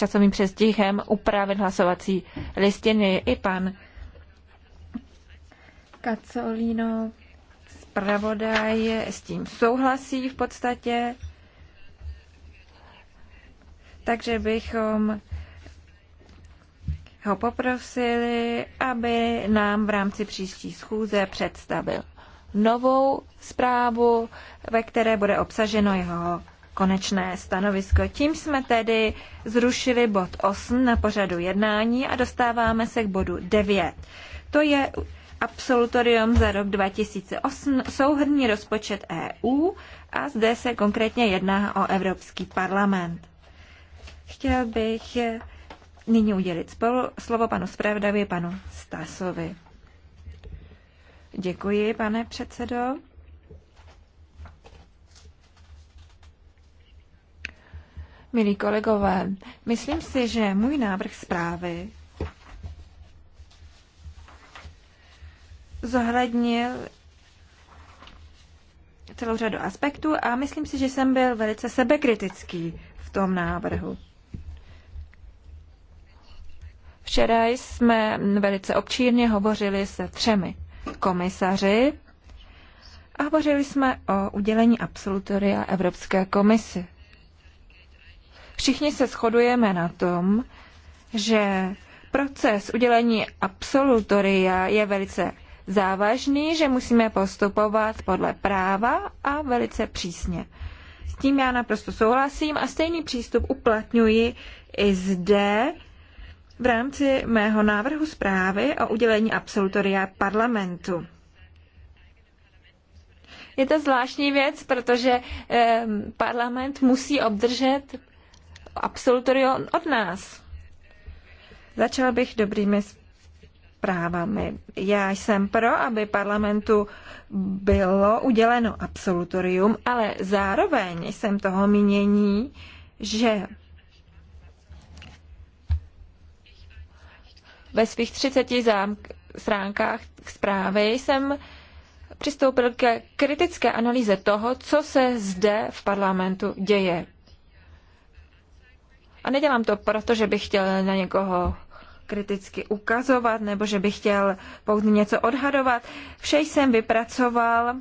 časovým přestihem upravit hlasovací listiny. I pan Kacolino, zpravodaj, s tím souhlasí v podstatě. Takže bychom ho poprosili, aby nám v rámci příští schůze představil novou zprávu, ve které bude obsaženo jeho konečné stanovisko. Tím jsme tedy zrušili bod 8 na pořadu jednání a dostáváme se k bodu 9. To je absolutorium za rok 2008, souhrnný rozpočet EU a zde se konkrétně jedná o Evropský parlament. Chtěl bych nyní udělit spolu, slovo panu zpravodavi, panu Stasovi. Děkuji, pane předsedo. Milí kolegové, myslím si, že můj návrh zprávy zohlednil celou řadu aspektů a myslím si, že jsem byl velice sebekritický v tom návrhu. Včera jsme velice občírně hovořili se třemi komisaři a hovořili jsme o udělení absolutoria Evropské komisi. Všichni se shodujeme na tom, že proces udělení absolutoria je velice závažný, že musíme postupovat podle práva a velice přísně. S tím já naprosto souhlasím a stejný přístup uplatňuji i zde v rámci mého návrhu zprávy o udělení absolutoria parlamentu. Je to zvláštní věc, protože eh, parlament musí obdržet absolutorium od nás. Začal bych dobrými zprávami. Já jsem pro, aby parlamentu bylo uděleno absolutorium, ale zároveň jsem toho mínění, že ve svých 30 stránkách zprávy jsem přistoupil ke kritické analýze toho, co se zde v parlamentu děje. A nedělám to proto, že bych chtěl na někoho kriticky ukazovat nebo že bych chtěl pouze něco odhadovat. Vše jsem vypracoval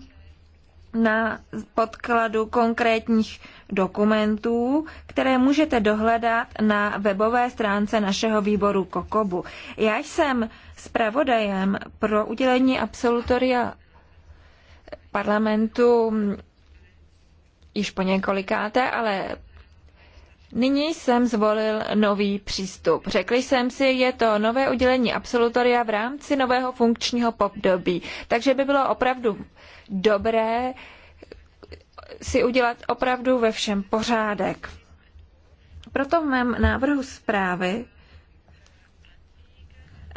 na podkladu konkrétních dokumentů, které můžete dohledat na webové stránce našeho výboru Kokobu. Já jsem zpravodajem pro udělení absolutoria parlamentu již po několikáté, ale Nyní jsem zvolil nový přístup. Řekl jsem si, je to nové udělení absolutoria v rámci nového funkčního období. Takže by bylo opravdu dobré si udělat opravdu ve všem pořádek. Proto v mém návrhu zprávy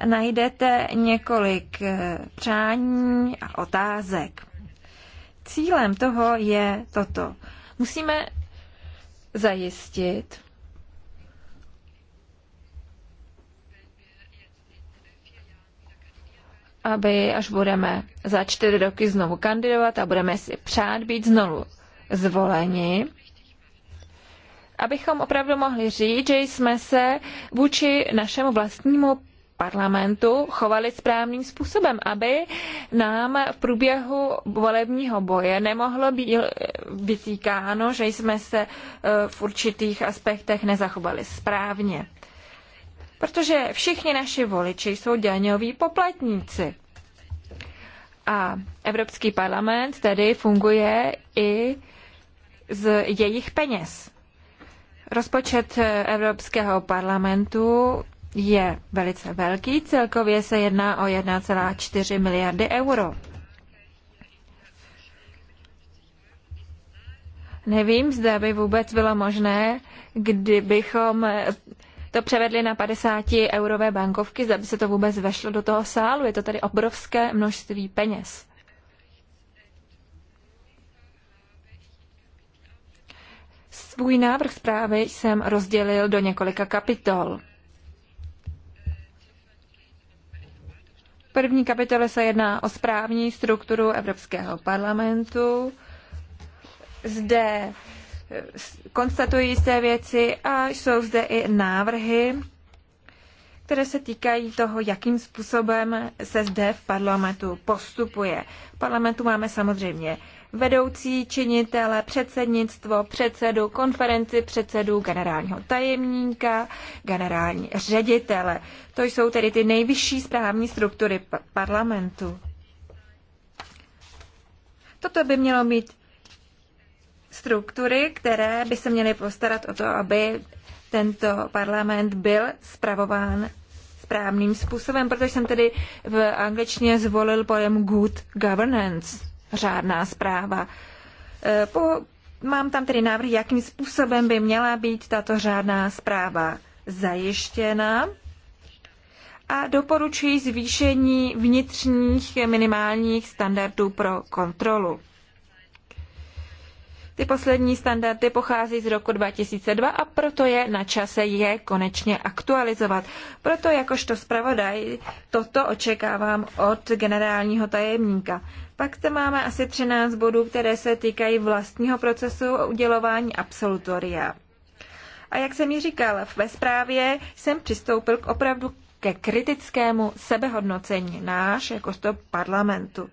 najdete několik eh, přání a otázek. Cílem toho je toto. Musíme zajistit, aby až budeme za čtyři roky znovu kandidovat a budeme si přát být znovu zvoleni, abychom opravdu mohli říct, že jsme se vůči našemu vlastnímu parlamentu chovali správným způsobem, aby nám v průběhu volebního boje nemohlo být vytýkáno, že jsme se e, v určitých aspektech nezachovali správně. Protože všichni naši voliči jsou daňoví poplatníci. A Evropský parlament tedy funguje i z jejich peněz. Rozpočet e, Evropského parlamentu je velice velký. Celkově se jedná o 1,4 miliardy euro. Nevím, zda by vůbec bylo možné, kdybychom to převedli na 50 eurové bankovky, zda by se to vůbec vešlo do toho sálu. Je to tady obrovské množství peněz. Svůj návrh zprávy jsem rozdělil do několika kapitol. první kapitole se jedná o správní strukturu Evropského parlamentu. Zde eh, konstatují se věci a jsou zde i návrhy, které se týkají toho, jakým způsobem se zde v parlamentu postupuje. V parlamentu máme samozřejmě vedoucí činitele, předsednictvo, předsedu, konferenci předsedů, generálního tajemníka, generální ředitele. To jsou tedy ty nejvyšší správní struktury parlamentu. Toto by mělo být struktury, které by se měly postarat o to, aby tento parlament byl spravován správným způsobem, protože jsem tedy v angličtině zvolil pojem good governance řádná zpráva. E, po, mám tam tedy návrh, jakým způsobem by měla být tato řádná zpráva zajištěna a doporučuji zvýšení vnitřních minimálních standardů pro kontrolu. Ty poslední standardy pochází z roku 2002 a proto je na čase je konečně aktualizovat. Proto jakožto zpravodaj toto očekávám od generálního tajemníka. Pak zde máme asi 13 bodů, které se týkají vlastního procesu udělování absolutoria. A jak jsem ji říkal, ve zprávě jsem přistoupil k opravdu ke kritickému sebehodnocení náš, jakožto parlamentu.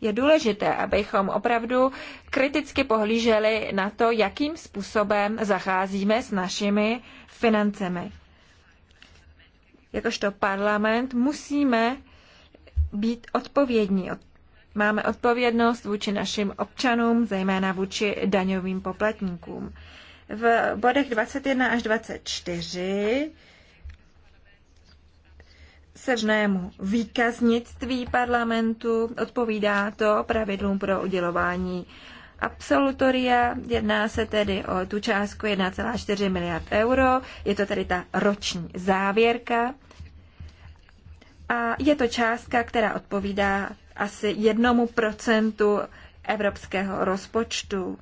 Je důležité, abychom opravdu kriticky pohlíželi na to, jakým způsobem zacházíme s našimi financemi. Jakožto parlament musíme být odpovědní Máme odpovědnost vůči našim občanům, zejména vůči daňovým poplatníkům. V bodech 21 až 24 sežnému výkaznictví parlamentu odpovídá to pravidlům pro udělování absolutoria. Jedná se tedy o tu částku 1,4 miliard euro. Je to tedy ta roční závěrka. A je to částka, která odpovídá asi jednomu procentu evropského rozpočtu.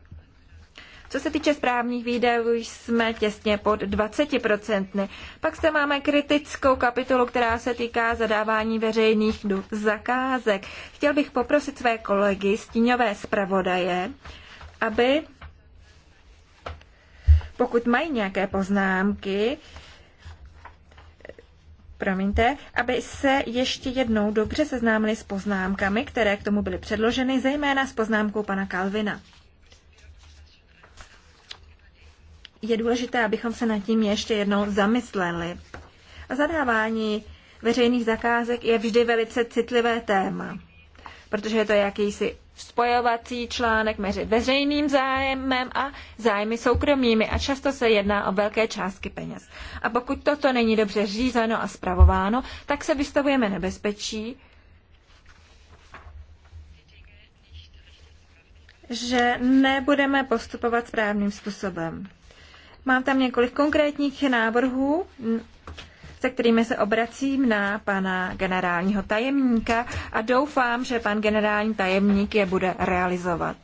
Co se týče správních výdajů, jsme těsně pod 20%. Pak se máme kritickou kapitolu, která se týká zadávání veřejných zakázek. Chtěl bych poprosit své kolegy, stíňové zpravodaje, aby pokud mají nějaké poznámky, promiňte, aby se ještě jednou dobře seznámili s poznámkami, které k tomu byly předloženy, zejména s poznámkou pana Kalvina. Je důležité, abychom se nad tím ještě jednou zamysleli. zadávání veřejných zakázek je vždy velice citlivé téma, protože je to jakýsi spojovací článek mezi veřejným zájmem a zájmy soukromými a často se jedná o velké částky peněz. A pokud toto není dobře řízeno a spravováno, tak se vystavujeme nebezpečí, že nebudeme postupovat správným způsobem. Mám tam několik konkrétních návrhů se kterými se obracím na pana generálního tajemníka a doufám, že pan generální tajemník je bude realizovat.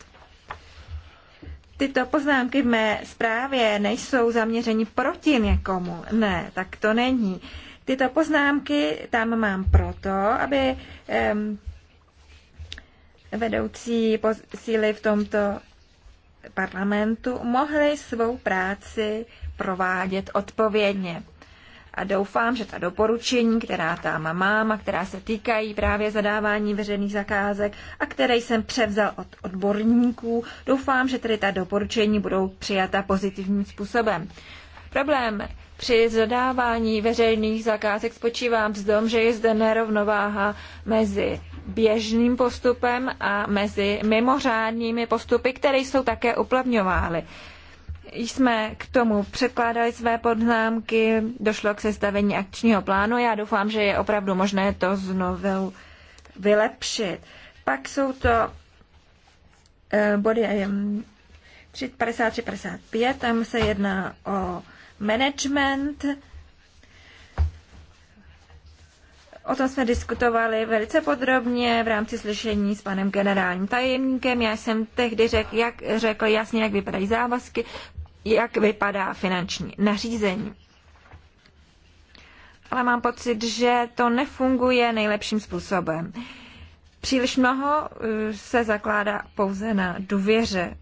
Tyto poznámky v mé zprávě nejsou zaměření proti někomu. Ne, tak to není. Tyto poznámky tam mám proto, aby um, vedoucí síly v tomto parlamentu mohly svou práci provádět odpovědně a doufám, že ta doporučení, která tam mám a která se týkají právě zadávání veřejných zakázek a které jsem převzal od odborníků, doufám, že tedy ta doporučení budou přijata pozitivním způsobem. Problém při zadávání veřejných zakázek spočívám v tom, že je zde nerovnováha mezi běžným postupem a mezi mimořádnými postupy, které jsou také uplavňovány jsme k tomu předkládali své poznámky, došlo k sestavení akčního plánu. Já doufám, že je opravdu možné to znovu vylepšit. Pak jsou to eh, body 53-55, eh, tam se jedná o management. O tom jsme diskutovali velice podrobně v rámci slyšení s panem generálním tajemníkem. Já jsem tehdy řekl, jak, řekl jasně, jak vypadají závazky, jak vypadá finanční nařízení. Ale mám pocit, že to nefunguje nejlepším způsobem. Příliš mnoho eh, se zakládá pouze na důvěře.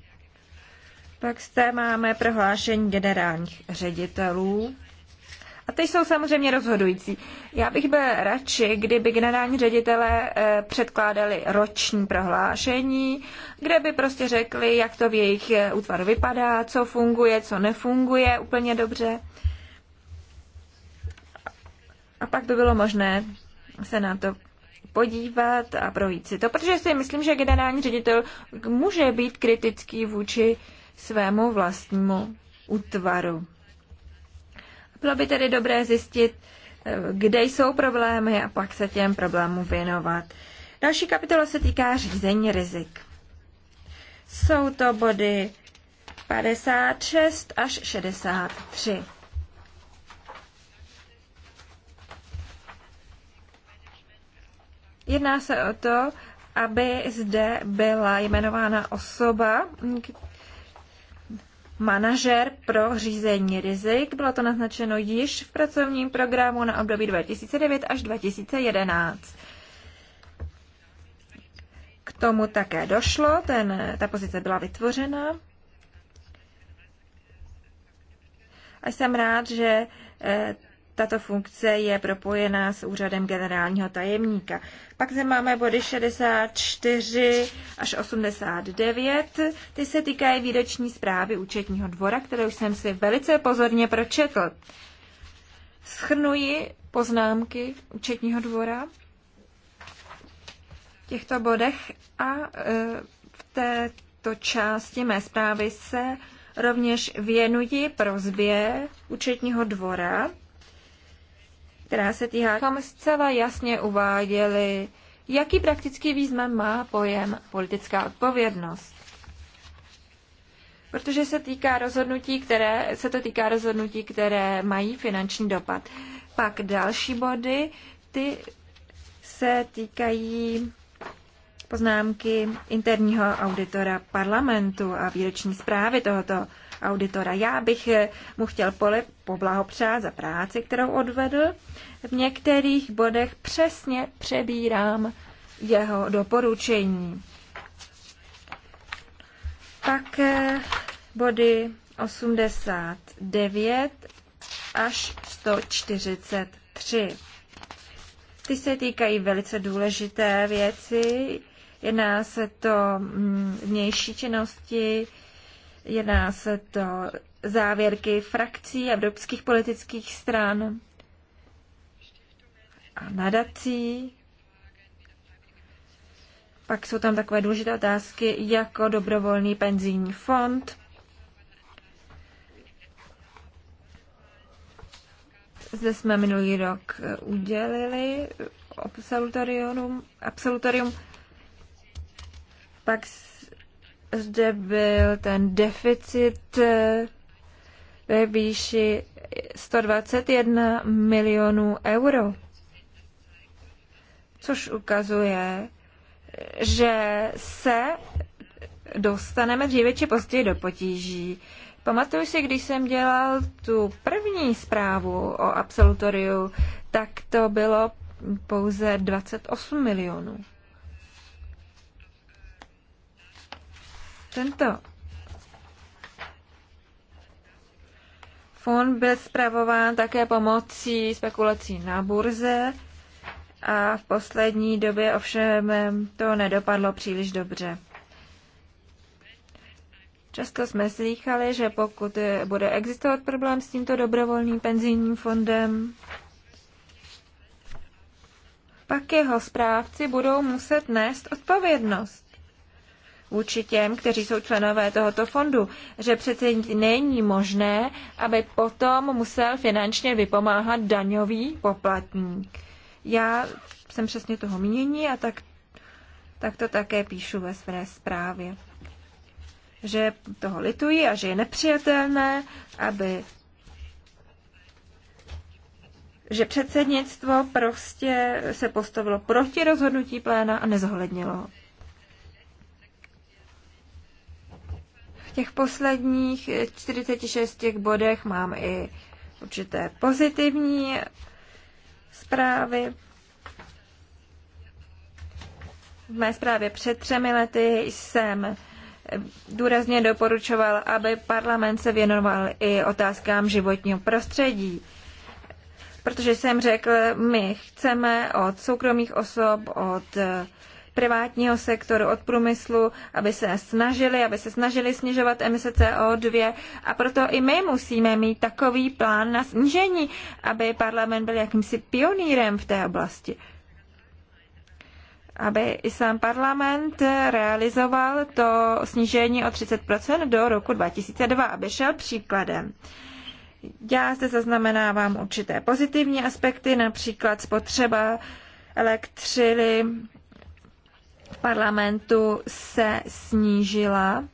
Pak zde máme prohlášení generálních ředitelů. A ty jsou samozřejmě rozhodující. Já bych byl radši, kdyby generální ředitele eh, předkládali roční prohlášení, kde by prostě řekli, jak to v jejich eh, útvaru vypadá, co funguje, co nefunguje úplně dobře. A pak by bylo možné se na to podívat a projít si to, protože si myslím, že generální ředitel může být kritický vůči svému vlastnímu útvaru. Bylo by tedy dobré zjistit, eh, kde jsou problémy a pak se těm problémům věnovat. Další kapitola se týká řízení rizik. Jsou to body 56 až 63. Jedná se o to, aby zde byla jmenována osoba, manažer pro řízení rizik. Bylo to naznačeno již v pracovním programu na období 2009 až 2011. K tomu také došlo, ten, ta pozice byla vytvořena. A jsem rád, že eh, tato funkce je propojená s úřadem generálního tajemníka. Pak zde máme body 64 až 89. Ty se týkají výroční zprávy účetního dvora, kterou jsem si velice pozorně pročetl. Schrnuji poznámky účetního dvora v těchto bodech a e, v této části mé zprávy se rovněž věnuji prozbě účetního dvora která se týká, ...kam zcela jasně uváděli, jaký praktický význam má pojem politická odpovědnost. Protože se týká rozhodnutí, které, se to týká rozhodnutí, které mají finanční dopad. Pak další body, ty se týkají poznámky interního auditora parlamentu a výroční zprávy tohoto auditora. Já bych eh, mu chtěl poblahopřát za práci, kterou odvedl. V některých bodech přesně přebírám jeho doporučení. Pak eh, body 89 až 143. Ty se týkají velice důležité věci. Jedná se to mm, vnější činnosti, Jedná se to závěrky frakcí evropských politických stran a nadací. Pak jsou tam takové důležité otázky jako dobrovolný penzijní fond. Zde jsme minulý rok udělili absolutorium. absolutorium. Pak zde byl ten deficit eh, ve výši 121 milionů euro, což ukazuje, že se dostaneme dříve či později do potíží. Pamatuju si, když jsem dělal tu první zprávu o absolutoriu, tak to bylo pouze 28 milionů. Tento fond byl zpravován také pomocí spekulací na burze a v poslední době ovšem to nedopadlo příliš dobře. Často jsme slýchali, že pokud bude existovat problém s tímto dobrovolným penzijním fondem, pak jeho správci budou muset nést odpovědnost vůči těm, kteří jsou členové tohoto fondu, že přece není možné, aby potom musel finančně vypomáhat daňový poplatník. Já jsem přesně toho mínění a tak, tak to také píšu ve své zprávě. Že toho litují a že je nepřijatelné, aby že předsednictvo prostě se postavilo proti rozhodnutí pléna a nezohlednilo ho. těch posledních 46 těch bodech mám i určité pozitivní zprávy. V mé zprávě před třemi lety jsem důrazně doporučoval, aby parlament se věnoval i otázkám životního prostředí. Protože jsem řekl, my chceme od soukromých osob, od privátního sektoru, od průmyslu, aby se snažili, aby se snažili snižovat emise CO2 a proto i my musíme mít takový plán na snížení, aby parlament byl jakýmsi pionýrem v té oblasti aby i sám parlament realizoval to snížení o 30% do roku 2002, aby šel příkladem. Já se zaznamenávám určité pozitivní aspekty, například spotřeba elektřiny parlamentu se snížila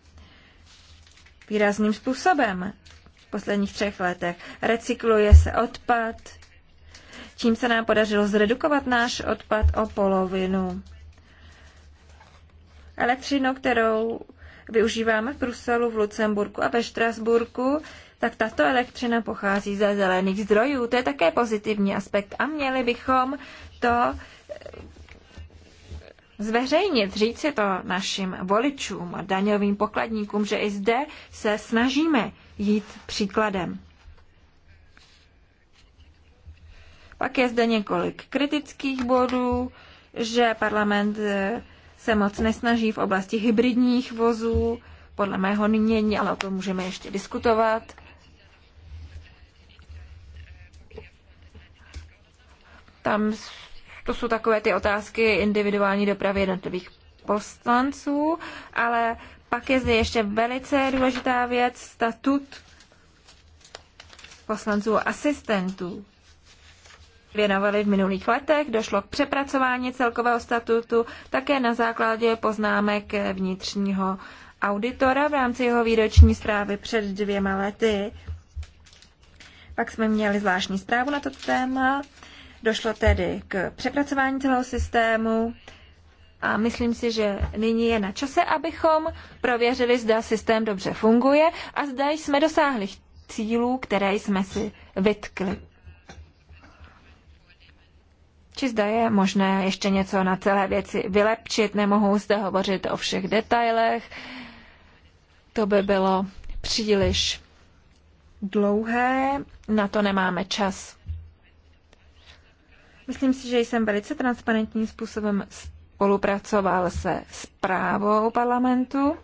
výrazným způsobem v posledních třech letech. Recykluje se odpad, čím se nám podařilo zredukovat náš odpad o polovinu. Elektřinu, kterou využíváme v Bruselu, v Lucemburku a ve Štrasburku, tak tato elektřina pochází ze zelených zdrojů. To je také pozitivní aspekt a měli bychom to zveřejnit, říci to našim voličům a daňovým pokladníkům, že i zde se snažíme jít příkladem. Pak je zde několik kritických bodů, že parlament eh, se moc nesnaží v oblasti hybridních vozů, podle mého nynění, ale o tom můžeme ještě diskutovat. Tam to jsou takové ty otázky individuální dopravy jednotlivých poslanců, ale pak je zde ještě velice důležitá věc, statut poslanců a asistentů. Věnovali v minulých letech, došlo k přepracování celkového statutu také na základě poznámek vnitřního auditora v rámci jeho výroční zprávy před dvěma lety. Pak jsme měli zvláštní zprávu na to téma Došlo tedy k přepracování celého systému a myslím si, že nyní je na čase, abychom prověřili, zda systém dobře funguje a zda jsme dosáhli cílů, které jsme si vytkli. Či zda je možné ještě něco na celé věci vylepšit, nemohu zde hovořit o všech detailech, to by bylo příliš dlouhé, na to nemáme čas. Myslím si, že jsem velice transparentním způsobem spolupracoval se zprávou parlamentu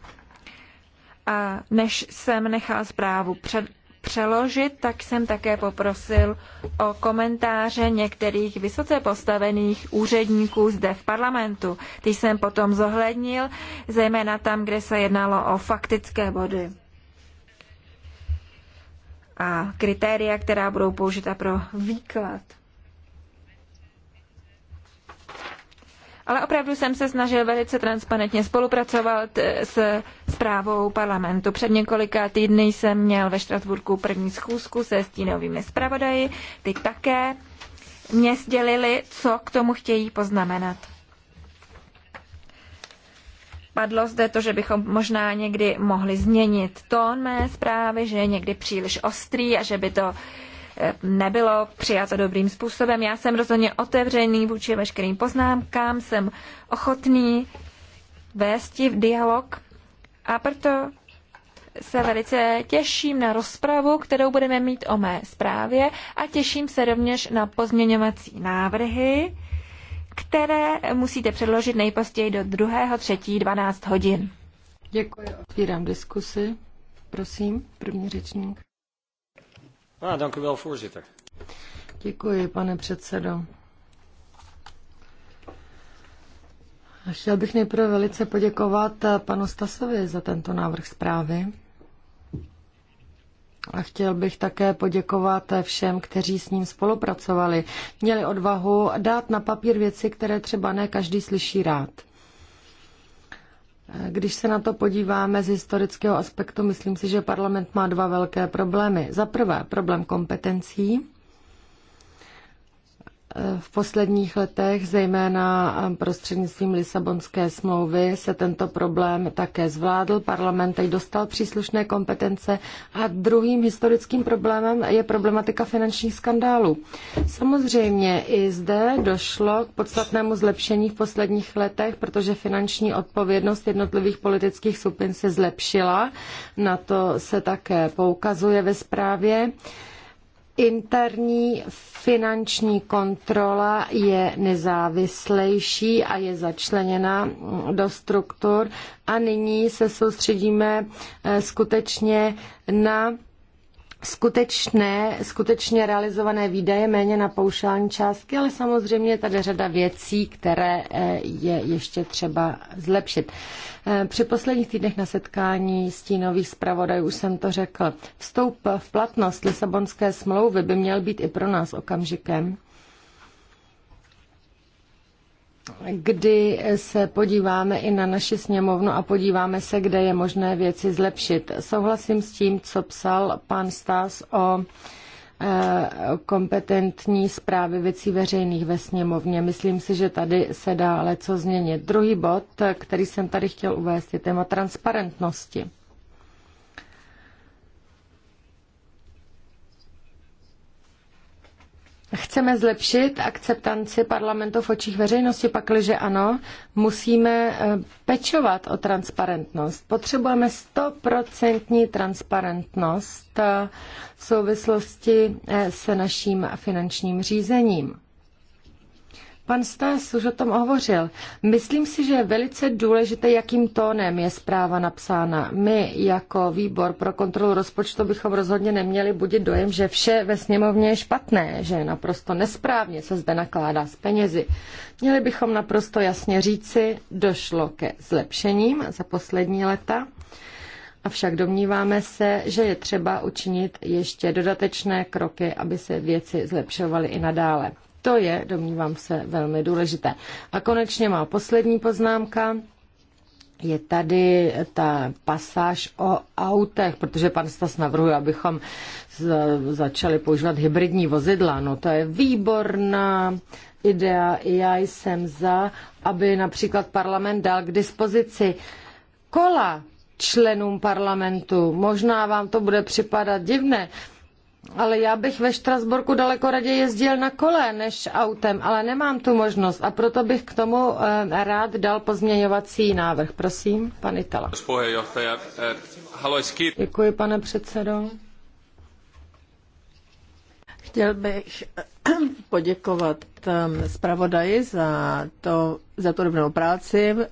a než jsem nechal zprávu před, přeložit, tak jsem také poprosil o komentáře některých vysoce postavených úředníků zde v parlamentu. Ty jsem potom zohlednil, zejména tam, kde se jednalo o faktické body a kritéria, která budou použita pro výklad. ale opravdu jsem se snažil velice transparentně spolupracovat eh, s zprávou parlamentu. Před několika týdny jsem měl ve Štrasburku první schůzku se stínovými zpravodaji. Ty také mě sdělili, co k tomu chtějí poznamenat. Padlo zde to, že bychom možná někdy mohli změnit tón mé zprávy, že je někdy příliš ostrý a že by to nebylo přijato dobrým způsobem. Já jsem rozhodně otevřený vůči veškerým poznámkám, jsem ochotný vést v dialog a proto se velice těším na rozpravu, kterou budeme mít o mé zprávě a těším se rovněž na pozměňovací návrhy, které musíte předložit nejpozději do 2. 3. 12 hodin. Děkuji. Otvírám diskusi. Prosím, první řečník. Ah, dank u wel, voorzitter. Děkuji, pane předsedo. Chtěl bych nejprve velice poděkovat panu Stasovi za tento návrh zprávy. A chtěl bych také poděkovat všem, kteří s ním spolupracovali. Měli odvahu dát na papír věci, které třeba ne každý slyší rád. Když se na to podíváme z historického aspektu, myslím si, že parlament má dva velké problémy. Za prvé problém kompetencí v posledních letech, zejména prostřednictvím Lisabonské smlouvy, se tento problém také zvládl. Parlament teď dostal příslušné kompetence a druhým historickým problémem je problematika finančních skandálů. Samozřejmě i zde došlo k podstatnému zlepšení v posledních letech, protože finanční odpovědnost jednotlivých politických skupin se zlepšila. Na to se také poukazuje ve zprávě. Interní finanční kontrola je nezávislejší a je začleněna do struktur a nyní se soustředíme eh, skutečně na skutečné, skutečně realizované výdaje méně na paušální částky, ale samozřejmě je tady řada věcí, které eh, je ještě třeba zlepšit. Eh, při posledních týdnech na setkání stínových zpravodajů už jsem to řekl. Vstoup v platnost Lisabonské smlouvy by měl být i pro nás okamžikem, kdy se podíváme i na naši sněmovnu a podíváme se, kde je možné věci zlepšit. Souhlasím s tím, co psal pan Stas o eh, kompetentní zprávy věcí veřejných ve sněmovně. Myslím si, že tady se dá ale co změnit. Druhý bod, který jsem tady chtěl uvést, je téma transparentnosti. Chceme zlepšit akceptanci parlamentu v očích veřejnosti, pakliže ano, musíme e, pečovat o transparentnost. Potřebujeme stoprocentní transparentnost e, v souvislosti e, se naším finančním řízením. Pan Stas už o tom hovořil. Myslím si, že je velice důležité, jakým tónem je zpráva napsána. My jako výbor pro kontrolu rozpočtu bychom rozhodně neměli budit dojem, že vše ve sněmovně je špatné, že naprosto nesprávně se zde nakládá s penězi. Měli bychom naprosto jasně říci, došlo ke zlepšením za poslední leta. Avšak domníváme se, že je třeba učinit ještě dodatečné kroky, aby se věci zlepšovaly i nadále. To je, domnívám se, velmi důležité. A konečně má poslední poznámka. Je tady ta pasáž o autech, protože pan Stas navrhuje, abychom začali používat hybridní vozidla. No to je výborná idea, já jsem za, aby například parlament dal k dispozici kola členům parlamentu. Možná vám to bude připadat divné, ale já bych ve Štrasburku daleko raději jezdil na kole než autem, ale nemám tu možnost a proto bych k tomu eh, rád dal pozměňovací návrh. Prosím, pan Itala. Eh, Děkuji, pane předsedo. Chtěl bych poděkovat zpravodaji za, to, za tu dobrou práci. Ehm,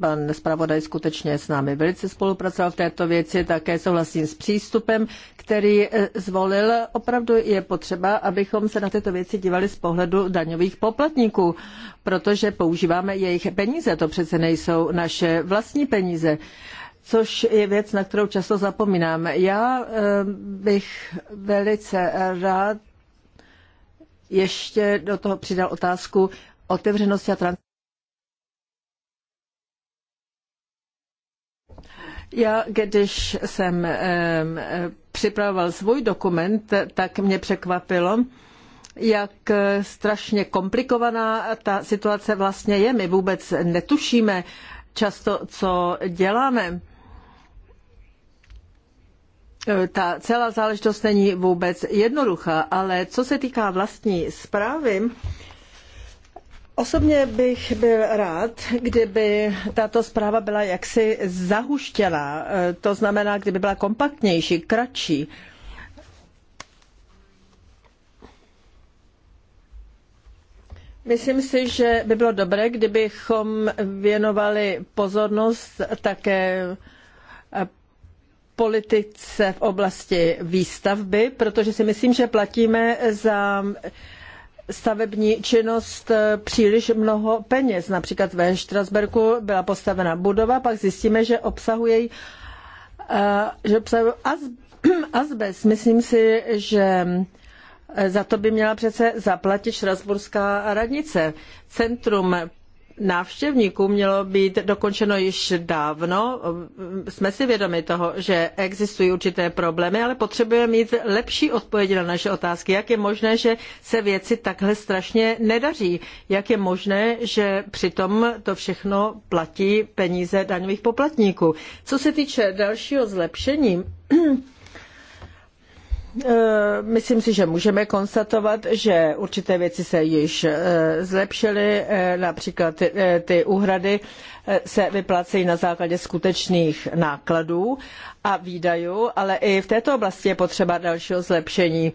pan zpravodaj skutečně s námi velice spolupracoval v této věci, také souhlasím s přístupem, který eh, zvolil. Opravdu je potřeba, abychom se na tyto věci dívali z pohledu daňových poplatníků, protože používáme jejich peníze, to přece nejsou naše vlastní peníze což je věc, na kterou často zapomínáme. Já eh, bych velice rád ještě do toho přidal otázku otevřenosti a trans. Já, když jsem připravoval svůj dokument, tak mě překvapilo, jak strašně komplikovaná ta situace vlastně je. My vůbec netušíme často, co děláme. Eh, ta celá záležitost není vůbec jednoduchá, ale co se týká vlastní zprávy, Osobně bych byl rád, kdyby tato zpráva byla jaksi zahuštěná, eh, to znamená, kdyby byla kompaktnější, kratší. Myslím si, že by bylo dobré, kdybychom věnovali pozornost také politice v oblasti výstavby, protože si myslím, že platíme za stavební činnost příliš mnoho peněz. Například ve Štrasberku byla postavena budova, pak zjistíme, že obsahuje eh, že obsahuje azbest. Myslím si, že za to by měla přece zaplatit Štrasburská radnice. Centrum návštěvníků mělo být dokončeno již dávno. Jsme si vědomi toho, že existují určité problémy, ale potřebujeme mít lepší odpovědi na naše otázky. Jak je možné, že se věci takhle strašně nedaří? Jak je možné, že přitom to všechno platí peníze daňových poplatníků? Co se týče dalšího zlepšení, Eh, myslím si, že můžeme konstatovat, že určité věci se již eh, zlepšily, eh, například ty úhrady se vyplácejí na základě skutečných nákladů a výdajů, ale i v této oblasti je potřeba dalšího zlepšení.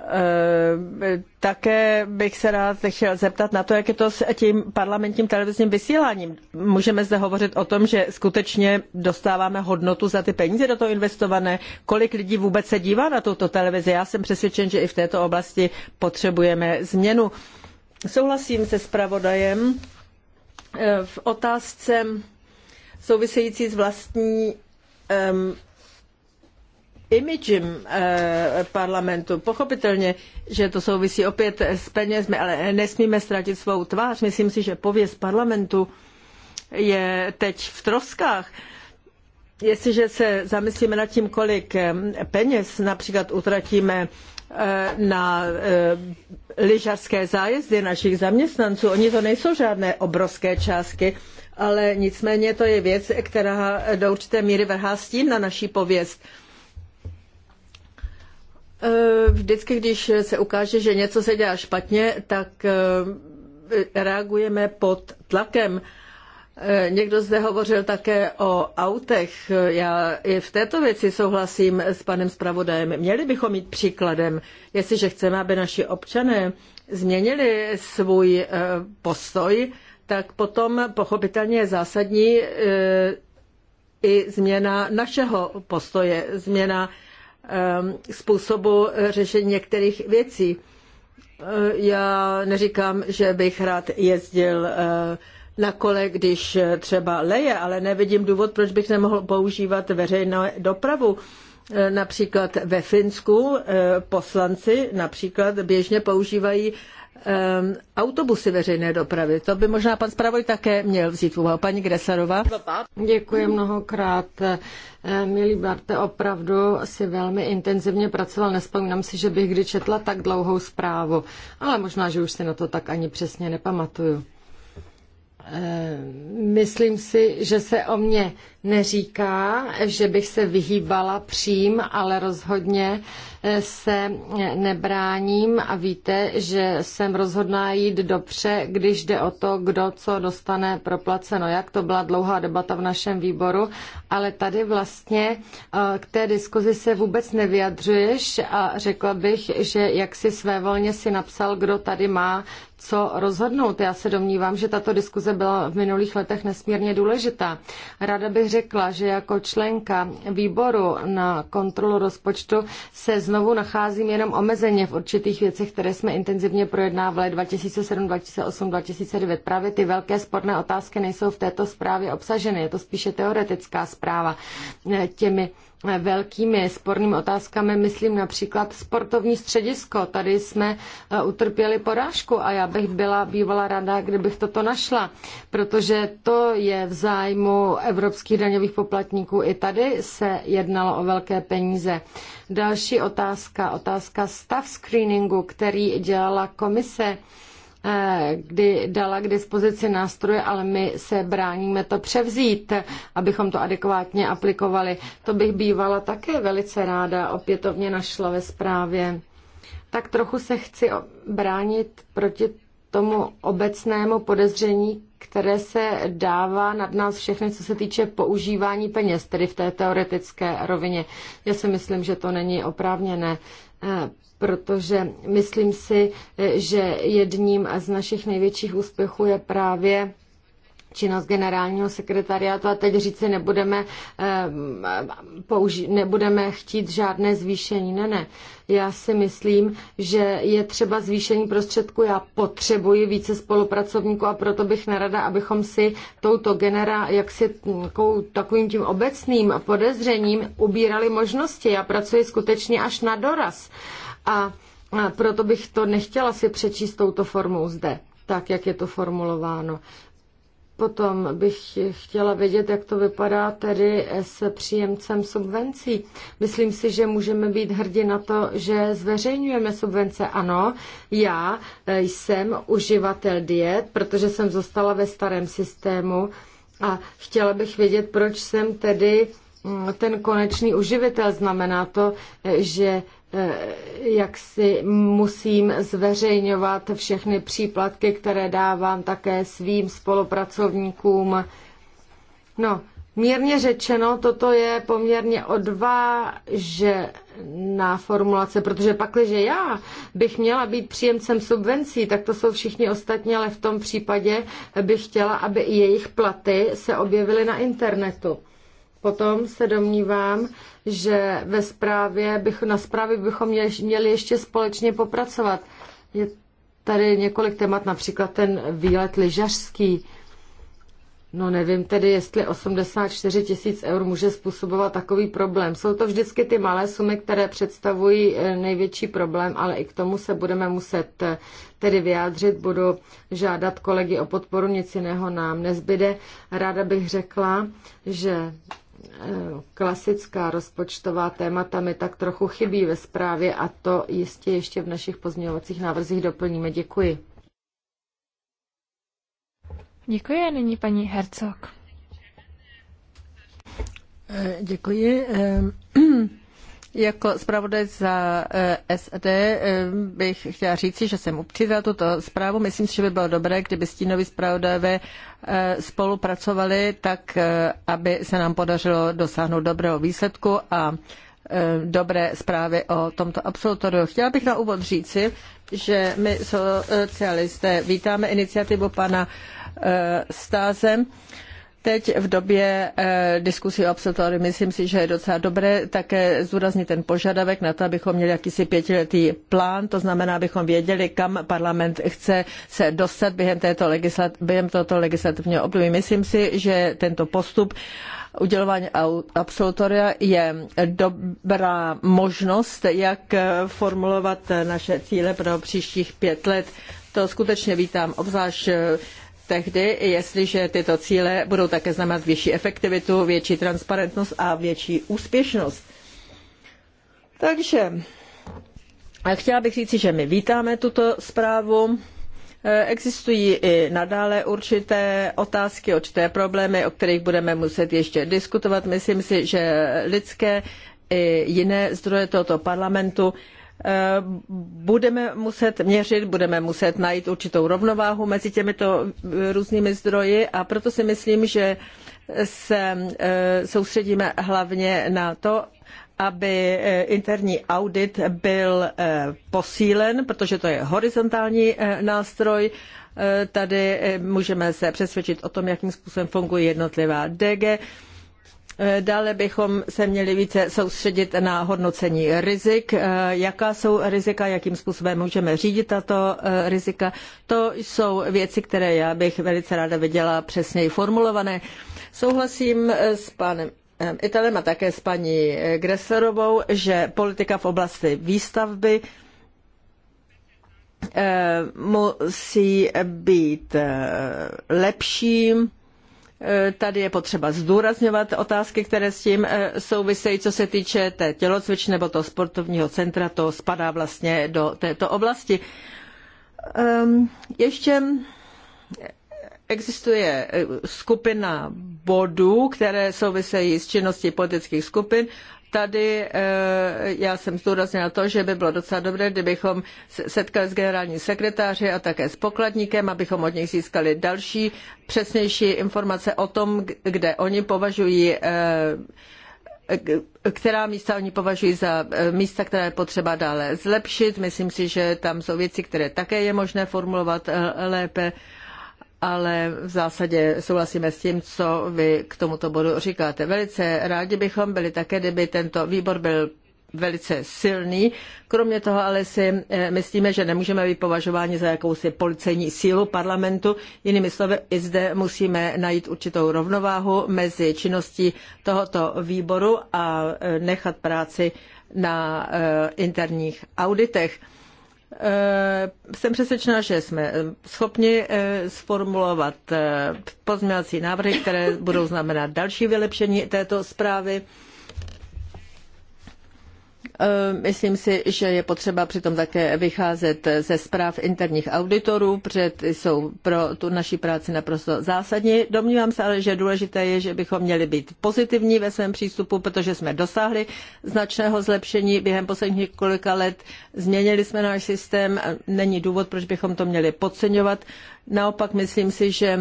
Eh, také bych se rád chtěl zeptat na to, jak je to s tím parlamentním televizním vysíláním. Můžeme zde hovořit o tom, že skutečně dostáváme hodnotu za ty peníze do toho investované. Kolik lidí vůbec se dívá na tuto televizi? Já jsem přesvědčen, že i v této oblasti potřebujeme změnu. Souhlasím se zpravodajem eh, v otázce související s vlastní imidžem eh, parlamentu. Pochopitelně, že to souvisí opět s penězmi, ale nesmíme ztratit svou tvář. Myslím si, že pověst parlamentu je teď v troskách. Jestliže se zamyslíme nad tím, kolik eh, peněz například utratíme eh, na lyžařské zájezdy našich zaměstnanců, oni to nejsou žádné obrovské částky, ale nicméně to je věc, která do určité míry vrhá stín na naší pověst Eh, vždycky, když se ukáže, že něco se dělá špatně, tak eh, reagujeme pod tlakem. Eh, někdo zde hovořil také o autech. Já i v této věci souhlasím s panem zpravodajem. Měli bychom mít příkladem, jestliže chceme, aby naši občané změnili svůj postoj, tak potom pochopitelně je zásadní i změna našeho postoje, změna Ehm, způsobu řešení některých věcí. Eh, já neříkám, že bych rád jezdil eh, na kole, když eh, třeba leje, ale nevidím důvod, proč bych nemohl používat veřejnou dopravu. Například ve Finsku poslanci například běžně používají Ehm, autobusy veřejné dopravy. To by možná pan zpravodaj také měl vzít v úvahu. Paní Gresarová. Děkuji mnohokrát. Ehm, milý Barte, opravdu si velmi intenzivně pracoval. Nespomínám si, že bych kdy četla tak dlouhou zprávu, ale možná, že už si na to tak ani přesně nepamatuju. Ehm, myslím si, že se o mě neříká, že bych se vyhýbala přím, ale rozhodně se nebráním a víte, že jsem rozhodná jít dobře, když jde o to, kdo co dostane proplaceno. Jak to byla dlouhá debata v našem výboru, ale tady vlastně eh, k té diskuzi se vůbec nevyjadřuješ a řekla bych, že jak si své volně si napsal, kdo tady má co rozhodnout. Já se domnívám, že tato diskuze byla v minulých letech nesmírně důležitá. Ráda bych řekla, že jako členka výboru na kontrolu rozpočtu se z znovu nacházím jenom omezeně v určitých věcech, které jsme intenzivně projednávali 2007, 2008, 2009. Právě ty velké sporné otázky nejsou v této zprávě obsaženy. Je to spíše teoretická zpráva eh, těmi velkými spornými otázkami, myslím například sportovní středisko. Tady jsme eh, utrpěli porážku a já bych byla bývala ráda, kdybych toto našla, protože to je v zájmu evropských daňových poplatníků. I tady se jednalo o velké peníze. Další otázka, otázka stav screeningu, který dělala komise Eh, kdy dala k dispozici nástroje, ale my se bráníme to převzít, abychom to adekvátně aplikovali. To bych bývala také velice ráda opětovně našla ve zprávě. Tak trochu se chci bránit proti tomu obecnému podezření, které se dává nad nás všechny, co se týče používání peněz, tedy v té teoretické rovině. Já si myslím, že to není oprávněné eh, protože myslím si, že jedním z našich největších úspěchů je právě činnost generálního sekretariátu a teď říci nebudeme, eh, použi- nebudeme chtít žádné zvýšení. Ne, ne. Já si myslím, že je třeba zvýšení prostředku. Já potřebuji více spolupracovníků a proto bych nerada, abychom si touto genera, jak si takovým tím obecným podezřením ubírali možnosti. Já pracuji skutečně až na doraz. A proto bych to nechtěla si přečíst touto formou zde, tak jak je to formulováno. Potom bych chtěla vědět, jak to vypadá tedy s příjemcem subvencí. Myslím si, že můžeme být hrdí na to, že zveřejňujeme subvence. Ano, já jsem uživatel diet, protože jsem zostala ve starém systému a chtěla bych vědět, proč jsem tedy mm, ten konečný uživitel. Znamená to, že Eh, jak si musím zveřejňovat všechny příplatky, které dávám také svým spolupracovníkům. No, mírně řečeno, toto je poměrně odvážená formulace, protože pakliže já bych měla být příjemcem subvencí, tak to jsou všichni ostatní, ale v tom případě bych chtěla, aby i jejich platy se objevily na internetu. Potom se domnívám, že ve zprávě bych, na zprávě bychom měli ještě společně popracovat. Je tady několik témat, například ten výlet lyžařský. No nevím tedy, jestli 84 tisíc eur může způsobovat takový problém. Jsou to vždycky ty malé sumy, které představují eh, největší problém, ale i k tomu se budeme muset eh, tedy vyjádřit. Budu žádat kolegy o podporu, nic jiného nám nezbyde. Ráda bych řekla, že Eh, klasická rozpočtová témata mi tak trochu chybí ve zprávě a to jistě ještě v našich pozměňovacích návrzích doplníme. Děkuji. Děkuji a nyní paní Hercog. Eh, děkuji. Jako zpravodaj za eh, SD eh, bych chtěla říci, že jsem upřítá tuto zprávu. Myslím si, že by bylo dobré, kdyby stínoví zpravodajové eh, spolupracovali tak, aby se nám podařilo dosáhnout dobrého výsledku a dobré zprávy o tomto absolutoriu. Chtěla bych na úvod říci, že my socialisté vítáme iniciativu pana Stázem. Teď v době eh, diskusí o absolutory myslím si, že je docela dobré také zdůraznit ten požadavek na to, abychom měli jakýsi pětiletý plán, to znamená, abychom věděli, kam parlament chce se dostat během, této legislat- během tohoto legislativního období. Myslím si, že tento postup udělování absolutoria je dobrá možnost, jak eh, formulovat naše cíle pro příštích pět let. To skutečně vítám, obzvlášť eh, tehdy, jestliže tyto cíle budou také znamenat větší efektivitu, větší transparentnost a větší úspěšnost. Takže chtěla bych říci, že my vítáme tuto zprávu. Existují i nadále určité otázky, určité problémy, o kterých budeme muset ještě diskutovat. Myslím si, že lidské i jiné zdroje tohoto parlamentu Eh, budeme muset měřit, budeme muset najít určitou rovnováhu mezi těmito eh, různými zdroji a proto si myslím, že se eh, soustředíme hlavně na to, aby interní audit byl posílen, protože to je horizontální nástroj. Tady můžeme se přesvědčit o tom, jakým způsobem fungují jednotlivá DG Eh, dále bychom se měli více soustředit na hodnocení rizik. Eh, jaká jsou rizika, jakým způsobem můžeme řídit tato eh, rizika? To jsou věci, které já bych velice ráda viděla přesněji formulované. Souhlasím s panem Italem a také s paní Greslerovou, že politika v oblasti výstavby musí být lepší Eh, tady je potřeba zdůrazňovat otázky, které s tím eh, souvisejí, co se týče té tělocvičny nebo toho sportovního centra, to spadá vlastně do této oblasti. Ehm, ještě existuje eh, skupina bodů, které souvisejí s činností politických skupin Tady eh, já jsem zdůraznila to, že by bylo docela dobré, kdybychom setkali s generální sekretáři a také s pokladníkem, abychom od nich získali další přesnější informace o tom, kde oni považují eh, která místa oni považují za eh, místa, která je potřeba dále zlepšit. Myslím si, že tam jsou věci, které také je možné formulovat lépe ale v zásadě souhlasíme s tím, co vy k tomuto bodu říkáte. Velice rádi bychom byli také, kdyby tento výbor byl velice silný. Kromě toho ale si eh, myslíme, že nemůžeme být považováni za jakousi policejní sílu parlamentu. Jinými slovy, i zde musíme najít určitou rovnováhu mezi činností tohoto výboru a eh, nechat práci na eh, interních auditech. Eh, jsem přesvědčena, že jsme eh, schopni eh, sformulovat pozměňovací návrhy, které budou znamenat další vylepšení této zprávy. Eh, myslím si, že je potřeba přitom také vycházet ze zpráv interních auditorů, protože jsou pro tu naši práci naprosto zásadní. Domnívám se ale, že důležité je, že bychom měli být pozitivní ve svém přístupu, protože jsme dosáhli značného zlepšení během posledních několika let. Změnili jsme náš systém, není důvod, proč bychom to měli podceňovat. Naopak myslím si, že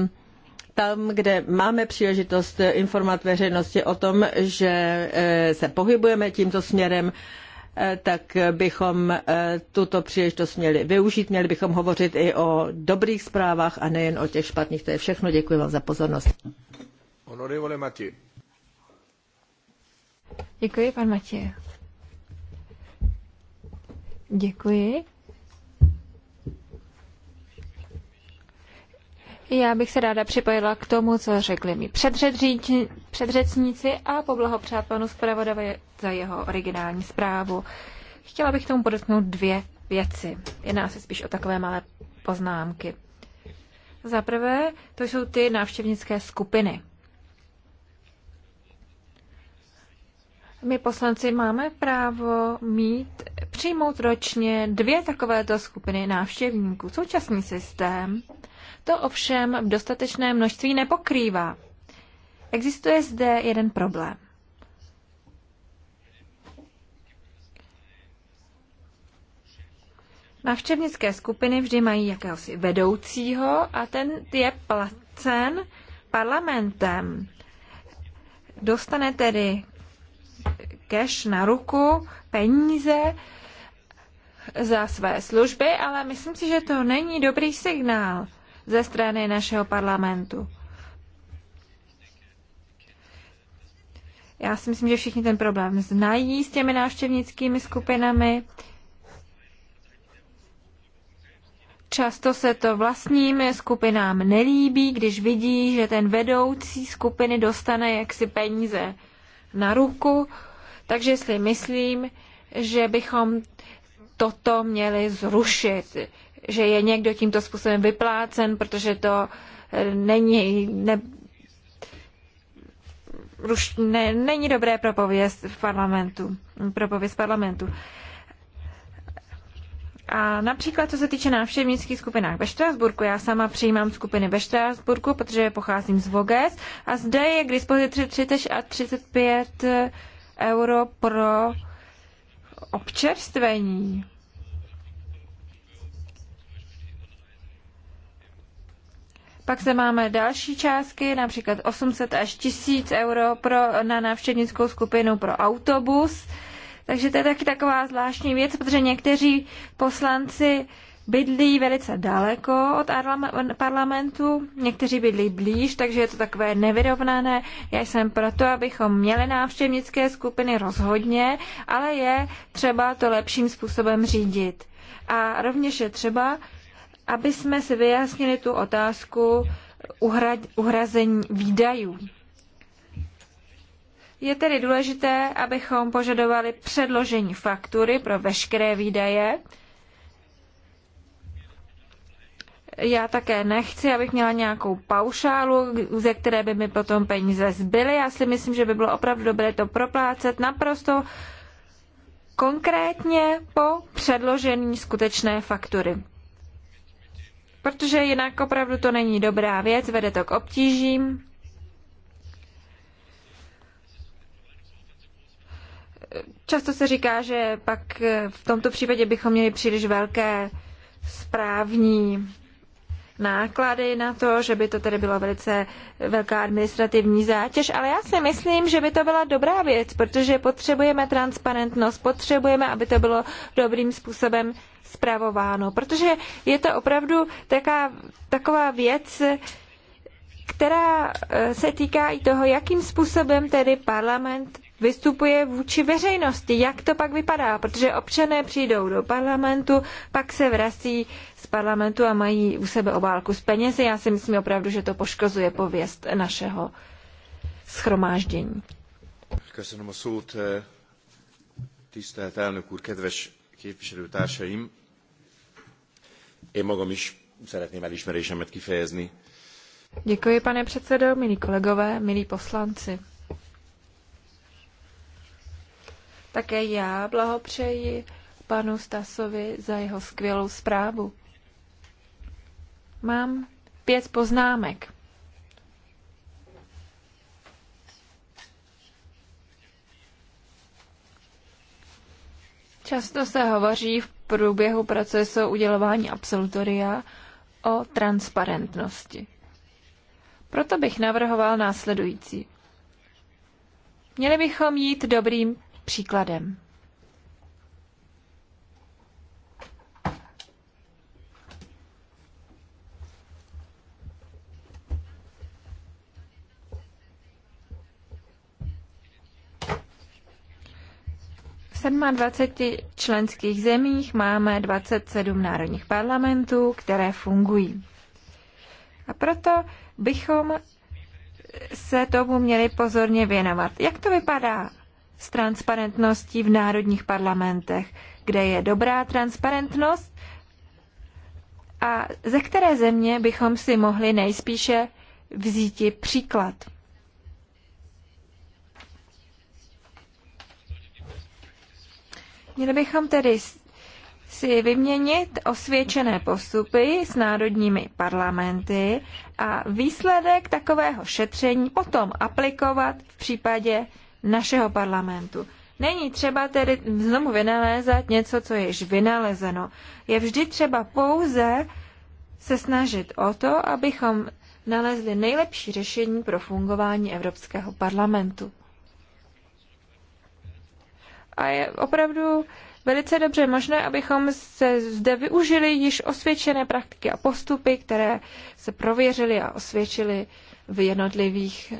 tam, kde máme příležitost informovat veřejnosti o tom, že eh, se pohybujeme tímto směrem, eh, tak bychom eh, tuto příležitost měli využít. Měli bychom hovořit i o dobrých zprávách a nejen o těch špatných. To je všechno. Děkuji vám za pozornost. Honorevole Matěj. Děkuji, pan Matěj. Děkuji. Já bych se ráda připojila k tomu, co řekli mi předřečníci a poblahopřát panu zpravodavi za jeho originální zprávu. Chtěla bych tomu podotknout dvě věci. Jedná se spíš o takové malé poznámky. Za prvé, to jsou ty návštěvnické skupiny. My poslanci máme právo mít, přijmout ročně dvě takovéto skupiny návštěvníků. Současný systém to ovšem v dostatečné množství nepokrývá. Existuje zde jeden problém. Navštěvnické skupiny vždy mají jakéhosi vedoucího a ten je placen parlamentem. Dostane tedy cash na ruku, peníze za své služby, ale myslím si, že to není dobrý signál ze strany našeho parlamentu. Já si myslím, že všichni ten problém znají s těmi návštěvnickými skupinami. Často se to vlastním skupinám nelíbí, když vidí, že ten vedoucí skupiny dostane jaksi peníze na ruku. Takže si myslím, že bychom toto měli zrušit že je někdo tímto způsobem vyplácen, protože to eh, není, ne, ruš, ne, není dobré pro pověst v parlamentu, pro pověst parlamentu. A například, co se týče návštěvnických skupinách ve Štrasburku, já sama přijímám skupiny ve Štrasburku, protože pocházím z Voges a zde je k dispozici 30 a 35 euro pro občerstvení. Pak zde máme další částky, například 800 až 1000 euro pro, na návštěvnickou skupinu pro autobus. Takže to je taky taková zvláštní věc, protože někteří poslanci bydlí velice daleko od parlamentu, někteří bydlí blíž, takže je to takové nevyrovnané. Já jsem proto, abychom měli návštěvnické skupiny rozhodně, ale je třeba to lepším způsobem řídit. A rovněž je třeba, aby jsme si vyjasnili tu otázku uhra, uhrazení výdajů. Je tedy důležité, abychom požadovali předložení faktury pro veškeré výdaje. Já také nechci, abych měla nějakou paušálu, ze které by mi potom peníze zbyly. Já si myslím, že by bylo opravdu dobré to proplácet naprosto konkrétně po předložení skutečné faktury protože jinak opravdu to není dobrá věc, vede to k obtížím. Často se říká, že pak v tomto případě bychom měli příliš velké správní náklady na to, že by to tedy byla velice velká administrativní zátěž, ale já si myslím, že by to byla dobrá věc, protože potřebujeme transparentnost, potřebujeme, aby to bylo dobrým způsobem zpravováno, protože je to opravdu taká, taková věc, která eh, se týká i toho, jakým způsobem tedy parlament vystupuje vůči veřejnosti. Jak to pak vypadá? Protože občané přijdou do parlamentu, pak se vrací parlamentu a mají u sebe obálku s penězi. Já si myslím opravdu, že to poškozuje pověst našeho schromáždění. Köszönöm a szót, eh, tisztelt elnök úr, kedves képviselőtársaim! Én magam is szeretném elismerésemet kifejezni. Děkuji, pane předsedo, milí kolegové, milí poslanci. Také já blahopřeji panu Stasovi za jeho skvělou zprávu. Mám pět poznámek. Často se hovoří v průběhu procesu udělování absolutoria o transparentnosti. Proto bych navrhoval následující. Měli bychom jít dobrým příkladem. 27 členských zemích máme 27 národních parlamentů, které fungují. A proto bychom se tomu měli pozorně věnovat. Jak to vypadá s transparentností v národních parlamentech, kde je dobrá transparentnost a ze které země bychom si mohli nejspíše vzíti příklad? Měli bychom tedy si vyměnit osvědčené postupy s národními parlamenty a výsledek takového šetření potom aplikovat v případě našeho parlamentu. Není třeba tedy znovu vynalézat něco, co je již vynalezeno. Je vždy třeba pouze se snažit o to, abychom nalezli nejlepší řešení pro fungování Evropského parlamentu. A je opravdu velice dobře možné, abychom se zde využili již osvědčené praktiky a postupy, které se prověřily a osvědčily v jednotlivých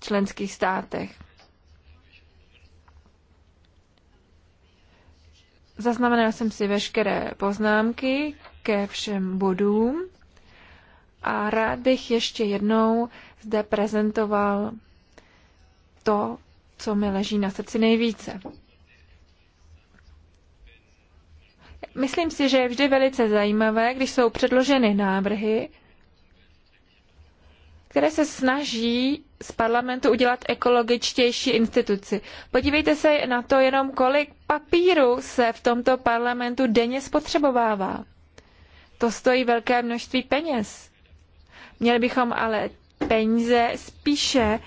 členských státech. Zaznamenal jsem si veškeré poznámky ke všem bodům a rád bych ještě jednou zde prezentoval to, co mi leží na srdci nejvíce. Myslím si, že je vždy velice zajímavé, když jsou předloženy návrhy, které se snaží z parlamentu udělat ekologičtější instituci. Podívejte se na to jenom, kolik papíru se v tomto parlamentu denně spotřebovává. To stojí velké množství peněz. Měli bychom ale peníze spíše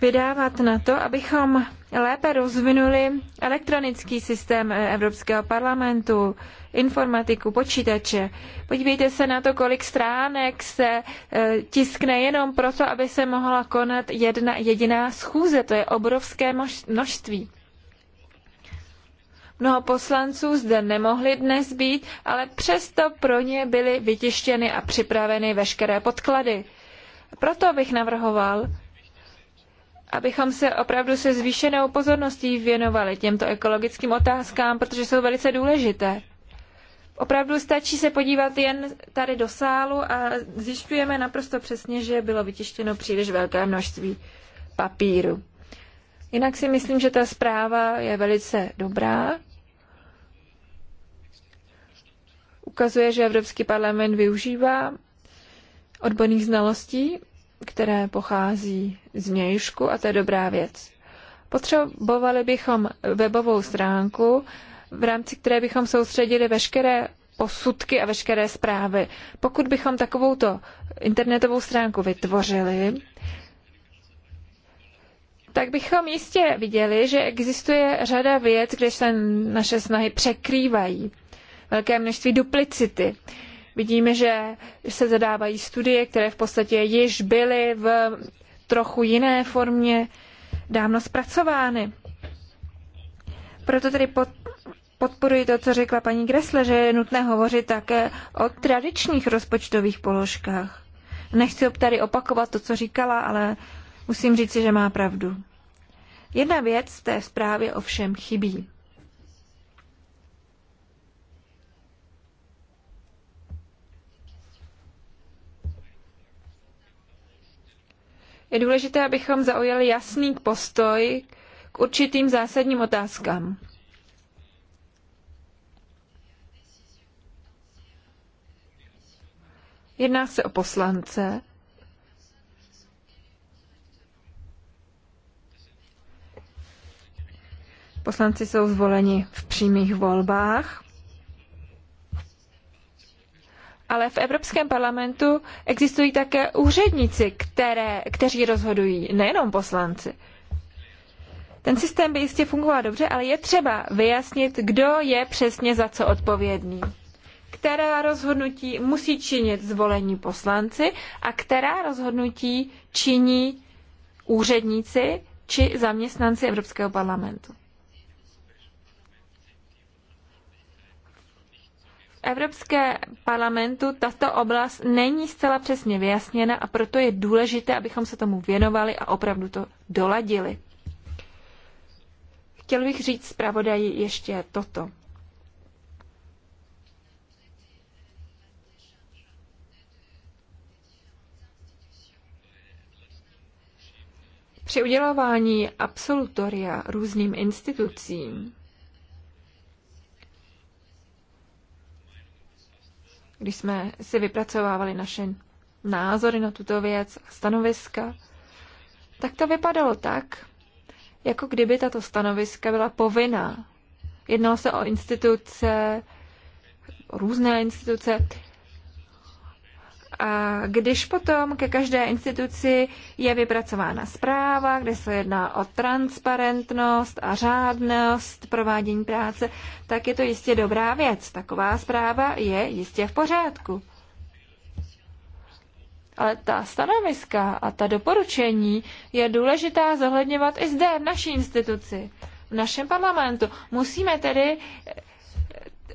vydávat na to, abychom lépe rozvinuli elektronický systém Evropského parlamentu, informatiku, počítače. Podívejte se na to, kolik stránek se e, tiskne jenom proto, aby se mohla konat jedna jediná schůze. To je obrovské množství. Mnoho poslanců zde nemohli dnes být, ale přesto pro ně byly vytištěny a připraveny veškeré podklady. Proto bych navrhoval, abychom se opravdu se zvýšenou pozorností věnovali těmto ekologickým otázkám, protože jsou velice důležité. Opravdu stačí se podívat jen tady do sálu a zjišťujeme naprosto přesně, že bylo vytištěno příliš velké množství papíru. Jinak si myslím, že ta zpráva je velice dobrá. Ukazuje, že Evropský parlament využívá odborných znalostí které pochází z mějšku a to je dobrá věc. Potřebovali bychom webovou stránku, v rámci které bychom soustředili veškeré posudky a veškeré zprávy. Pokud bychom takovouto internetovou stránku vytvořili, tak bychom jistě viděli, že existuje řada věc, kde se naše snahy překrývají. Velké množství duplicity. Vidíme, že se zadávají studie, které v podstatě již byly v trochu jiné formě dávno zpracovány. Proto tedy pod, podporuji to, co řekla paní Gressle, že je nutné hovořit také o tradičních rozpočtových položkách. Nechci tady opakovat to, co říkala, ale musím říci, že má pravdu. Jedna věc té zprávě ovšem chybí. je důležité, abychom zaujali jasný postoj k určitým zásadním otázkám. Jedná se o poslance, Poslanci jsou zvoleni v přímých volbách ale v Evropském parlamentu existují také úředníci, které, kteří rozhodují, nejenom poslanci. Ten systém by jistě fungoval dobře, ale je třeba vyjasnit, kdo je přesně za co odpovědný. Která rozhodnutí musí činit zvolení poslanci a která rozhodnutí činí úředníci či zaměstnanci Evropského parlamentu. Evropské parlamentu tato oblast není zcela přesně vyjasněna a proto je důležité, abychom se tomu věnovali a opravdu to doladili. Chtěl bych říct zpravodaji ještě toto. Při udělování absolutoria různým institucím když jsme si vypracovávali naše názory na tuto věc, stanoviska, tak to vypadalo tak, jako kdyby tato stanoviska byla povinná. Jednalo se o instituce, o různé instituce, když potom ke každé instituci je vypracována zpráva, kde se jedná o transparentnost a řádnost provádění práce, tak je to jistě dobrá věc. Taková zpráva je jistě v pořádku. Ale ta stanoviska a ta doporučení je důležitá zohledňovat i zde, v naší instituci, v našem parlamentu. Musíme tedy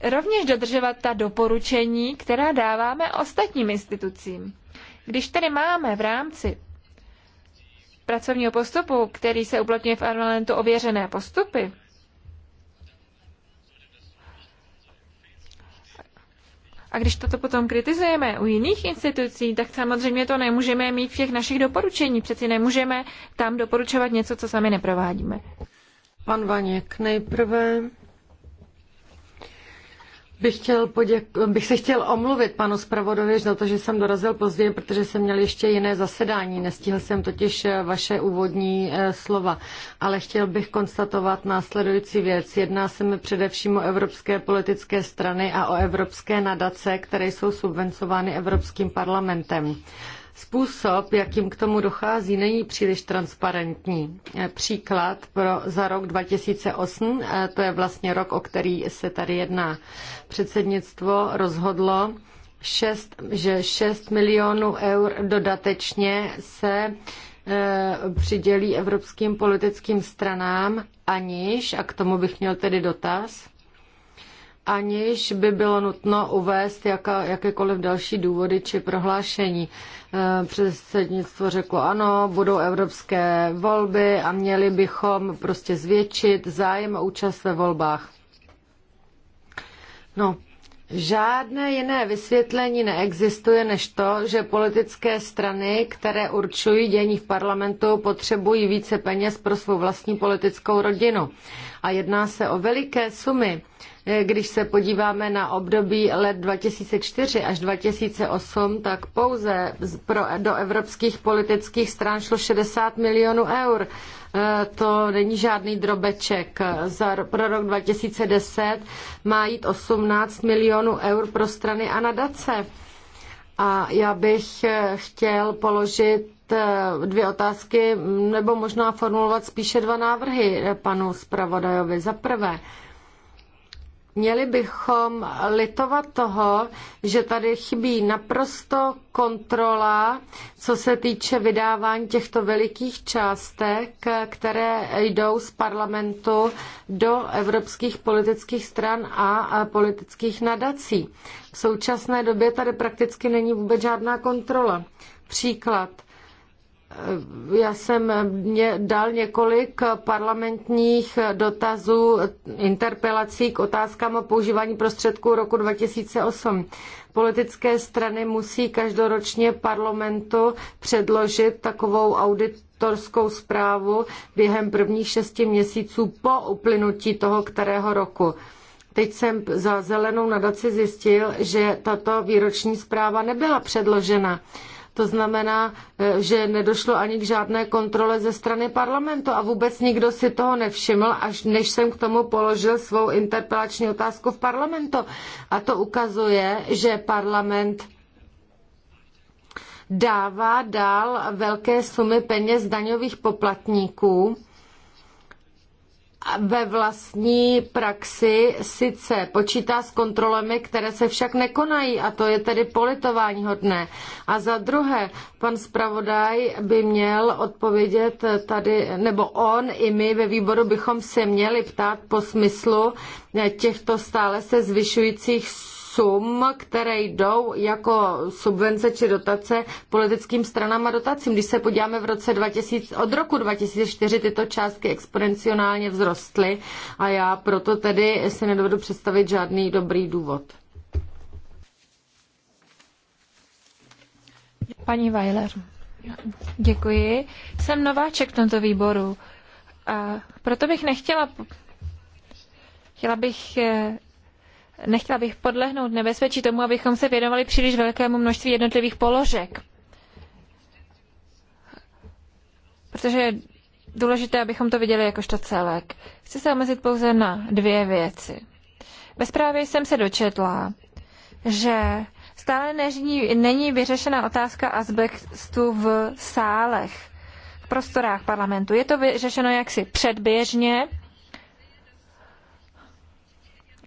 rovněž dodržovat ta doporučení, která dáváme ostatním institucím. Když tedy máme v rámci pracovního postupu, který se uplatňuje v parlamentu, ověřené postupy, A když toto potom kritizujeme u jiných institucí, tak samozřejmě to nemůžeme mít všech našich doporučení. Přeci nemůžeme tam doporučovat něco, co sami neprovádíme. Pan Vaněk nejprve bych, chtěl poděku- bych se chtěl omluvit panu zpravodovi za to, že jsem dorazil později, protože jsem měl ještě jiné zasedání. Nestihl jsem totiž eh, vaše úvodní eh, slova, ale chtěl bych konstatovat následující věc. Jedná se mi především o evropské politické strany a o evropské nadace, které jsou subvencovány Evropským parlamentem. Způsob, jakým k tomu dochází, není příliš transparentní. E, příklad pro, za rok 2008, e, to je vlastně rok, o který se tady jedná. Předsednictvo rozhodlo, 6, že 6 milionů eur dodatečně se e, přidělí evropským politickým stranám, aniž, a k tomu bych měl tedy dotaz, aniž by bylo nutno uvést jaká, jakékoliv další důvody či prohlášení. E, předsednictvo řeklo ano, budou evropské volby a měli bychom prostě zvětšit zájem a účast ve volbách. No, Žádné jiné vysvětlení neexistuje než to, že politické strany, které určují dění v parlamentu, potřebují více peněz pro svou vlastní politickou rodinu a jedná se o veliké sumy. Eh, Když se podíváme na období let 2004 až 2008, tak pouze pro, do evropských politických stran šlo 60 milionů eur. Eh, to není žádný drobeček. Za, pro rok 2010 má jít 18 milionů eur pro strany a nadace. A já bych eh, chtěl položit Eh, dvě otázky, nebo možná formulovat spíše dva návrhy panu zpravodajovi. Za prvé, měli bychom litovat toho, že tady chybí naprosto kontrola, co se týče vydávání těchto velikých částek, které jdou z parlamentu do evropských politických stran a politických nadací. V současné době tady prakticky není vůbec žádná kontrola. Příklad já jsem mě dal několik parlamentních dotazů, interpelací k otázkám o používání prostředků roku 2008. Politické strany musí každoročně parlamentu předložit takovou auditorskou zprávu během prvních šesti měsíců po uplynutí toho kterého roku. Teď jsem za zelenou nadaci zjistil, že tato výroční zpráva nebyla předložena. To znamená, eh, že nedošlo ani k žádné kontrole ze strany parlamentu a vůbec nikdo si toho nevšiml, až než jsem k tomu položil svou interpelační otázku v parlamentu. A to ukazuje, že parlament dává dál velké sumy peněz daňových poplatníků ve vlastní praxi sice počítá s kontrolemi, které se však nekonají a to je tedy politování hodné. A za druhé, pan zpravodaj by měl odpovědět tady, nebo on i my ve výboru bychom se měli ptát po smyslu těchto stále se zvyšujících sum, které jdou jako subvence či dotace politickým stranám a dotacím. Když se podíváme v roce 2000, od roku 2004 tyto částky exponenciálně vzrostly a já proto tedy si nedovedu představit žádný dobrý důvod. Paní Weiler, děkuji. Jsem nováček v tomto výboru a proto bych nechtěla Chtěla bych eh, nechtěla bych podlehnout nebezpečí tomu, abychom se věnovali příliš velkému množství jednotlivých položek. Protože je důležité, abychom to viděli jakožto celek. Chci se omezit pouze na dvě věci. Ve zprávě jsem se dočetla, že stále nežní, není vyřešena otázka asbestu v sálech, v prostorách parlamentu. Je to vyřešeno jaksi předběžně,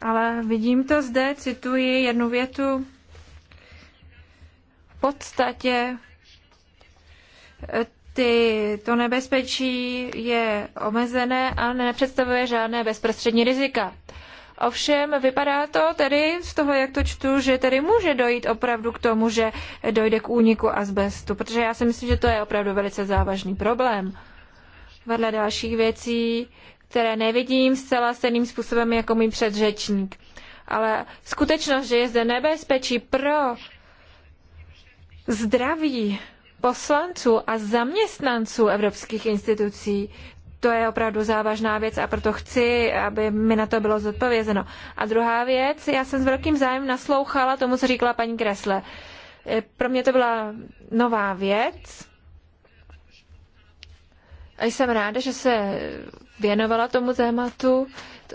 ale vidím to zde, cituji jednu větu. V podstatě eh, ty, to nebezpečí je omezené a nepředstavuje žádné bezprostřední rizika. Ovšem vypadá to tedy z toho, jak to čtu, že tedy může dojít opravdu k tomu, že dojde k úniku azbestu, protože já si myslím, že to je opravdu velice závažný problém. Vedle dalších věcí které nevidím zcela stejným způsobem jako můj předřečník. Ale skutečnost, že je zde nebezpečí pro zdraví poslanců a zaměstnanců evropských institucí, to je opravdu závažná věc a proto chci, aby mi na to bylo zodpovězeno. A druhá věc, já jsem s velkým zájem naslouchala tomu, co říkala paní Kresle. E, pro mě to byla nová věc, a jsem ráda, že se věnovala tomu tématu,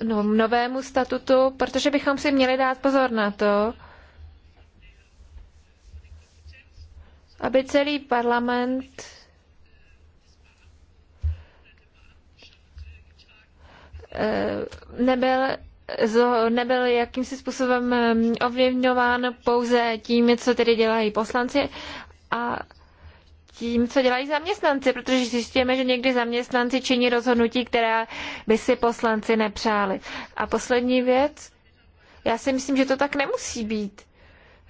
no, novému statutu, protože bychom si měli dát pozor na to, aby celý parlament eh, nebyl, nebyl jakýmsi způsobem mm, ovlivňován pouze tím, co tedy dělají poslanci a tím, co dělají zaměstnanci, protože zjistíme, že někdy zaměstnanci činí rozhodnutí, která by si poslanci nepřáli. A poslední věc, já si myslím, že to tak nemusí být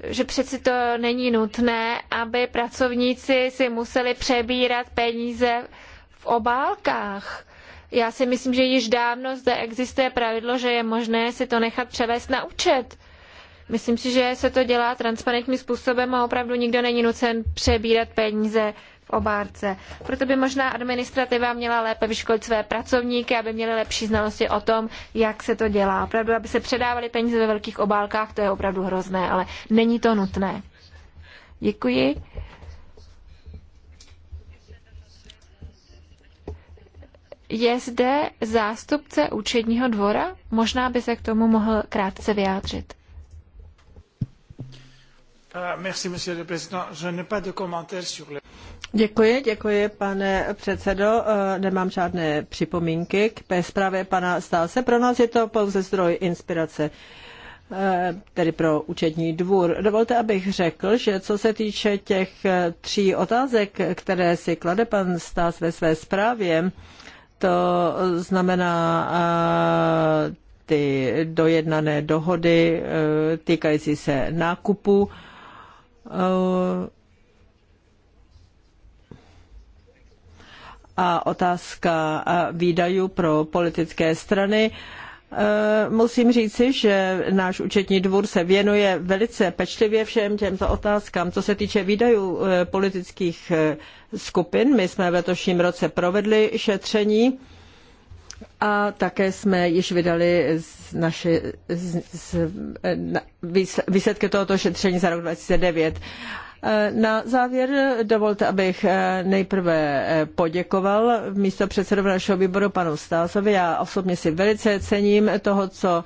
že přeci to není nutné, aby pracovníci si museli přebírat peníze v obálkách. Já si myslím, že již dávno zde existuje pravidlo, že je možné si to nechat převést na účet. Myslím si, že se to dělá transparentním způsobem a opravdu nikdo není nucen přebírat peníze v obárce. Proto by možná administrativa měla lépe vyškolit své pracovníky, aby měli lepší znalosti o tom, jak se to dělá. Opravdu, aby se předávaly peníze ve velkých obálkách, to je opravdu hrozné, ale není to nutné. Děkuji. Je zde zástupce účetního dvora? Možná by se k tomu mohl krátce vyjádřit. Ah, děkuji, děkuji, pane předsedo. Eh, nemám žádné připomínky k zprávě pana Stálse. Pro nás je to pouze zdroj inspirace eh, tedy pro účetní dvůr. Dovolte, abych řekl, že co se týče těch eh, tří otázek, které si klade pan Stás ve své zprávě, to znamená ty dojednané dohody týkající se nákupu, a otázka výdajů pro politické strany. E, musím říci, že náš účetní dvůr se věnuje velice pečlivě všem těmto otázkám. Co se týče výdajů e, politických e, skupin, my jsme v letošním roce provedli šetření a také jsme již vydali z naše, z, z, na, výsledky tohoto šetření za rok 2009. E, na závěr dovolte, abych e, nejprve e, poděkoval místo předsedovi našeho výboru panu Stásovi. Já osobně si velice cením toho, co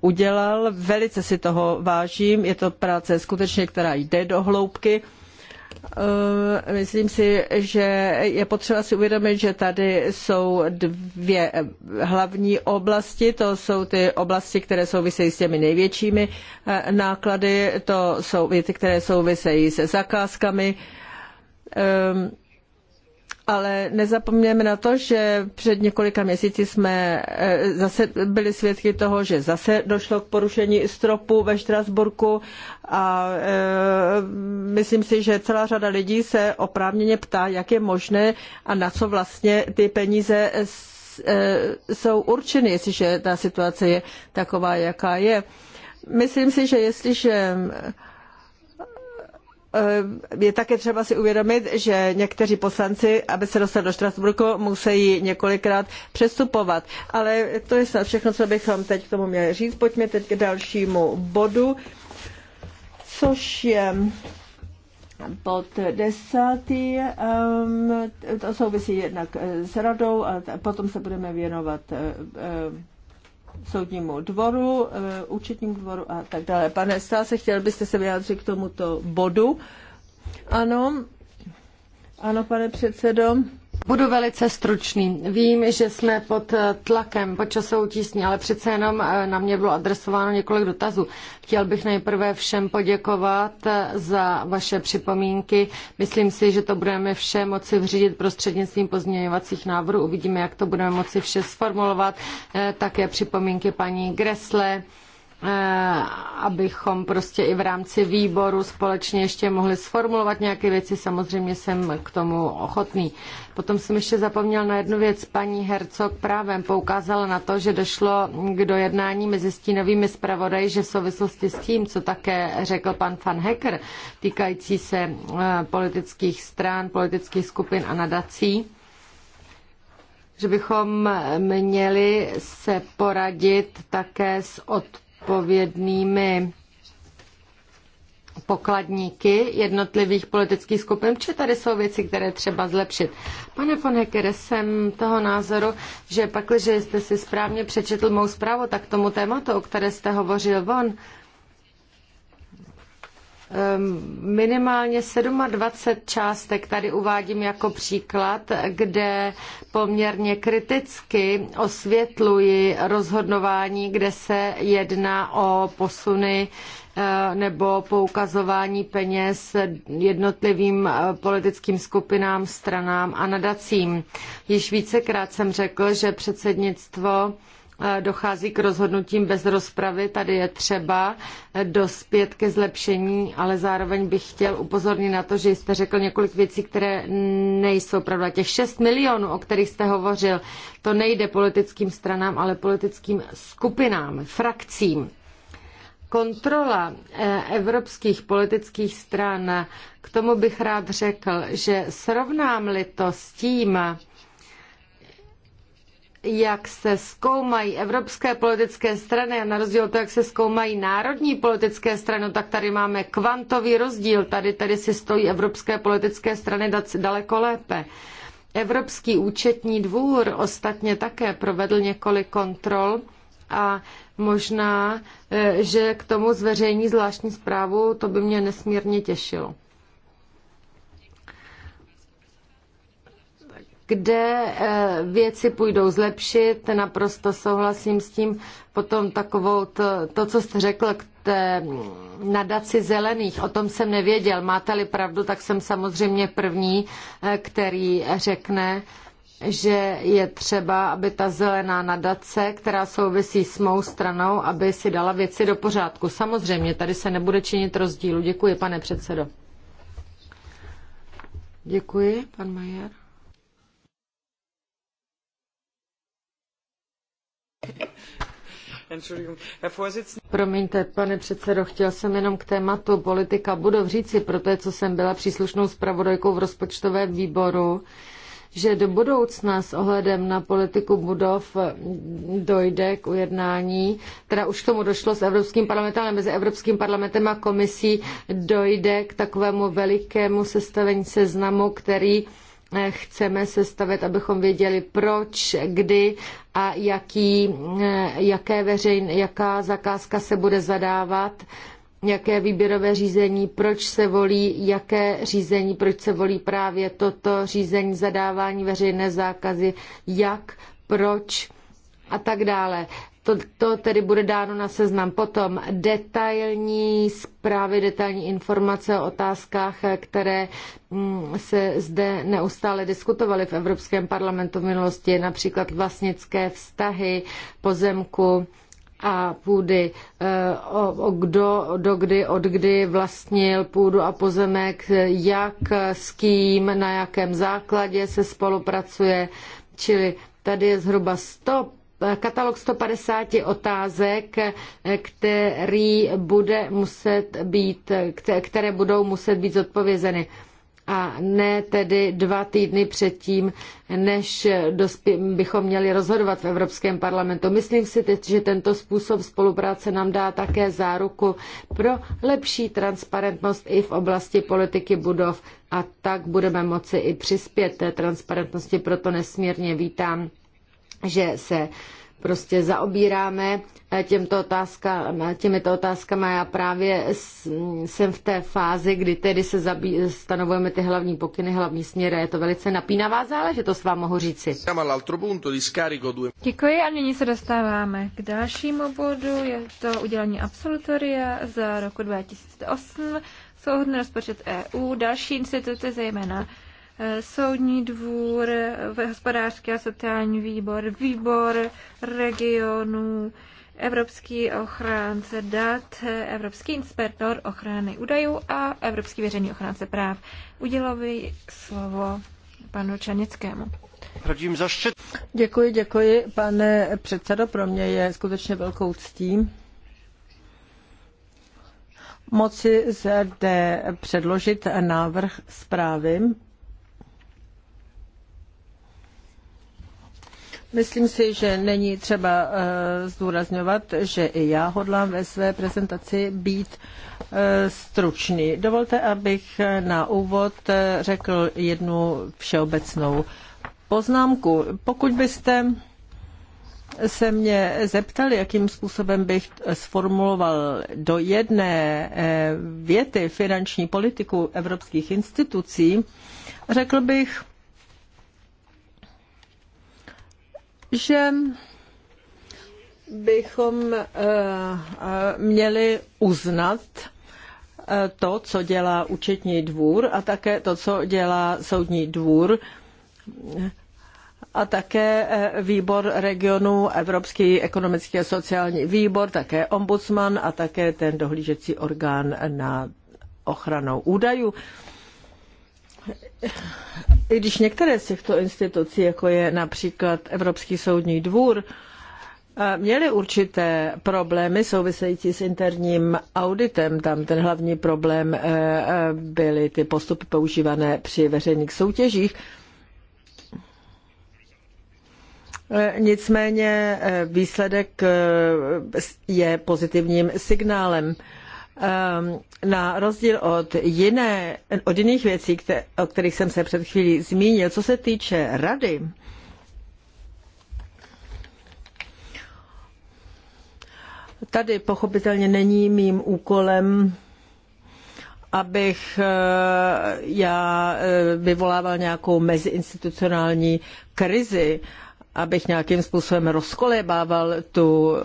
udělal, velice si toho vážím. Je to práce skutečně, která jde do hloubky. Eh, myslím si, že je potřeba si uvědomit, že tady jsou dvě hlavní oblasti. To jsou ty oblasti, které souvisejí s těmi největšími eh, náklady. To jsou věci, které souvisejí se zakázkami ehm, ale nezapomněme na to, že před několika měsíci jsme eh, zase byli svědky toho, že zase došlo k porušení stropu ve Štrasburku a eh, myslím si, že celá řada lidí se oprávněně ptá, jak je možné a na co vlastně ty peníze eh, jsou určeny, jestliže ta situace je taková, jaká je. Myslím si, že jestliže Eh, je také třeba si uvědomit, že někteří poslanci, aby se dostali do Štrasburku, musí několikrát přestupovat. Ale to je snad všechno, co bychom teď k tomu měli říct. Pojďme teď k dalšímu bodu, což je bod desátý. Ehm, to souvisí jednak s radou a potom se budeme věnovat eh, eh, soudnímu dvoru, eh, účetnímu dvoru a tak dále. Pane Stáse, chtěl byste se vyjádřit k tomuto bodu? Ano, ano, pane předsedo. Budu velice stručný. Vím, že jsme pod tlakem, pod časovou tísní, ale přece jenom eh, na mě bylo adresováno několik dotazů. Chtěl bych nejprve všem poděkovat eh, za vaše připomínky. Myslím si, že to budeme vše moci vřídit prostřednictvím pozměňovacích návrhů. Uvidíme, jak to budeme moci vše sformulovat. Eh, také připomínky paní Gresle Eh, abychom prostě i v rámci výboru společně ještě mohli sformulovat nějaké věci. Samozřejmě jsem k tomu ochotný. Potom jsem ještě zapomněl na jednu věc. Paní Hercog právem poukázala na to, že došlo k dojednání mezi stínovými zpravodaji, že v souvislosti s tím, co také řekl pan Van Hecker, týkající se eh, politických stran, politických skupin a nadací, že bychom měli se poradit také s odpovědností odpovědnými pokladníky jednotlivých politických skupin, či tady jsou věci, které třeba zlepšit. Pane von Heckere, jsem toho názoru, že pakliže jste si správně přečetl mou zprávu, tak tomu tématu, o které jste hovořil von, Ehm, minimálně 27 částek tady uvádím jako příklad, kde poměrně kriticky osvětluji rozhodování, kde se jedná o posuny eh, nebo poukazování peněz jednotlivým eh, politickým skupinám, stranám a nadacím. Již vícekrát jsem řekl, že předsednictvo dochází k rozhodnutím bez rozpravy. Tady je třeba dospět ke zlepšení, ale zároveň bych chtěl upozornit na to, že jste řekl několik věcí, které nejsou pravda. Těch 6 milionů, o kterých jste hovořil, to nejde politickým stranám, ale politickým skupinám, frakcím kontrola eh, evropských politických stran, k tomu bych rád řekl, že srovnám-li to s tím, jak se zkoumají evropské politické strany a na rozdíl od toho, jak se zkoumají národní politické strany, tak tady máme kvantový rozdíl. Tady, tady si stojí evropské politické strany daleko lépe. Evropský účetní dvůr ostatně také provedl několik kontrol a možná, eh, že k tomu zveřejní zvláštní zprávu, to by mě nesmírně těšilo. kde eh, věci půjdou zlepšit, naprosto souhlasím s tím. Potom takovou to, to co jste řekl k té nadaci zelených, o tom jsem nevěděl. Máte-li pravdu, tak jsem samozřejmě první, eh, který řekne, že je třeba, aby ta zelená nadace, která souvisí s mou stranou, aby si dala věci do pořádku. Samozřejmě, tady se nebude činit rozdílu. Děkuji, pane předsedo. Děkuji, pan Majer. Promiňte, pane předsedo, chtěl jsem jenom k tématu politika budov říci, proto co jsem byla příslušnou zpravodajkou v rozpočtovém výboru, že do budoucna s ohledem na politiku budov dojde k ujednání, teda už k tomu došlo s Evropským parlamentem, ale mezi Evropským parlamentem a komisí dojde k takovému velikému sestavení seznamu, který chceme sestavit, abychom věděli proč, kdy a jaký, jaké veřejn, jaká zakázka se bude zadávat, jaké výběrové řízení, proč se volí, jaké řízení, proč se volí právě toto řízení, zadávání veřejné zákazy, jak, proč a tak dále. To, to tedy bude dáno na seznam. Potom detailní zprávy, detailní informace o otázkách, které mm, se zde neustále diskutovaly v Evropském parlamentu v minulosti, například vlastnické vztahy pozemku a půdy, eh, o, o kdo, od kdy vlastnil půdu a pozemek, jak, s kým, na jakém základě se spolupracuje, čili tady je zhruba 100 katalog 150 otázek, který bude muset být, které budou muset být zodpovězeny a ne tedy dva týdny předtím, než bychom měli rozhodovat v Evropském parlamentu. Myslím si teď, že tento způsob spolupráce nám dá také záruku pro lepší transparentnost i v oblasti politiky budov a tak budeme moci i přispět té transparentnosti, proto nesmírně vítám že se prostě zaobíráme eh, těmto otázkama, eh, těmito otázkama. Já právě mm, jsem v té fázi, kdy tedy se zabí, stanovujeme ty hlavní pokyny, hlavní směry. Je to velice napínavá záležitost, vám mohu říci. Děkuji a nyní se dostáváme k dalšímu bodu. Je to udělení absolutoria za roku 2008, souhodný rozpočet EU, další instituty, zejména soudní dvůr, hospodářský a sociální výbor, výbor regionů, Evropský ochránce dat, Evropský inspektor ochrany údajů a Evropský veřejný ochránce práv. Udělovi slovo panu Čanickému. Děkuji, děkuji, pane předsedo. Pro mě je skutečně velkou ctí moci zde předložit návrh zprávy Myslím si, že není třeba eh, zdůrazňovat, že i já hodlám ve své prezentaci být eh, stručný. Dovolte, abych eh, na úvod řekl jednu všeobecnou poznámku. Pokud byste se mě zeptali, jakým způsobem bych sformuloval do jedné věty finanční politiku evropských institucí, řekl bych, že bychom eh, eh, měli uznat eh, to, co dělá účetní dvůr a také to, co dělá soudní dvůr a také výbor regionu, Evropský ekonomický a sociální výbor, také ombudsman a také ten dohlížecí orgán na ochranou údajů i když některé z těchto institucí, jako je například Evropský soudní dvůr, eh, měly určité problémy související s interním auditem. Tam ten hlavní problém eh, eh, byly ty postupy používané při veřejných soutěžích. Nicméně výsledek je pozitivním signálem. Ehm, na rozdíl od, jiné, od jiných věcí, které, o kterých jsem se před chvílí zmínil, co se týče rady, tady pochopitelně není mým úkolem abych eh, já eh, vyvolával nějakou meziinstitucionální krizi abych nějakým způsobem rozkolebával tu eh,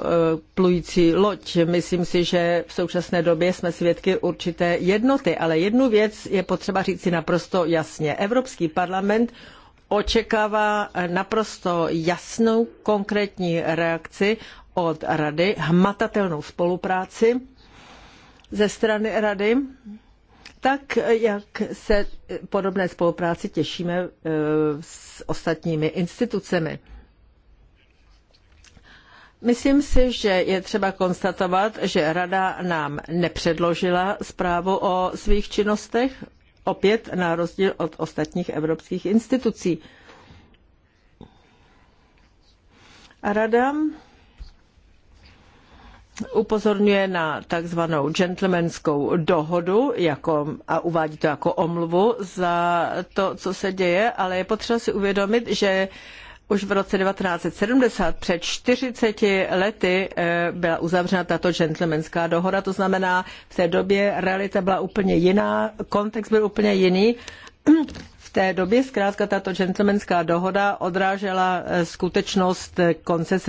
plující loď. Myslím si, že v současné době jsme svědky určité jednoty, ale jednu věc je potřeba říci naprosto jasně. Evropský parlament očekává naprosto jasnou konkrétní reakci od Rady, hmatatelnou spolupráci ze strany Rady, tak jak se podobné spolupráci těšíme eh, s ostatními institucemi. Myslím si, že je třeba konstatovat, že Rada nám nepředložila zprávu o svých činnostech, opět na rozdíl od ostatních evropských institucí. A Rada upozorňuje na takzvanou gentlemanskou dohodu jako, a uvádí to jako omluvu za to, co se děje, ale je potřeba si uvědomit, že už v roce 1970, před 40 lety, eh, byla uzavřena tato gentlemanská dohoda. To znamená, v té době realita byla úplně jiná, kontext byl úplně jiný. V té době zkrátka tato gentlemanská dohoda odrážela eh, skutečnost eh, konce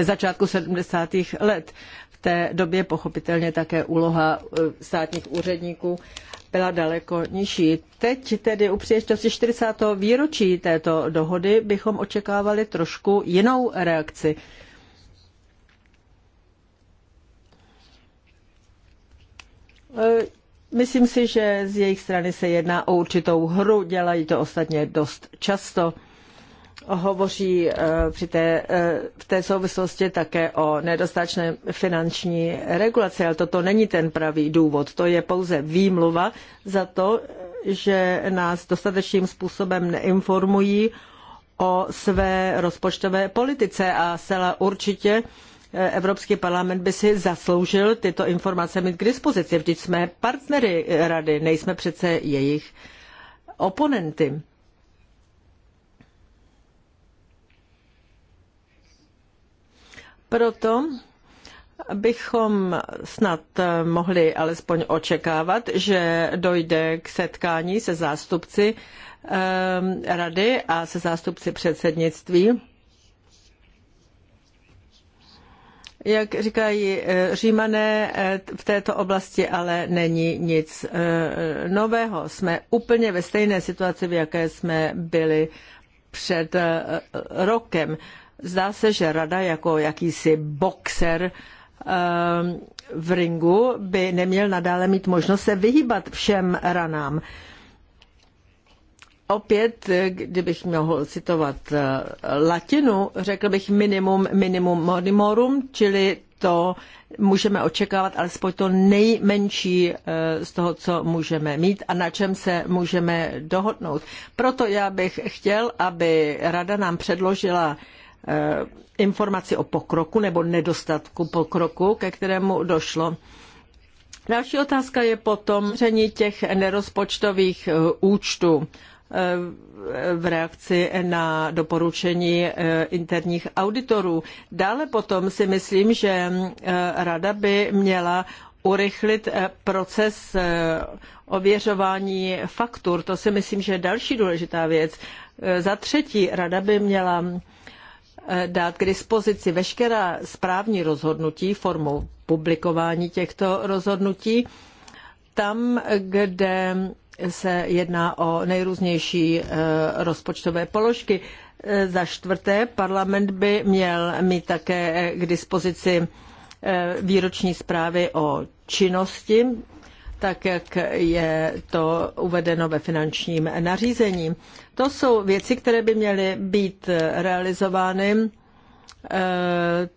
začátku 70. let. V té době pochopitelně také úloha státních úředníků byla daleko nižší. Teď tedy u příležitosti 40. výročí této dohody bychom očekávali trošku jinou reakci. E, myslím si, že z jejich strany se jedná o určitou hru, dělají to ostatně dost často hovoří eh, při té, eh, v té souvislosti také o nedostatečné finanční regulaci, ale toto není ten pravý důvod. To je pouze výmluva za to, že nás dostatečným způsobem neinformují o své rozpočtové politice a zcela určitě eh, Evropský parlament by si zasloužil tyto informace mít k dispozici. Vždyť jsme partnery rady, nejsme přece jejich oponenty. Proto bychom snad eh, mohli alespoň očekávat, že dojde k setkání se zástupci eh, rady a se zástupci předsednictví. Jak říkají eh, římané, v této oblasti ale není nic nového. Jsme úplně ve stejné situaci, v jaké jsme byli před rokem. Zdá se, že rada jako jakýsi boxer ehm, v ringu by neměl nadále mít možnost se vyhýbat všem ranám. Opět, kdybych mohl citovat eh, latinu, řekl bych minimum minimum minimorum, čili to můžeme očekávat alespoň to nejmenší eh, z toho, co můžeme mít a na čem se můžeme dohodnout. Proto já bych chtěl, aby Rada nám předložila Eh, informaci o pokroku nebo nedostatku pokroku, ke kterému došlo. Další otázka je potom ření těch nerozpočtových eh, účtů eh, v reakci na doporučení interních auditorů. Dále potom si myslím, že rada by měla urychlit proces ověřování faktur. To si myslím, že je další důležitá věc. Za třetí, rada by měla dát k dispozici veškerá správní rozhodnutí formou publikování těchto rozhodnutí tam, kde se jedná o nejrůznější eh, rozpočtové položky. Eh, za čtvrté, parlament by měl mít také eh, k dispozici výroční zprávy o činnosti tak jak je to uvedeno ve finančním nařízení. To jsou věci, které by měly být realizovány eh,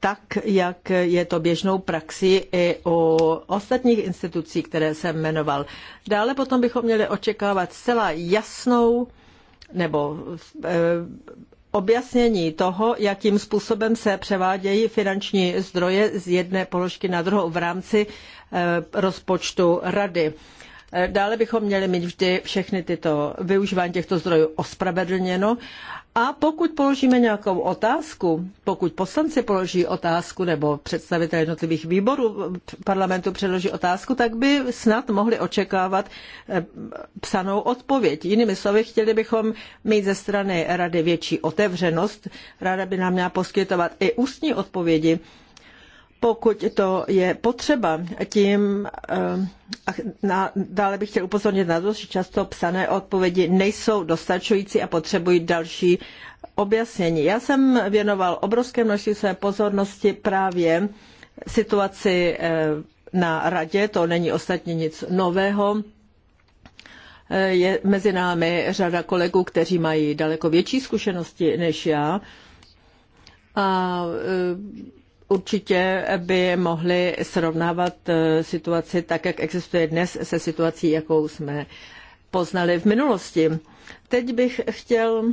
tak, jak je to běžnou praxí i u ostatních institucí, které jsem jmenoval. Dále potom bychom měli očekávat zcela jasnou nebo eh, objasnění toho, jakým způsobem se převádějí finanční zdroje z jedné položky na druhou v rámci eh, rozpočtu rady. Eh, dále bychom měli mít vždy všechny tyto využívání těchto zdrojů ospravedlněno a pokud položíme nějakou otázku, pokud poslanci položí otázku nebo představitelé jednotlivých výborů parlamentu předloží otázku, tak by snad mohli očekávat eh, psanou odpověď. Jinými slovy, chtěli bychom mít ze strany rady větší otevřenost. Rada by nám měla poskytovat i ústní odpovědi pokud to je potřeba. Tím eh, na, dále bych chtěl upozornit na to, že často psané odpovědi nejsou dostačující a potřebují další objasnění. Já jsem věnoval obrovské množství své pozornosti právě situaci eh, na radě, to není ostatně nic nového. Eh, je mezi námi řada kolegů, kteří mají daleko větší zkušenosti než já. A Určitě by mohli srovnávat eh, situaci tak, jak existuje dnes, se situací, jakou jsme poznali v minulosti. Teď bych chtěl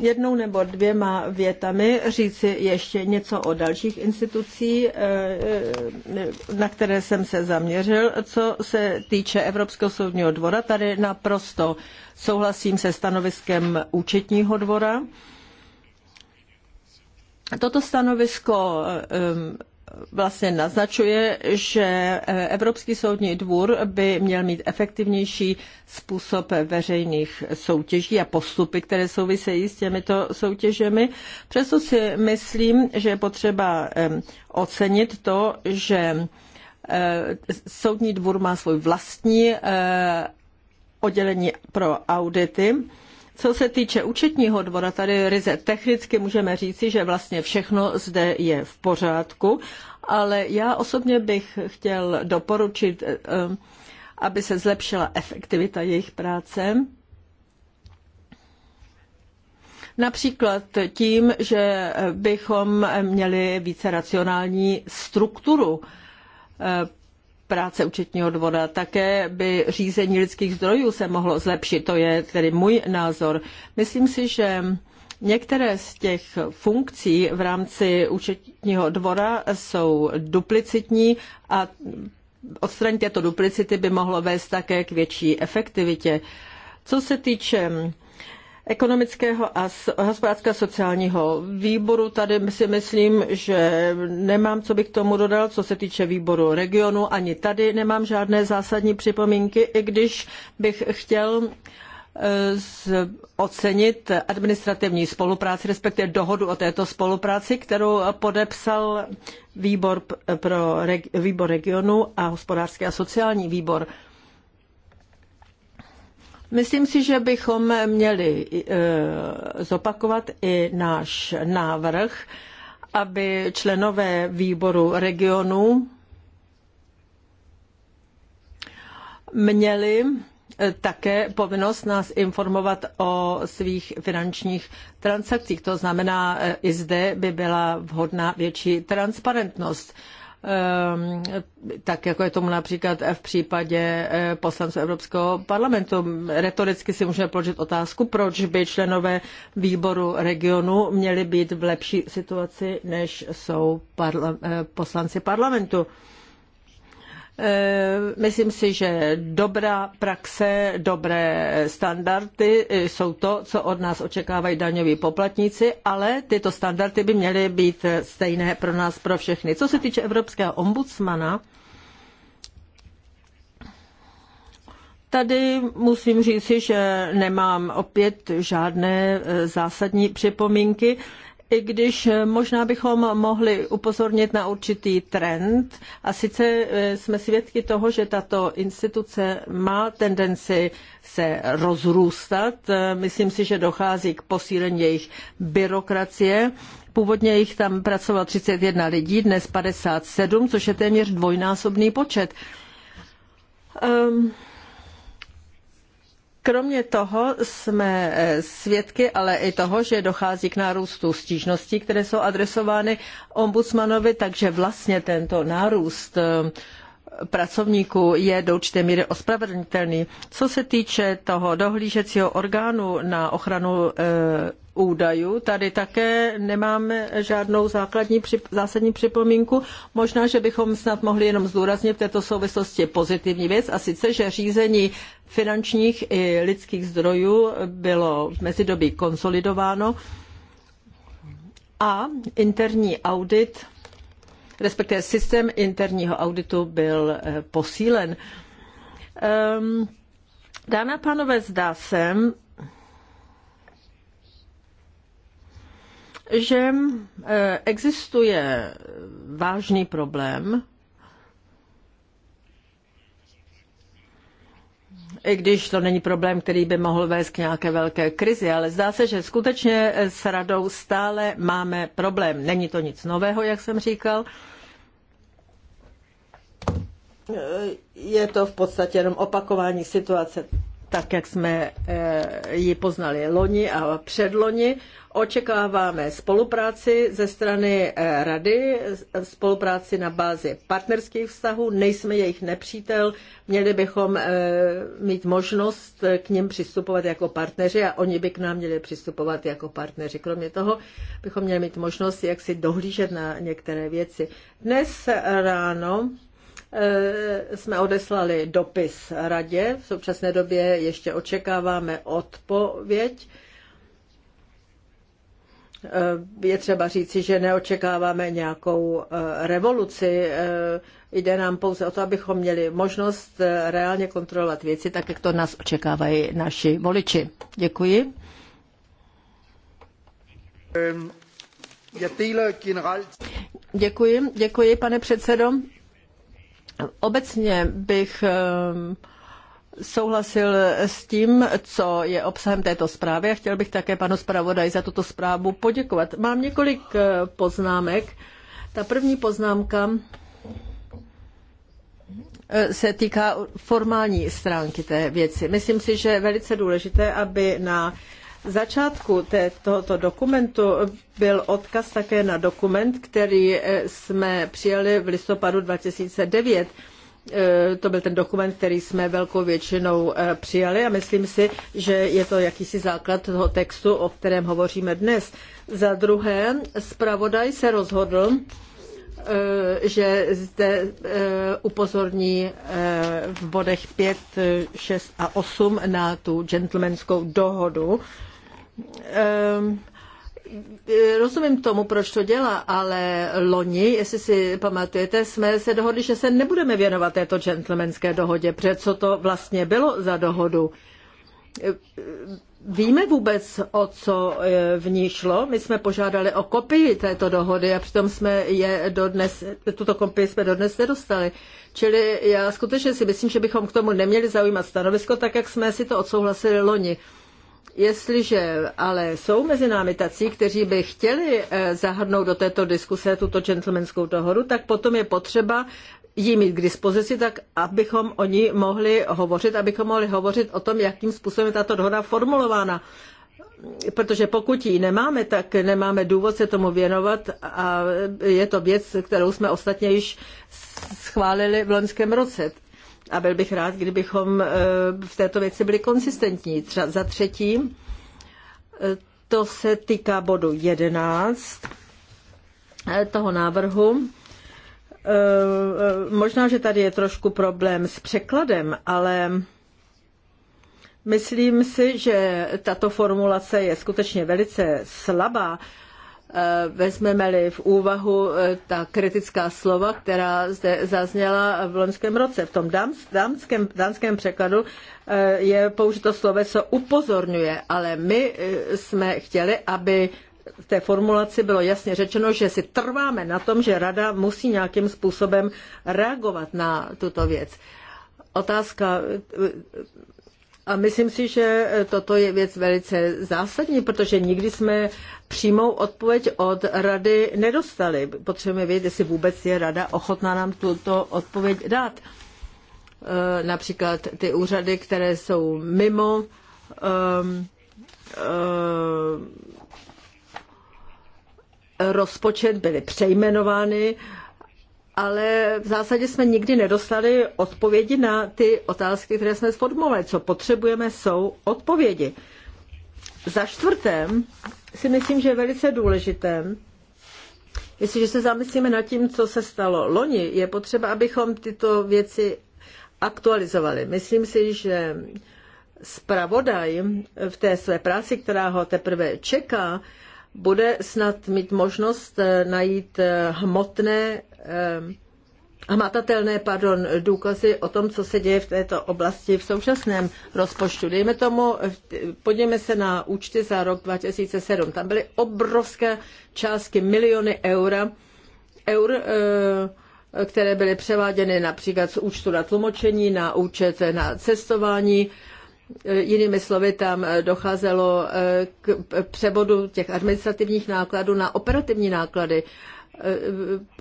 jednou nebo dvěma větami říci ještě něco o dalších institucí, eh, eh, na které jsem se zaměřil. Co se týče Evropského soudního dvora, tady naprosto souhlasím se stanoviskem účetního dvora. Toto stanovisko eh, vlastně naznačuje, že eh, Evropský soudní dvůr by měl mít efektivnější způsob veřejných soutěží a postupy, které souvisejí s těmito soutěžemi. Přesto si myslím, že je potřeba ocenit to, že eh, soudní dvůr má svůj vlastní oddělení pro audity co se týče účetního dvora, tady ryze technicky můžeme říci, že vlastně všechno zde je v pořádku, ale já osobně bych chtěl doporučit, eh, eh, aby se zlepšila efektivita jejich práce. Například tím, že bychom měli více racionální strukturu eh, práce účetního dvora. Také by řízení lidských zdrojů se mohlo zlepšit. To je tedy můj názor. Myslím si, že Některé z těch funkcí v rámci účetního dvora jsou duplicitní a odstranit této duplicity by mohlo vést také k větší efektivitě. Co se týče ekonomického a hospodářského sociálního výboru. Tady si myslím, že nemám, co bych k tomu dodal, co se týče výboru regionu. Ani tady nemám žádné zásadní připomínky, i když bych chtěl eh, ocenit administrativní spolupráci, respektive dohodu o této spolupráci, kterou podepsal výbor pro výbor regionu a hospodářský a sociální výbor. Myslím si, že bychom měli eh, zopakovat i náš návrh, aby členové výboru regionu měli eh, také povinnost nás informovat o svých finančních transakcích. To znamená, eh, i zde by byla vhodná větší transparentnost. Ehm, tak jako je tomu například v případě eh, poslanců Evropského parlamentu. Retoricky si můžeme položit otázku, proč by členové výboru regionu měli být v lepší situaci, než jsou parla- eh, poslanci parlamentu. Eh, myslím si, že dobrá praxe, dobré standardy eh, jsou to, co od nás očekávají daňoví poplatníci, ale tyto standardy by měly být stejné pro nás, pro všechny. Co se týče evropského ombudsmana, Tady musím říci, že nemám opět žádné eh, zásadní připomínky i když eh, možná bychom mohli upozornit na určitý trend. A sice eh, jsme svědky toho, že tato instituce má tendenci se rozrůstat. Eh, myslím si, že dochází k posílení jejich byrokracie. Původně jich tam pracovalo 31 lidí, dnes 57, což je téměř dvojnásobný počet. Um, Kromě toho jsme eh, svědky ale i toho, že dochází k nárůstu stížností, které jsou adresovány ombudsmanovi, takže vlastně tento nárůst eh, pracovníků je do určité míry ospravedlnitelný. Co se týče toho dohlížecího orgánu na ochranu eh, údajů. Tady také nemám žádnou základní zásadní připomínku. Možná, že bychom snad mohli jenom zdůraznit v této souvislosti pozitivní věc, a sice, že řízení finančních i lidských zdrojů bylo v mezidobí konsolidováno a interní audit respektive systém interního auditu byl eh, posílen. Ehm, dámy a pánové, zdá se, že eh, existuje vážný problém, i když to není problém, který by mohl vést k nějaké velké krizi, ale zdá se, že skutečně s radou stále máme problém. Není to nic nového, jak jsem říkal je to v podstatě jenom opakování situace tak, jak jsme eh, ji poznali loni a předloni. Očekáváme spolupráci ze strany eh, rady, spolupráci na bázi partnerských vztahů, nejsme jejich nepřítel, měli bychom eh, mít možnost k ním přistupovat jako partneři a oni by k nám měli přistupovat jako partneři. Kromě toho bychom měli mít možnost jak si dohlížet na některé věci. Dnes ráno Eh, jsme odeslali dopis radě. V současné době ještě očekáváme odpověď. Eh, je třeba říci, že neočekáváme nějakou eh, revoluci. Jde nám pouze o to, abychom měli možnost reálně kontrolovat věci, tak jak to nás očekávají naši voliči. Děkuji. Ehm, děkuji, děkuji, pane předsedo. Obecně bych ehm, souhlasil s tím, co je obsahem této zprávy a chtěl bych také panu zpravodaji za tuto zprávu poděkovat. Mám několik eh, poznámek. Ta první poznámka eh, se týká formální stránky té věci. Myslím si, že je velice důležité, aby na začátku té, tohoto dokumentu byl odkaz také na dokument, který eh, jsme přijali v listopadu 2009. Eh, to byl ten dokument, který jsme velkou většinou eh, přijali a myslím si, že je to jakýsi základ toho textu, o kterém hovoříme dnes. Za druhé, zpravodaj se rozhodl, že zde upozorní v bodech 5, 6 a 8 na tu gentlemanskou dohodu. Ehm, rozumím tomu, proč to dělá, ale loni, jestli si pamatujete, jsme se dohodli, že se nebudeme věnovat této gentlemanské dohodě. Protože co to vlastně bylo za dohodu? Ehm, víme vůbec, o co e, v ní šlo? My jsme požádali o kopii této dohody a přitom jsme je dodnes, tuto kopii jsme dodnes nedostali. Čili já skutečně si myslím, že bychom k tomu neměli zaujímat stanovisko, tak jak jsme si to odsouhlasili loni. Jestliže ale jsou mezi námi tací, kteří by chtěli eh, zahrnout do této diskuse tuto gentlemanskou dohodu, tak potom je potřeba ji mít k dispozici, tak abychom o ní mohli hovořit, abychom mohli hovořit o tom, jakým způsobem je tato dohoda formulována. Protože pokud ji nemáme, tak nemáme důvod se tomu věnovat a je to věc, kterou jsme ostatně již schválili v loňském roce a byl bych rád, kdybychom eh, v této věci byli konsistentní. Třeba za třetí, eh, to se týká bodu 11 eh, toho návrhu. Možná, že tady je trošku problém s překladem, ale myslím si, že tato formulace je skutečně velice slabá Eh, vezmeme-li v úvahu eh, ta kritická slova, která zde zazněla v loňském roce. V tom dánském, dánském překladu eh, je použito sloveso upozorňuje, ale my jsme chtěli, aby v té formulaci bylo jasně řečeno, že si trváme na tom, že rada musí nějakým způsobem reagovat na tuto věc. Otázka a myslím si, že toto je věc velice zásadní, protože nikdy jsme přímou odpověď od rady nedostali. Potřebujeme vědět, jestli vůbec je rada ochotná nám tuto odpověď dát. Eh, například ty úřady, které jsou mimo um, um, rozpočet, byly přejmenovány. Uh, ale v zásadě jsme nikdy nedostali odpovědi na ty otázky, které jsme sformulovali. Co potřebujeme, jsou odpovědi. Za čtvrtém si myslím, že je velice důležité, jestliže se zamyslíme nad tím, co se stalo loni, je potřeba, abychom tyto věci aktualizovali. Myslím si, že zpravodaj v té své práci, která ho teprve čeká, bude snad mít možnost najít hmotné Ehm, hmatatelné pardon, důkazy o tom, co se děje v této oblasti v současném rozpočtu. Dejme tomu, podívejme se na účty za rok 2007. Tam byly obrovské částky, miliony eura, eur, eh, které byly převáděny například z účtu na tlumočení, na účet na cestování, eh, Jinými slovy, tam eh, docházelo k převodu těch administrativních nákladů na operativní náklady.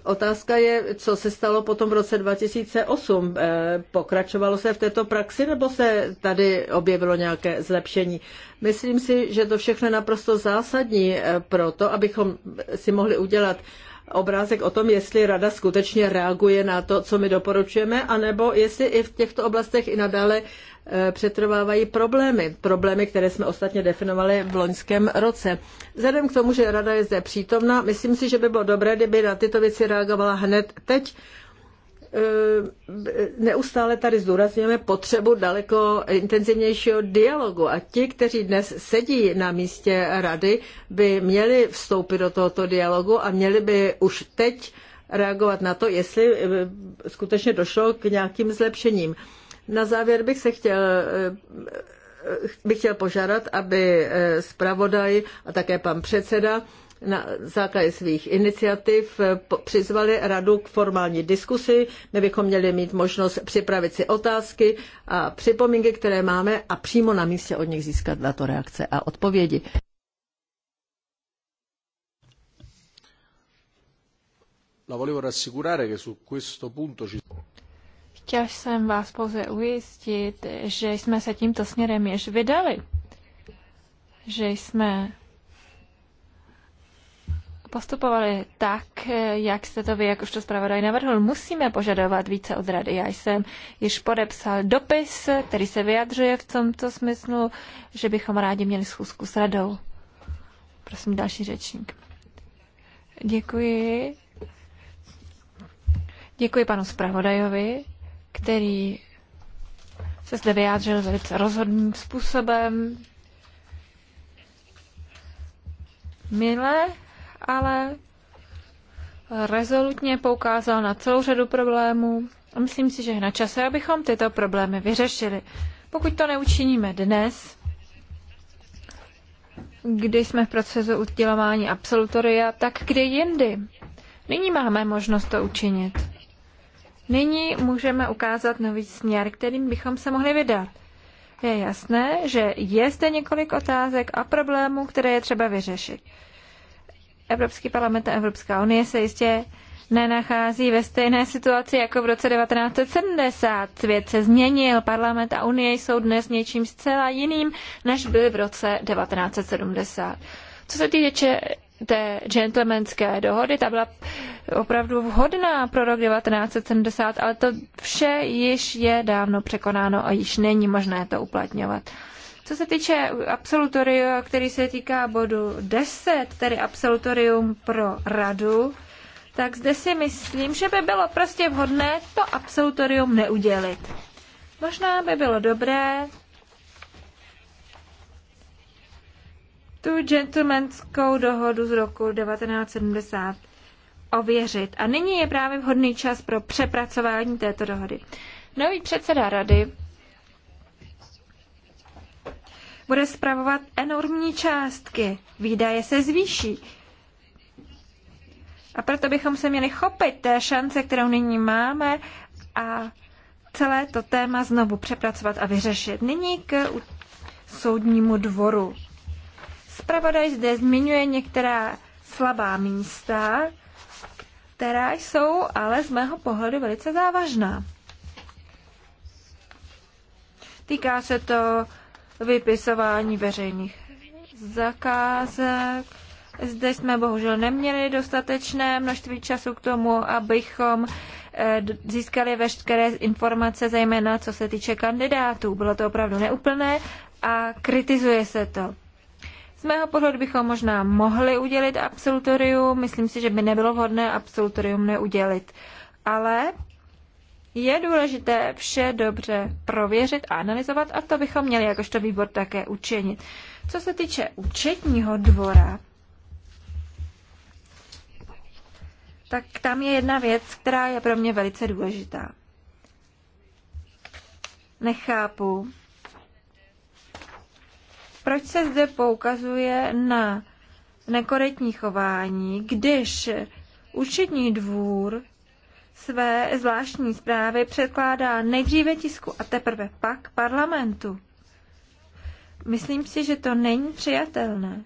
Otázka je, co se stalo potom v roce 2008. Eh, pokračovalo se v této praxi nebo se tady objevilo nějaké zlepšení? Myslím si, že to všechno je naprosto zásadní eh, pro to, abychom si mohli udělat obrázek o tom, jestli rada skutečně reaguje na to, co my doporučujeme, anebo jestli i v těchto oblastech i nadále Eh, přetrvávají problémy. Problémy, které jsme ostatně definovali v loňském roce. Vzhledem k tomu, že rada je zde přítomna, myslím si, že by bylo dobré, kdyby na tyto věci reagovala hned teď. Eh, neustále tady zdůrazňujeme potřebu daleko intenzivnějšího dialogu a ti, kteří dnes sedí na místě rady, by měli vstoupit do tohoto dialogu a měli by už teď reagovat na to, jestli eh, skutečně došlo k nějakým zlepšením. Na závěr bych se chtěl eh, bych chtěl požádat, aby eh, zpravodaj a také pan předseda na základě svých iniciativ eh, přizvali radu k formální diskusi. My bychom měli mít možnost připravit si otázky a připomínky, které máme a přímo na místě od nich získat na to reakce a odpovědi. La no, volevo rassicurare che su questo punto ci Chtěl jsem vás pouze ujistit, že jsme se tímto směrem již vydali. Že jsme postupovali tak, jak jste to vy to zpravodaj navrhl. Musíme požadovat více od rady. Já jsem již podepsal dopis, který se vyjadřuje v tomto smyslu, že bychom rádi měli schůzku s radou. Prosím, další řečník. Děkuji. Děkuji panu zpravodajovi který se zde vyjádřil velice rozhodným způsobem. Milé, ale rezolutně poukázal na celou řadu problémů a myslím si, že je na čase, abychom tyto problémy vyřešili. Pokud to neučiníme dnes, kdy jsme v procesu udělování absolutoria, tak kdy jindy? Nyní máme možnost to učinit. Nyní můžeme ukázat nový směr, kterým bychom se mohli vydat. Je jasné, že je zde několik otázek a problémů, které je třeba vyřešit. Evropský parlament a Evropská unie se jistě nenachází ve stejné situaci jako v roce 1970. Svět se změnil, parlament a unie jsou dnes něčím zcela jiným, než byly v roce 1970. Co se týče té gentlemanské dohody, ta byla opravdu vhodná pro rok 1970, ale to vše již je dávno překonáno a již není možné to uplatňovat. Co se týče absolutoria, který se týká bodu 10, tedy absolutorium pro radu, tak zde si myslím, že by bylo prostě vhodné to absolutorium neudělit. Možná by bylo dobré tu gentlemanskou dohodu z roku 1970 ověřit. A nyní je právě vhodný čas pro přepracování této dohody. Nový předseda rady bude spravovat enormní částky. Výdaje se zvýší. A proto bychom se měli chopit té šance, kterou nyní máme a celé to téma znovu přepracovat a vyřešit. Nyní k soudnímu dvoru. Spravodaj zde zmiňuje některá slabá místa, která jsou ale z mého pohledu velice závažná. Týká se to vypisování veřejných zakázek. Zde jsme bohužel neměli dostatečné množství času k tomu, abychom eh, získali veškeré informace, zejména co se týče kandidátů. Bylo to opravdu neúplné a kritizuje se to. Z mého pohledu bychom možná mohli udělit absolutorium, myslím si, že by nebylo vhodné absolutorium neudělit. Ale je důležité vše dobře prověřit a analyzovat a to bychom měli jakožto výbor také učinit. Co se týče účetního dvora, tak tam je jedna věc, která je pro mě velice důležitá. Nechápu, proč se zde poukazuje na nekorektní chování, když účetní dvůr své zvláštní zprávy předkládá nejdříve tisku a teprve pak parlamentu? Myslím si, že to není přijatelné.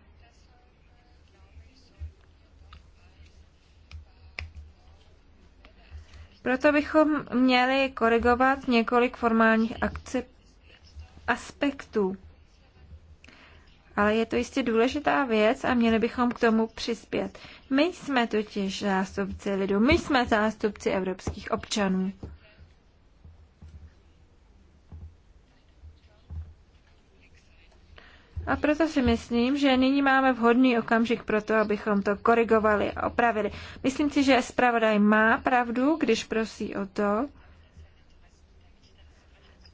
Proto bychom měli korigovat několik formálních akce, aspektů ale je to jistě důležitá věc a měli bychom k tomu přispět. My jsme totiž zástupci lidu, my jsme zástupci evropských občanů. A proto si myslím, že nyní máme vhodný okamžik pro to, abychom to korigovali a opravili. Myslím si, že zpravodaj má pravdu, když prosí o to,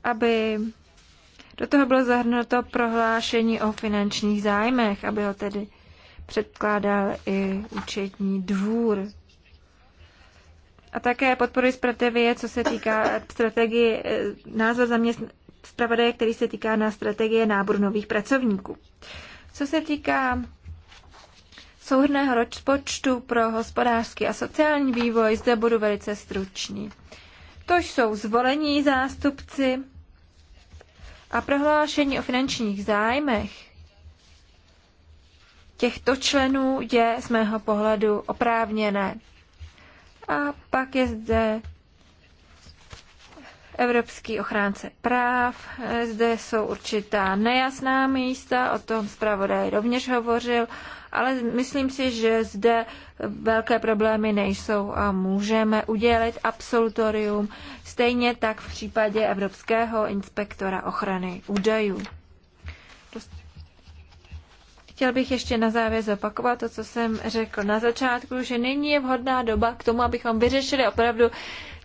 aby do toho bylo zahrnuto prohlášení o finančních zájmech, aby ho tedy předkládal i účetní dvůr. A také podporuji strategie, co se týká strategie, eh, názor zaměstn- zpravodaje, který se týká na strategie náboru nových pracovníků. Co se týká souhrného rozpočtu pro hospodářský a sociální vývoj, zde budu velice stručný. To jsou zvolení zástupci a prohlášení o finančních zájmech těchto členů je z mého pohledu oprávněné. A pak je zde Evropský ochránce práv. Zde jsou určitá nejasná místa, o tom zpravodaj rovněž hovořil ale myslím si, že zde velké problémy nejsou a můžeme udělit absolutorium, stejně tak v případě Evropského inspektora ochrany údajů. Chtěl bych ještě na závěr zopakovat to, co jsem řekl na začátku, že nyní je vhodná doba k tomu, abychom vyřešili opravdu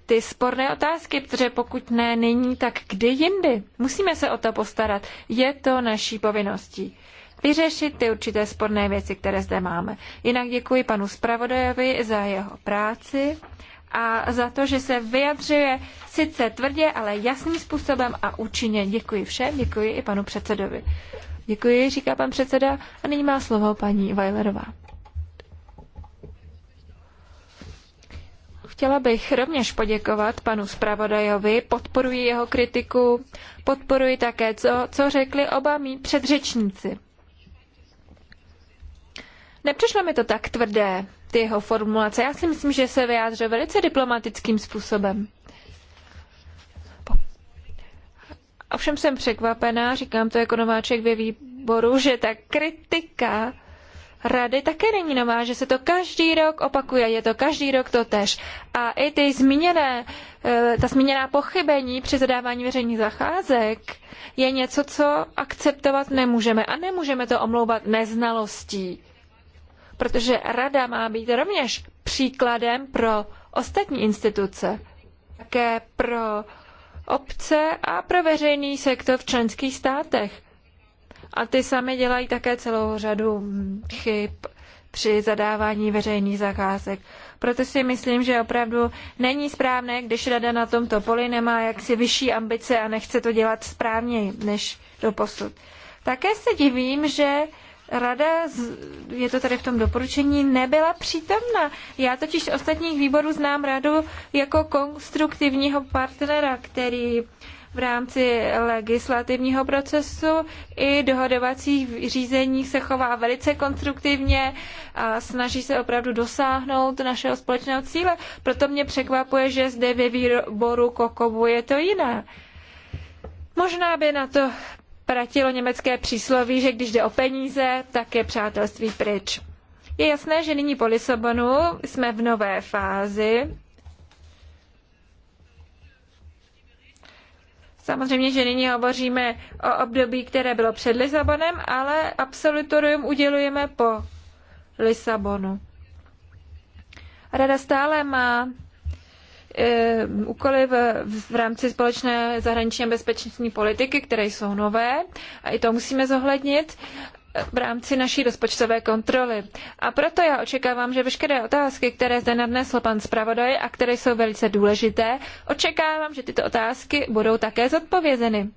ty sporné otázky, protože pokud ne nyní, tak kdy jindy? Musíme se o to postarat. Je to naší povinností vyřešit ty určité sporné věci, které zde máme. Jinak děkuji panu zpravodajovi za jeho práci a za to, že se vyjadřuje sice tvrdě, ale jasným způsobem a účinně. Děkuji všem, děkuji i panu předsedovi. Děkuji, říká pan předseda a nyní má slovo paní Vajlerová. Chtěla bych rovněž poděkovat panu zpravodajovi, podporuji jeho kritiku, podporuji také, co, co řekli oba mý předřečníci. Nepřišlo mi to tak tvrdé, ty jeho formulace. Já si myslím, že se vyjádřil velice diplomatickým způsobem. Ovšem jsem překvapená, říkám to jako nováček ve výboru, že ta kritika rady také není nová, že se to každý rok opakuje, je to každý rok to tež. A i ty zmíněné, eh, ta zmíněná pochybení při zadávání veřejných zacházek je něco, co akceptovat nemůžeme a nemůžeme to omlouvat neznalostí protože rada má být rovněž příkladem pro ostatní instituce, také pro obce a pro veřejný sektor v členských státech. A ty sami dělají také celou řadu chyb při zadávání veřejných zakázek. Proto si myslím, že opravdu není správné, když rada na tomto poli nemá jaksi vyšší ambice a nechce to dělat správněji než do posud. Také se divím, že Rada, je to tady v tom doporučení, nebyla přítomna. Já totiž ostatních výborů znám radu jako konstruktivního partnera, který v rámci legislativního procesu i dohodovacích řízení se chová velice konstruktivně a snaží se opravdu dosáhnout našeho společného cíle. Proto mě překvapuje, že zde ve výboru Kokobu je to jiné. Možná by na to tratilo německé přísloví, že když jde o peníze, tak je přátelství pryč. Je jasné, že nyní po Lisabonu jsme v nové fázi. Samozřejmě, že nyní hovoříme o období, které bylo před Lisabonem, ale absolutorium udělujeme po Lisabonu. Rada stále má E, úkoly v, v rámci společné zahraniční a bezpečnostní politiky, které jsou nové a i to musíme zohlednit e, v rámci naší rozpočtové kontroly. A proto já očekávám, že veškeré otázky, které zde nadnesl pan zpravodaj a které jsou velice důležité, očekávám, že tyto otázky budou také zodpovězeny.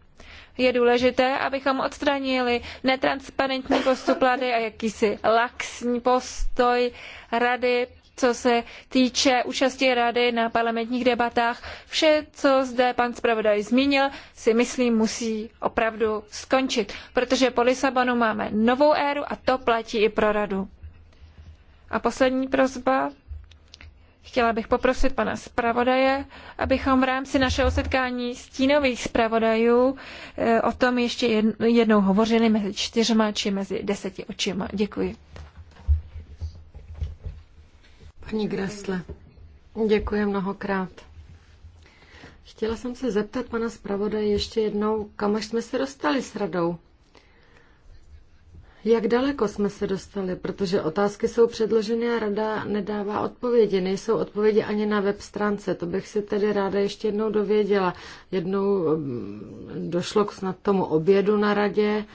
Je důležité, abychom odstranili netransparentní postup vlády a jakýsi laxní postoj rady co se týče účasti rady na parlamentních debatách. Vše, co zde pan zpravodaj zmínil, si myslím, musí opravdu skončit, protože po Lisabonu máme novou éru a to platí i pro radu. A poslední prozba. Chtěla bych poprosit pana zpravodaje, abychom v rámci našeho setkání stínových zpravodajů eh, o tom ještě jednou hovořili mezi čtyřma či mezi deseti očima. Děkuji. Děkuji mnohokrát. Chtěla jsem se zeptat pana zpravodaje ještě jednou, kam až jsme se dostali s radou. Jak daleko jsme se dostali? Protože otázky jsou předloženy a rada nedává odpovědi. Nejsou odpovědi ani na web stránce. To bych si tedy ráda ještě jednou dověděla. Jednou mm, došlo k snad tomu obědu na radě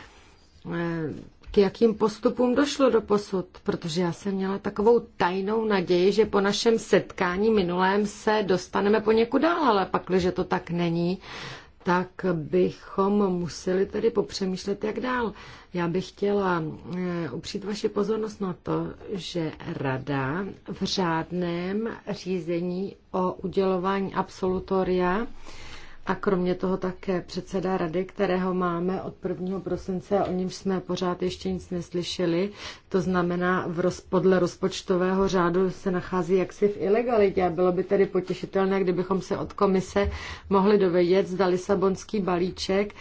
k jakým postupům došlo do posud, protože já jsem měla takovou tajnou naději, že po našem setkání minulém se dostaneme poněkud dál, ale pak, když to tak není, tak bychom museli tedy popřemýšlet, jak dál. Já bych chtěla eh, upřít vaši pozornost na to, že Rada v řádném řízení o udělování absolutoria a kromě toho také předseda rady, kterého máme od 1. prosince a o němž jsme pořád ještě nic neslyšeli. To znamená, v roz, podle rozpočtového řádu se nachází jaksi v ilegalitě a bylo by tedy potěšitelné, kdybychom se od komise mohli dovědět, zda Lisabonský balíček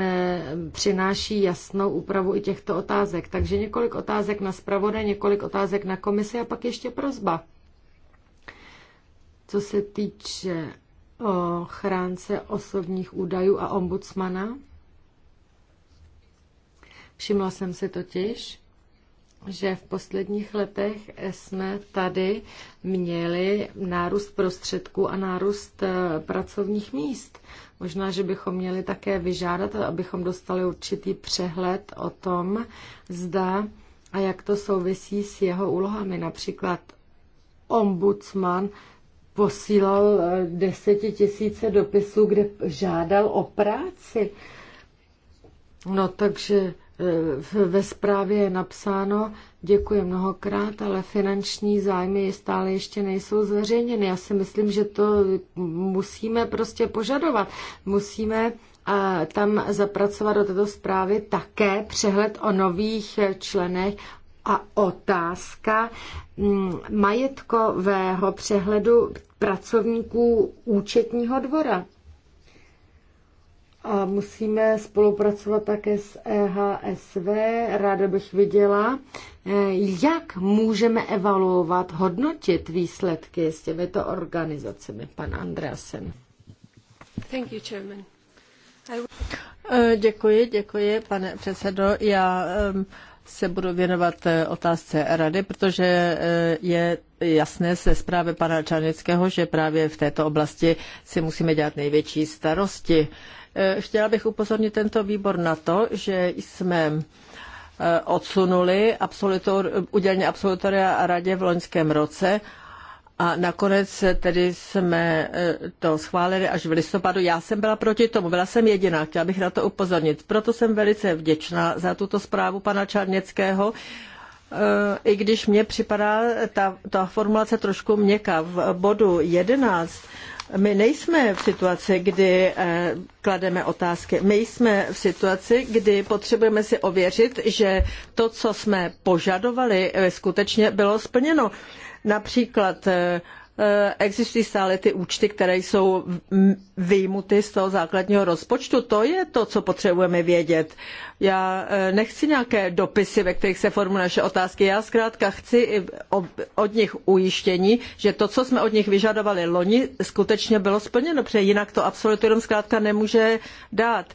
eh, přináší jasnou úpravu i těchto otázek. Takže několik otázek na zpravodě, několik otázek na komisi a pak ještě prozba. Co se týče chránce osobních údajů a ombudsmana. Všimla jsem si totiž, že v posledních letech jsme tady měli nárůst prostředků a nárůst eh, pracovních míst. Možná, že bychom měli také vyžádat, abychom dostali určitý přehled o tom, zda a jak to souvisí s jeho úlohami. Například ombudsman posílal eh, desetitisíce dopisů, kde žádal o práci. No takže eh, ve zprávě je napsáno, děkuji mnohokrát, ale finanční zájmy stále ještě nejsou zveřejněny. Já si myslím, že to musíme prostě požadovat. Musíme a eh, tam zapracovat do této zprávy také přehled o nových členech, a otázka mm, majetkového přehledu pracovníků účetního dvora. A musíme spolupracovat také s EHSV. Ráda bych viděla, eh, jak můžeme evaluovat, hodnotit výsledky s těmito organizacemi, pan Andreasen. Thank you, Chairman. I... Eh, děkuji, děkuji, pane předsedo. Já um, se budu věnovat eh, otázce rady, protože eh, je jasné ze zprávy pana Čarnického, že právě v této oblasti si musíme dělat největší starosti. Eh, chtěla bych upozornit tento výbor na to, že jsme odsunuli absolutor, udělení absolutoria radě v loňském roce a nakonec tedy jsme e, to schválili až v listopadu. Já jsem byla proti tomu, byla jsem jediná, chtěla bych na to upozornit. Proto jsem velice vděčná za tuto zprávu pana Čarněckého, e, i když mně připadá ta, ta formulace trošku měkká. V bodu 11 my nejsme v situaci, kdy e, klademe otázky. My jsme v situaci, kdy potřebujeme si ověřit, že to, co jsme požadovali, skutečně bylo splněno. Například eh, eh, existují stále ty účty, které jsou vyjmuty z toho základního rozpočtu. To je to, co potřebujeme vědět. Já eh, nechci nějaké dopisy, ve kterých se formulují naše otázky. Já zkrátka chci od nich ujištění, že to, co jsme od nich vyžadovali loni, skutečně bylo splněno, protože jinak to absolutorium zkrátka nemůže dát.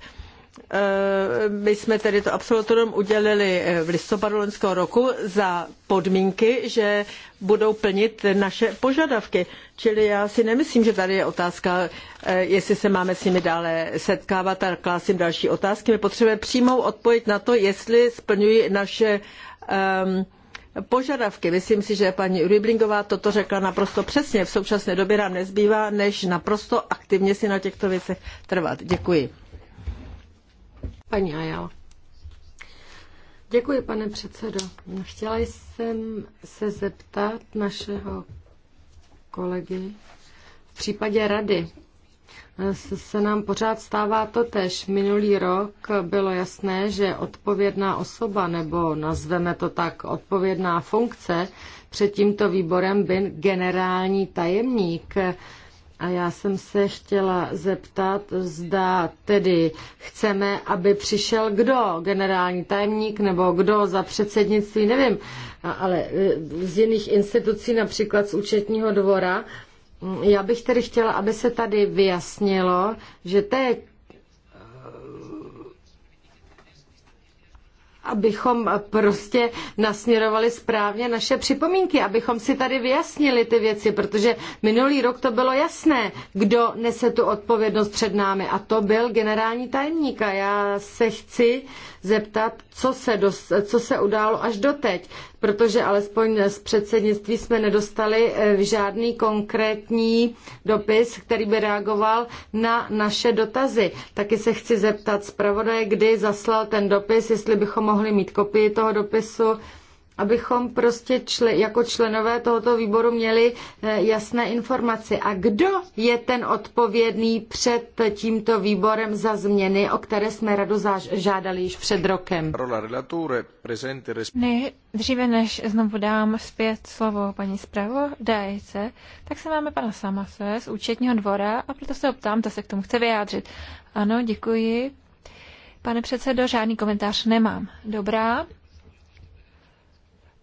Eh, my jsme tedy to absolutorium udělili eh, v listopadu loňského roku za podmínky, že budou plnit naše požadavky. Čili já si nemyslím, že tady je otázka, eh, jestli se máme s nimi dále setkávat a klást jim další otázky. My potřebujeme přímou odpověď na to, jestli splňují naše um, požadavky. Myslím si, že paní Ryblingová toto řekla naprosto přesně. V současné době nám nezbývá, než naprosto aktivně si na těchto věcech trvat. Děkuji. Paní Ajal. Děkuji, pane předsedo. Chtěla jsem se zeptat našeho kolegy v případě rady. Se nám pořád stává to tež. Minulý rok bylo jasné, že odpovědná osoba, nebo nazveme to tak odpovědná funkce, před tímto výborem byl generální tajemník a já jsem se chtěla zeptat, zda tedy chceme, aby přišel kdo, generální tajemník nebo kdo za předsednictví, nevím, ale e, z jiných institucí, například z účetního dvora. Já bych tedy chtěla, aby se tady vyjasnilo, že teď abychom prostě nasměrovali správně naše připomínky, abychom si tady vyjasnili ty věci, protože minulý rok to bylo jasné, kdo nese tu odpovědnost před námi a to byl generální tajemník a já se chci zeptat, co se, dos, co se událo až doteď, protože alespoň z předsednictví jsme nedostali eh, žádný konkrétní dopis, který by reagoval na naše dotazy. Taky se chci zeptat zpravodaje, kdy zaslal ten dopis, jestli bychom mohli mít kopii toho dopisu abychom prostě čl- jako členové tohoto výboru měli eh, jasné informace. A kdo je ten odpovědný před tímto výborem za změny, o které jsme radu žádali již před rokem? Ne, dříve než znovu dám zpět slovo paní zpravodajce, tak se máme pana Samase z účetního dvora a proto se optám, to se k tomu chce vyjádřit. Ano, děkuji. Pane předsedo, žádný komentář nemám. Dobrá,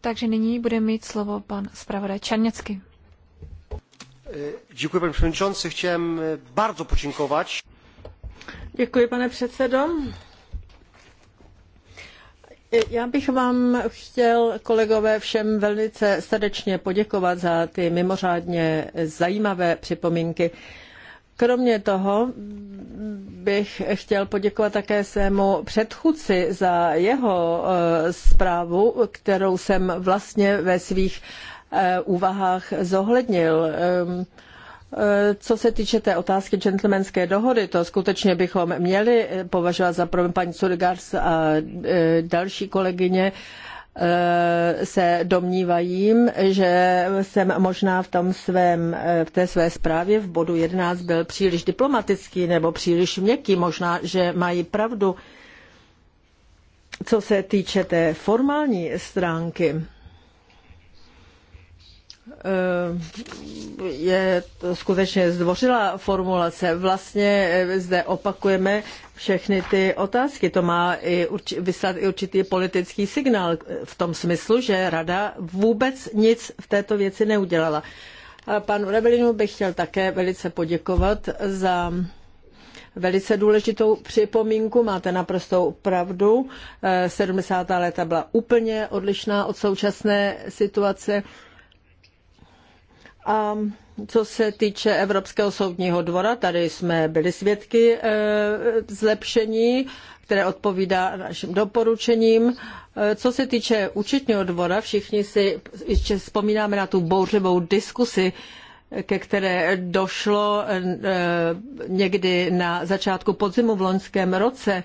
takže nyní bude mít slovo pan zpravodaj Černěcky. Eh, děkuji, pane předsedající. Chtěl bardzo poděkovat. Děkuji, pane předsedo. Já bych vám chtěl, kolegové, všem velice srdečně poděkovat za ty mimořádně zajímavé připomínky. Kromě toho bych chtěl poděkovat také svému předchůdci za jeho eh, zprávu, kterou jsem vlastně ve svých eh, úvahách zohlednil. Ehm, eh, co se týče té otázky gentlemanské dohody, to skutečně bychom měli považovat za problém paní Surgars a další kolegyně Eh, se domnívají, že jsem možná v, tom svém, eh, v té své zprávě v bodu 11 byl příliš diplomatický nebo příliš měkký. Možná, že mají pravdu, co se týče té formální stránky. Eh, je to skutečně zdvořilá formulace. Vlastně eh, zde opakujeme všechny ty otázky. To má i urči, vyslat i určitý politický signál eh, v tom smyslu, že rada vůbec nic v této věci neudělala. A panu Rebelinu bych chtěl také velice poděkovat za velice důležitou připomínku, máte naprostou pravdu. 70. léta byla úplně odlišná od současné situace. A co se týče Evropského soudního dvora, tady jsme byli svědky e, zlepšení, které odpovídá našim doporučením. E, co se týče účetního dvora, všichni si ještě vzpomínáme na tu bouřlivou diskusi, ke které došlo e, někdy na začátku podzimu v loňském roce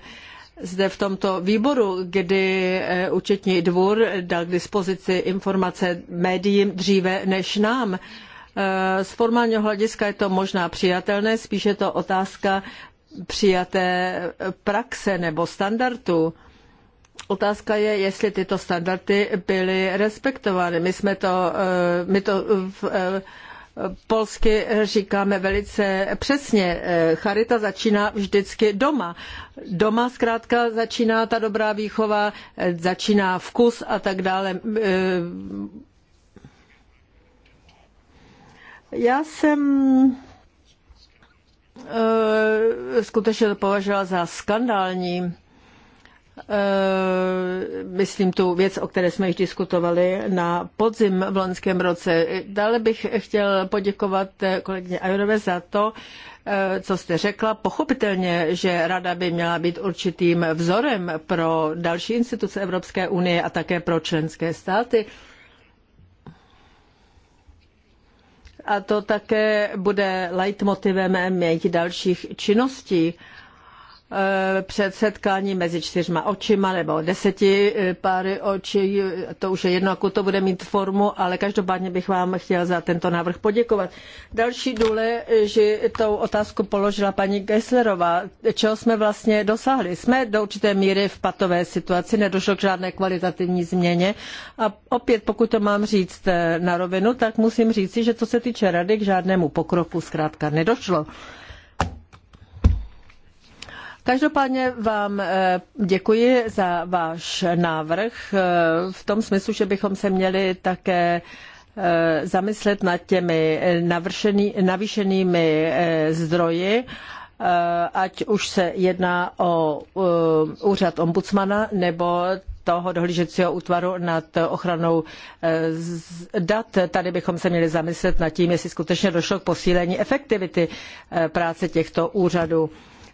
zde v tomto výboru, kdy účetní dvůr dal k dispozici informace médiím dříve než nám. Eh, z formálního hlediska je to možná přijatelné, spíš je to otázka přijaté praxe nebo standardu. Otázka je, jestli tyto standardy byly respektovány. My jsme to, eh, my to v, eh, polsky říkáme velice přesně. Charita začíná vždycky doma. Doma zkrátka začíná ta dobrá výchova, začíná vkus a tak dále. Já jsem eh, skutečně to považovala za skandální. Eh, myslím tu věc, o které jsme již diskutovali na podzim v loňském roce. Dále bych chtěl poděkovat eh, kolegyně Ajorové za to, co jste řekla. Pochopitelně, že Rada by měla být určitým vzorem pro další instituce Evropské unie a také pro členské státy. Uh, a to také bude leitmotivem mých dalších činností. Eh, před setkáním mezi čtyřma očima nebo deseti eh, páry očí, to už je jedno, jakou to bude mít formu, ale každopádně bych vám chtěl za tento návrh poděkovat. Další důle, eh, že tou otázku položila paní Geislerová, čeho jsme vlastně dosáhli. Jsme do určité míry v patové situaci, nedošlo k žádné kvalitativní změně a opět, pokud to mám říct na rovinu, tak musím říci, že co se týče rady, k žádnému pokroku zkrátka nedošlo. Každopádně vám eh, děkuji za váš návrh eh, v tom smyslu, že bychom se měli také eh, zamyslet nad těmi navýšenými zdroji, ať už se jedná o úřad ombudsmana nebo toho dohlížecího útvaru nad ochranou dat. Tady bychom se měli zamyslet nad tím, jestli skutečně došlo k posílení efektivity práce těchto úřadů.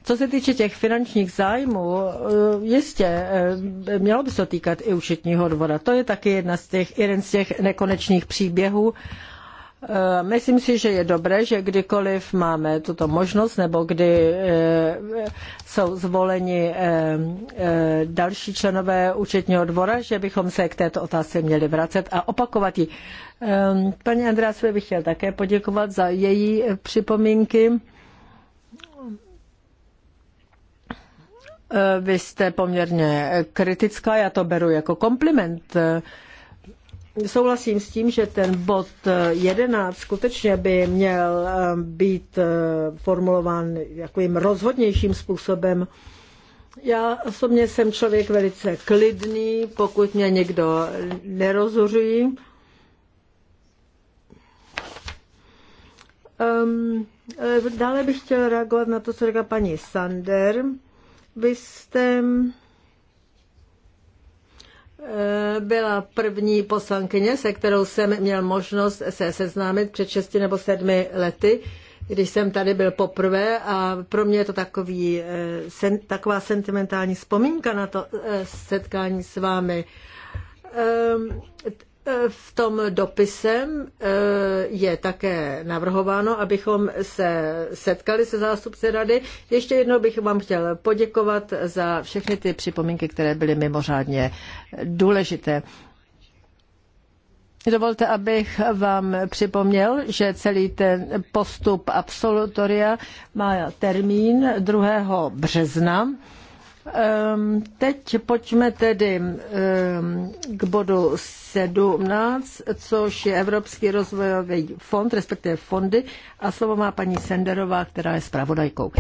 Co se týče těch finančních zájmů, eh, jistě eh, mělo by se týkat i účetního dvora. To je taky jedna z těch, jeden z těch nekonečných příběhů. Eh, myslím si, že je dobré, že kdykoliv máme tuto možnost nebo kdy jsou zvoleni další členové účetního dvora, že bychom se k této otázce měli vracet a opakovat ji. Paní Andrásové bych chtěl také poděkovat za její připomínky. Eh, vy jste poměrně kritická, já to beru jako kompliment. Eh, souhlasím s tím, že ten bod 11 eh, skutečně by měl být formulován takovým rozhodnějším způsobem. Já osobně jsem člověk velice klidný, pokud mě někdo nerozuří. Um, ehm, dále bych chtěl reagovat na to, co řekla paní Sander. Um, byste eh, byla první poslankyně, se kterou jsem měl možnost se seznámit před 6 nebo 7 lety, když jsem tady byl poprvé a pro mě je to takový, eh, sen, taková sentimentální vzpomínka na to eh, setkání s vámi. Ehm, v tom dopisem eh, je také navrhováno, abychom se setkali se zástupci rady. Ještě jednou bych vám chtěl poděkovat za všechny ty připomínky, které byly mimořádně důležité. Dovolte, abych vám připomněl, že celý ten postup absolutoria má termín 2. března. Ehm, teď pojďme tedy ehm, k bodu 17, což je Evropský rozvojový fond, respektive fondy, a slovo má paní Senderová, která je zpravodajkou.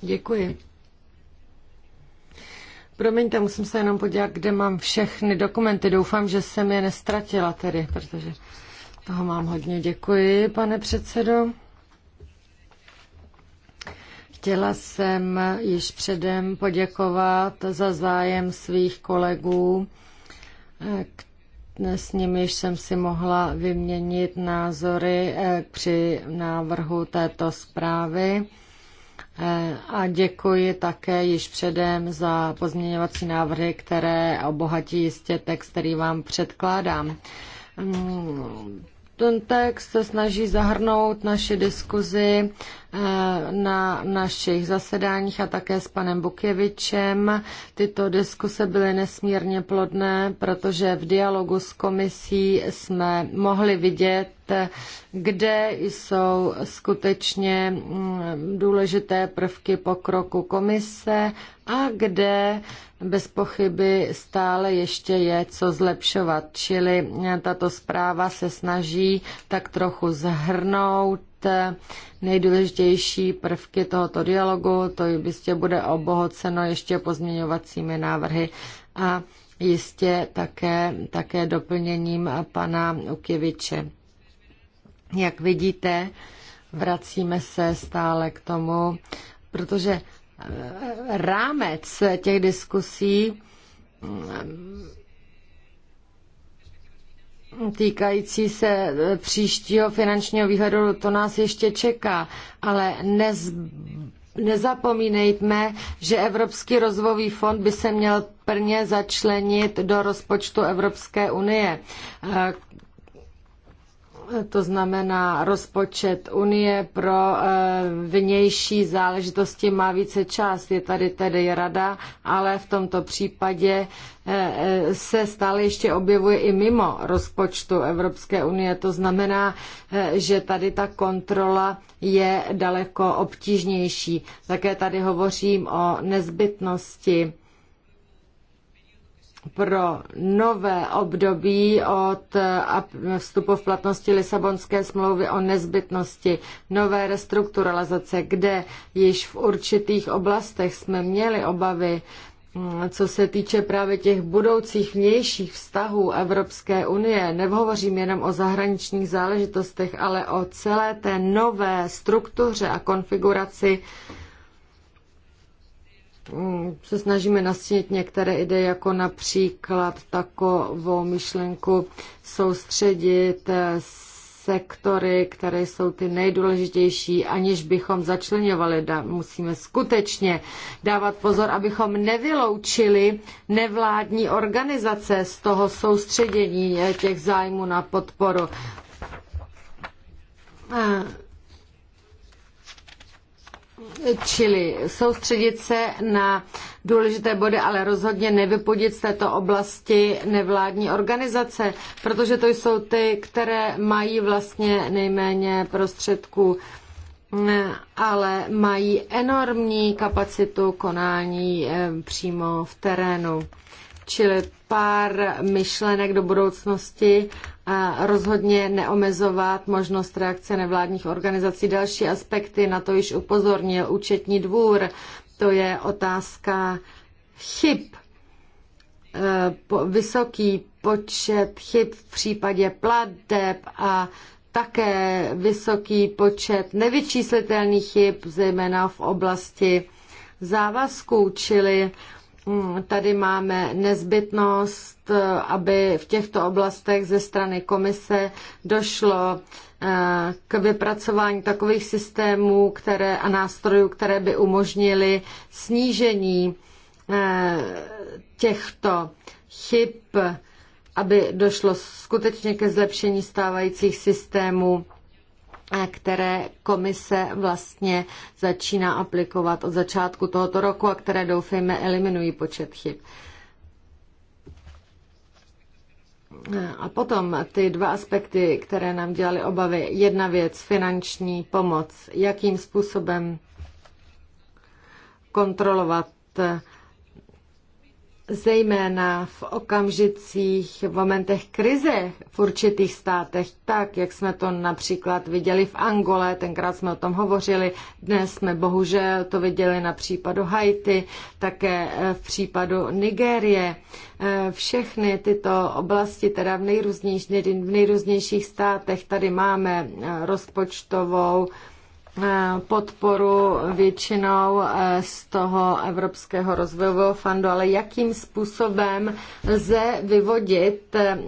Děkuji. Promiňte, musím se jenom podívat, kde mám všechny dokumenty. Doufám, že jsem je nestratila tedy, protože toho mám hodně. Děkuji, pane předsedo. Chtěla jsem již předem poděkovat za zájem svých kolegů, s nimiž jsem si mohla vyměnit názory eh, při návrhu této zprávy. Eh, a děkuji také již předem za pozměňovací návrhy, které obohatí jistě text, který vám předkládám. Mm, ten text se snaží zahrnout naši diskuzi Eh, na našich zasedáních a také s panem Bukjevičem. Tyto diskuse byly nesmírně plodné, protože v dialogu s komisí jsme mohli vidět, kde jsou skutečně mm, důležité prvky pokroku komise a kde bez pochyby stále ještě je co zlepšovat. Čili eh, tato zpráva se snaží tak trochu zhrnout nejdůležitější prvky tohoto dialogu. To jistě bude obohoceno ještě pozměňovacími návrhy a jistě také, také doplněním pana Ukiviče. Jak vidíte, vracíme se stále k tomu, protože eh, rámec těch diskusí týkající se e, příštího finančního výhledu, to nás ještě čeká, ale nez, nezapomínejme, že Evropský rozvojový fond by se měl prvně začlenit do rozpočtu Evropské unie, e, to znamená rozpočet Unie pro eh, vnější záležitosti má více část. Je tady tedy rada, ale v tomto případě eh, eh, se stále ještě objevuje i mimo rozpočtu Evropské unie. To znamená, že tady ta kontrola je daleko obtížnější. Také tady hovořím o nezbytnosti pro nové období od eh, vstupu v platnosti Lisabonské smlouvy o nezbytnosti nové restrukturalizace, kde již v určitých oblastech jsme měli obavy, mm, co se týče právě těch budoucích vnějších vztahů Evropské unie, nehovořím jenom o zahraničních záležitostech, ale o celé té nové struktuře a konfiguraci Mm, se snažíme nastínit některé ideje, jako například takovou myšlenku soustředit eh, sektory, které jsou ty nejdůležitější, aniž bychom začlenovali. Musíme skutečně dávat pozor, abychom nevyloučili nevládní organizace z toho soustředění eh, těch zájmů na podporu. Eh, Čili soustředit se na důležité body, ale rozhodně nevypudit z této oblasti nevládní organizace, protože to jsou ty, které mají vlastně nejméně prostředků, ale mají enormní kapacitu konání eh, přímo v terénu. Čili pár myšlenek do budoucnosti rozhodně neomezovat možnost reakce nevládních organizací. Další aspekty na to již upozornil účetní dvůr. To je otázka chyb. E, vysoký počet chyb v případě plateb a také vysoký počet nevyčíslitelných chyb, zejména v oblasti závazků, čili hm, tady máme nezbytnost aby v těchto oblastech ze strany komise došlo eh, k vypracování takových systémů které, a nástrojů, které by umožnily snížení eh, těchto chyb, aby došlo skutečně ke zlepšení stávajících systémů eh, které komise vlastně začíná aplikovat od začátku tohoto roku a které doufejme eliminují počet chyb. A potom ty dva aspekty, které nám dělaly obavy. Jedna věc, finanční pomoc. Jakým způsobem kontrolovat zejména v okamžicích, v momentech krize v určitých státech, tak jak jsme to například viděli v Angole, tenkrát jsme o tom hovořili, dnes jsme bohužel to viděli na případu Haiti, také eh, v případu Nigérie. Eh, všechny tyto oblasti, teda v nejrůznějších, v nejrůznějších státech, tady máme eh, rozpočtovou Eh, podporu většinou eh, z toho Evropského rozvojového fondu, ale jakým způsobem lze vyvodit, eh,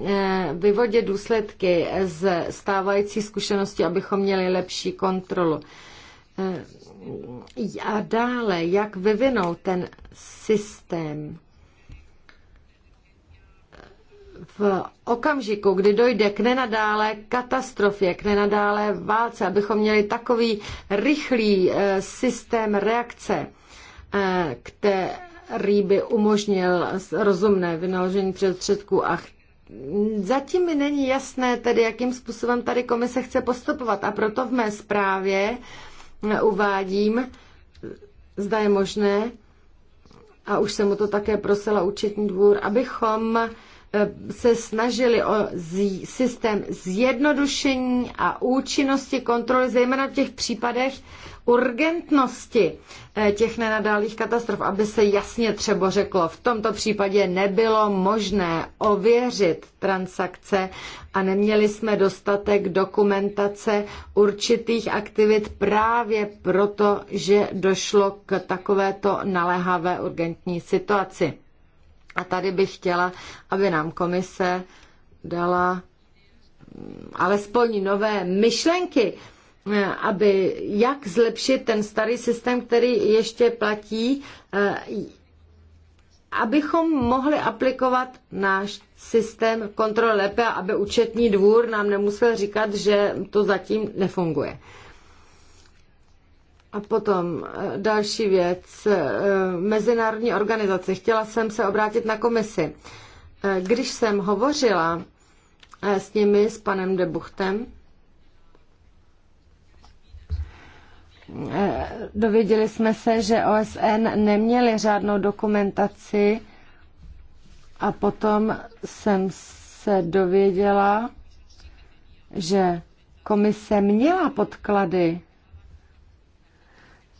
vyvodit důsledky z stávající zkušenosti, abychom měli lepší kontrolu. A dále, jak vyvinout ten systém v okamžiku, kdy dojde k nenadále katastrofě, k nenadále válce, abychom měli takový rychlý eh, systém reakce, eh, který by umožnil rozumné vynaložení prostředků a Zatím mi není jasné tedy, jakým způsobem tady komise chce postupovat a proto v mé zprávě eh, uvádím, zda je možné, a už jsem mu to také prosila účetní dvůr, abychom Eh, se snažili o systém zjednodušení a účinnosti kontroly, zejména v těch případech urgentnosti eh, těch nenadálých katastrof, aby se jasně třeba řeklo, v tomto případě nebylo možné ověřit transakce a neměli jsme dostatek dokumentace určitých aktivit právě proto, že došlo k takovéto naléhavé urgentní situaci. A tady bych chtěla, aby nám komise dala alespoň nové myšlenky, aby jak zlepšit ten starý systém, který ještě platí, eh, abychom mohli aplikovat náš systém kontrol lépe, aby účetní dvůr nám nemusel říkat, že to zatím nefunguje. A potom eh, další věc, eh, mezinárodní organizace. Chtěla jsem se obrátit na komisi. Eh, když jsem hovořila s nimi, s panem Debuchtem, dověděli jsme se, že OSN neměli žádnou dokumentaci a potom jsem se dověděla, že komise měla podklady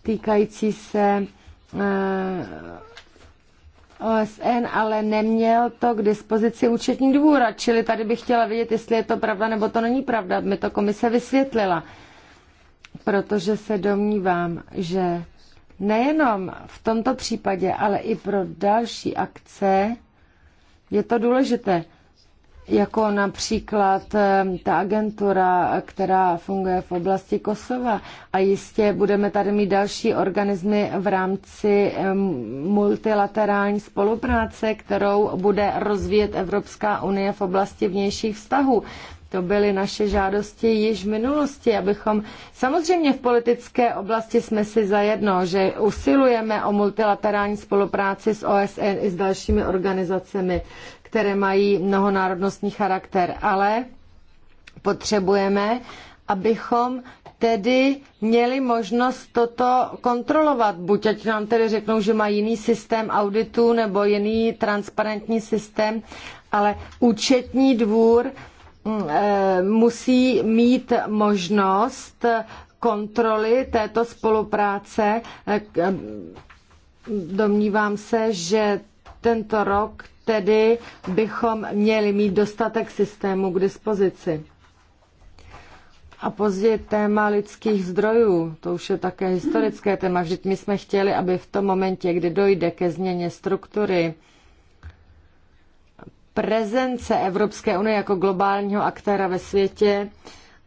týkající se eh, OSN, ale neměl to k dispozici účetní dvůra, čili tady bych chtěla vědět, jestli je to pravda nebo to není pravda. Mi to komise vysvětlila, protože se domnívám, že nejenom v tomto případě, ale i pro další akce je to důležité jako například eh, ta agentura, která funguje v oblasti Kosova. A jistě budeme tady mít další organismy v rámci eh, multilaterální spolupráce, kterou bude rozvíjet Evropská unie v oblasti vnějších vztahů. To byly naše žádosti již v minulosti, abychom samozřejmě v politické oblasti jsme si zajedno, že usilujeme o multilaterální spolupráci s OSN i s dalšími organizacemi které mají mnohonárodnostní charakter, ale potřebujeme, abychom tedy měli možnost toto kontrolovat. Buď ať nám tedy řeknou, že mají jiný systém auditu nebo jiný transparentní systém, ale účetní dvůr mm, eh, musí mít možnost kontroly této spolupráce. Eh, eh, domnívám se, že tento rok tedy bychom měli mít dostatek systému k dispozici. A později téma lidských zdrojů, to už je také historické téma. Vždyť my jsme chtěli, aby v tom momentě, kdy dojde ke změně struktury, prezence Evropské unie jako globálního aktéra ve světě,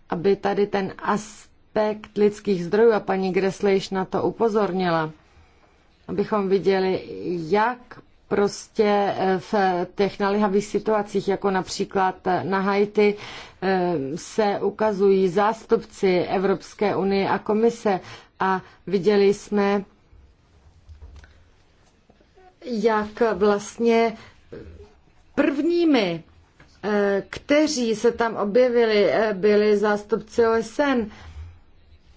aby tady ten aspekt lidských zdrojů, a paní Gressle již na to upozornila, abychom viděli, jak prostě eh, v těch nalihavých situacích, jako například na Haiti, eh, se ukazují zástupci Evropské unie a komise a viděli jsme, jak vlastně prvními, eh, kteří se tam objevili, byli zástupci OSN.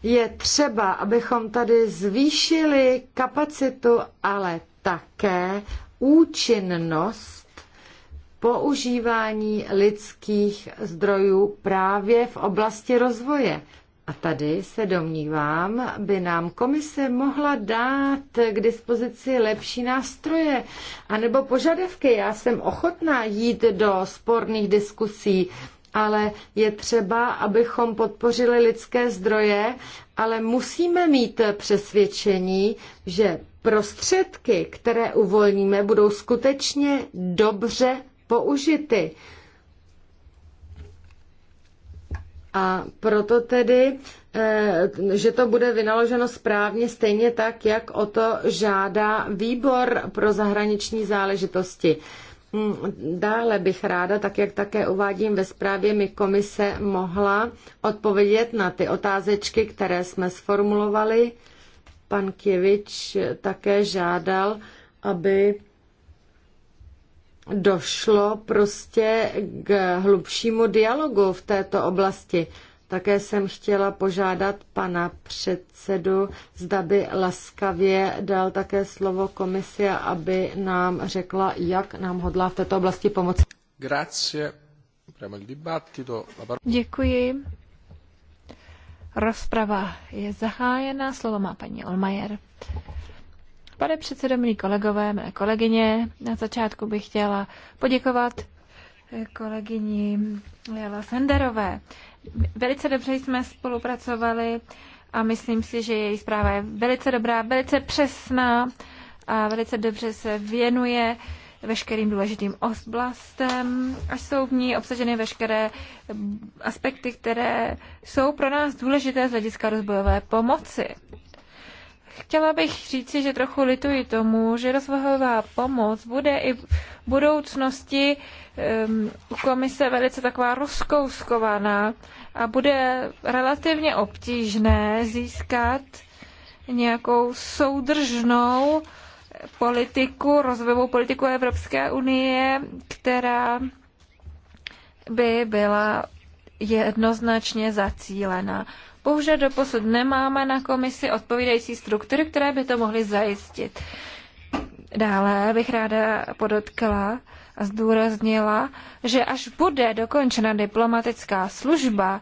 Je třeba, abychom tady zvýšili kapacitu, ale také, účinnost používání lidských zdrojů právě v oblasti rozvoje. A tady se domnívám, by nám komise mohla dát k dispozici lepší nástroje anebo požadavky. Já jsem ochotná jít do sporných diskusí, ale je třeba, abychom podpořili lidské zdroje, ale musíme mít přesvědčení, že prostředky, které uvolníme, budou skutečně dobře použity. A proto tedy, eh, že to bude vynaloženo správně, stejně tak, jak o to žádá výbor pro zahraniční záležitosti. Hmm, dále bych ráda, tak jak také uvádím ve zprávě, mi komise mohla odpovědět na ty otázečky, které jsme sformulovali Pan Kěvič také žádal, aby došlo prostě k hlubšímu dialogu v této oblasti. Také jsem chtěla požádat pana předsedu, zda by laskavě dal také slovo komisi, aby nám řekla, jak nám hodlá v této oblasti pomoci. Děkuji. Rozprava je zahájena, slovo má paní Olmajer. Pane předsedo, milí kolegové, milé kolegyně, na začátku bych chtěla poděkovat eh, kolegyni Jela Senderové. Velice dobře jsme spolupracovali a myslím si, že její zpráva je velice dobrá, velice přesná a velice dobře se věnuje uh, veškerým důležitým oblastem a jsou v ní obsaženy veškeré aspekty, které jsou pro nás důležité z hlediska rozvojové pomoci. Chtěla bych říci, že trochu lituji tomu, že rozvojová pomoc bude i v budoucnosti um, komise velice taková rozkouskovaná a bude relativně obtížné získat nějakou soudržnou politiku, rozvojovou politiku Evropské unie, která by byla jednoznačně zacílená. Bohužel doposud nemáme na komisi odpovídající struktury, které by to mohly zajistit. Dále bych ráda podotkla a zdůraznila, že až bude dokončena diplomatická služba,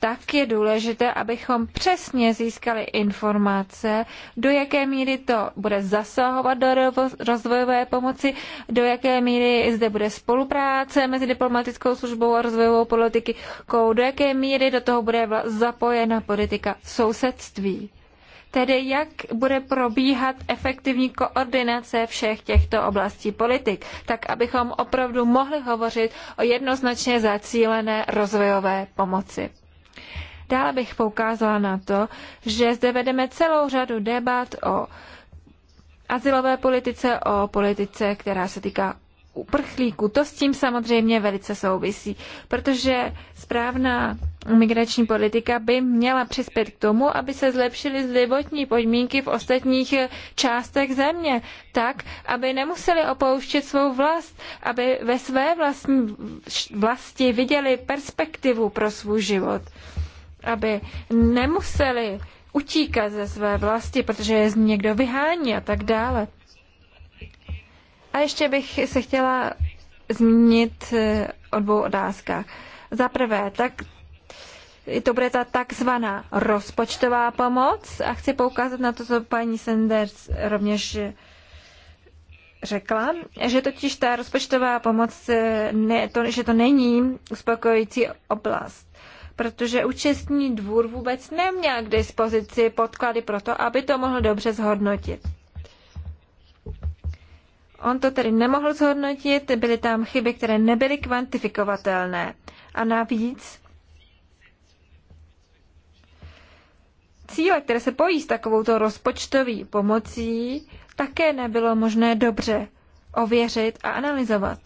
tak je důležité, abychom přesně získali informace, do jaké míry to bude zasahovat do rozvojové pomoci, do jaké míry zde bude spolupráce mezi diplomatickou službou a rozvojovou politikou, do jaké míry do toho bude zapojena politika sousedství tedy jak bude probíhat efektivní koordinace všech těchto oblastí politik, tak abychom opravdu mohli hovořit o jednoznačně zacílené rozvojové pomoci. Dále bych poukázala na to, že zde vedeme celou řadu debat o azylové politice, o politice, která se týká uprchlíků. To s tím samozřejmě velice souvisí, protože správná migrační politika by měla přispět k tomu, aby se zlepšily životní podmínky v ostatních částech země, tak, aby nemuseli opouštět svou vlast, aby ve své vlastní vlasti viděli perspektivu pro svůj život aby nemuseli utíkat ze své vlasti, protože je z ní někdo vyhání a tak dále. A ještě bych se chtěla zmínit eh, o dvou otázkách. Za prvé, tak to bude ta takzvaná rozpočtová pomoc a chci poukázat na to, co paní Sanders rovněž řekla, že totiž ta rozpočtová pomoc, eh, ne, to, že to není uspokojící oblast protože účestní dvůr vůbec neměl k dispozici podklady pro to, aby to mohl dobře zhodnotit. On to tedy nemohl zhodnotit, byly tam chyby, které nebyly kvantifikovatelné. A navíc cíle, které se pojí s takovouto rozpočtový pomocí, také nebylo možné dobře ověřit a analyzovat.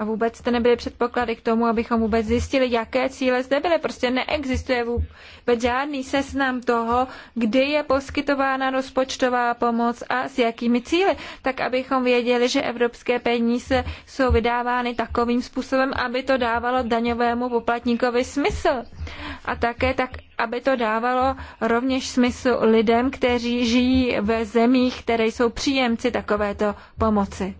A vůbec to nebyly předpoklady k tomu, abychom vůbec zjistili, jaké cíle zde byly. Prostě neexistuje vůbec žádný seznam toho, kdy je poskytována rozpočtová pomoc a s jakými cíly. Tak abychom věděli, že evropské peníze jsou vydávány takovým způsobem, aby to dávalo daňovému poplatníkovi smysl. A také tak, aby to dávalo rovněž smysl lidem, kteří žijí ve zemích, které jsou příjemci takovéto pomoci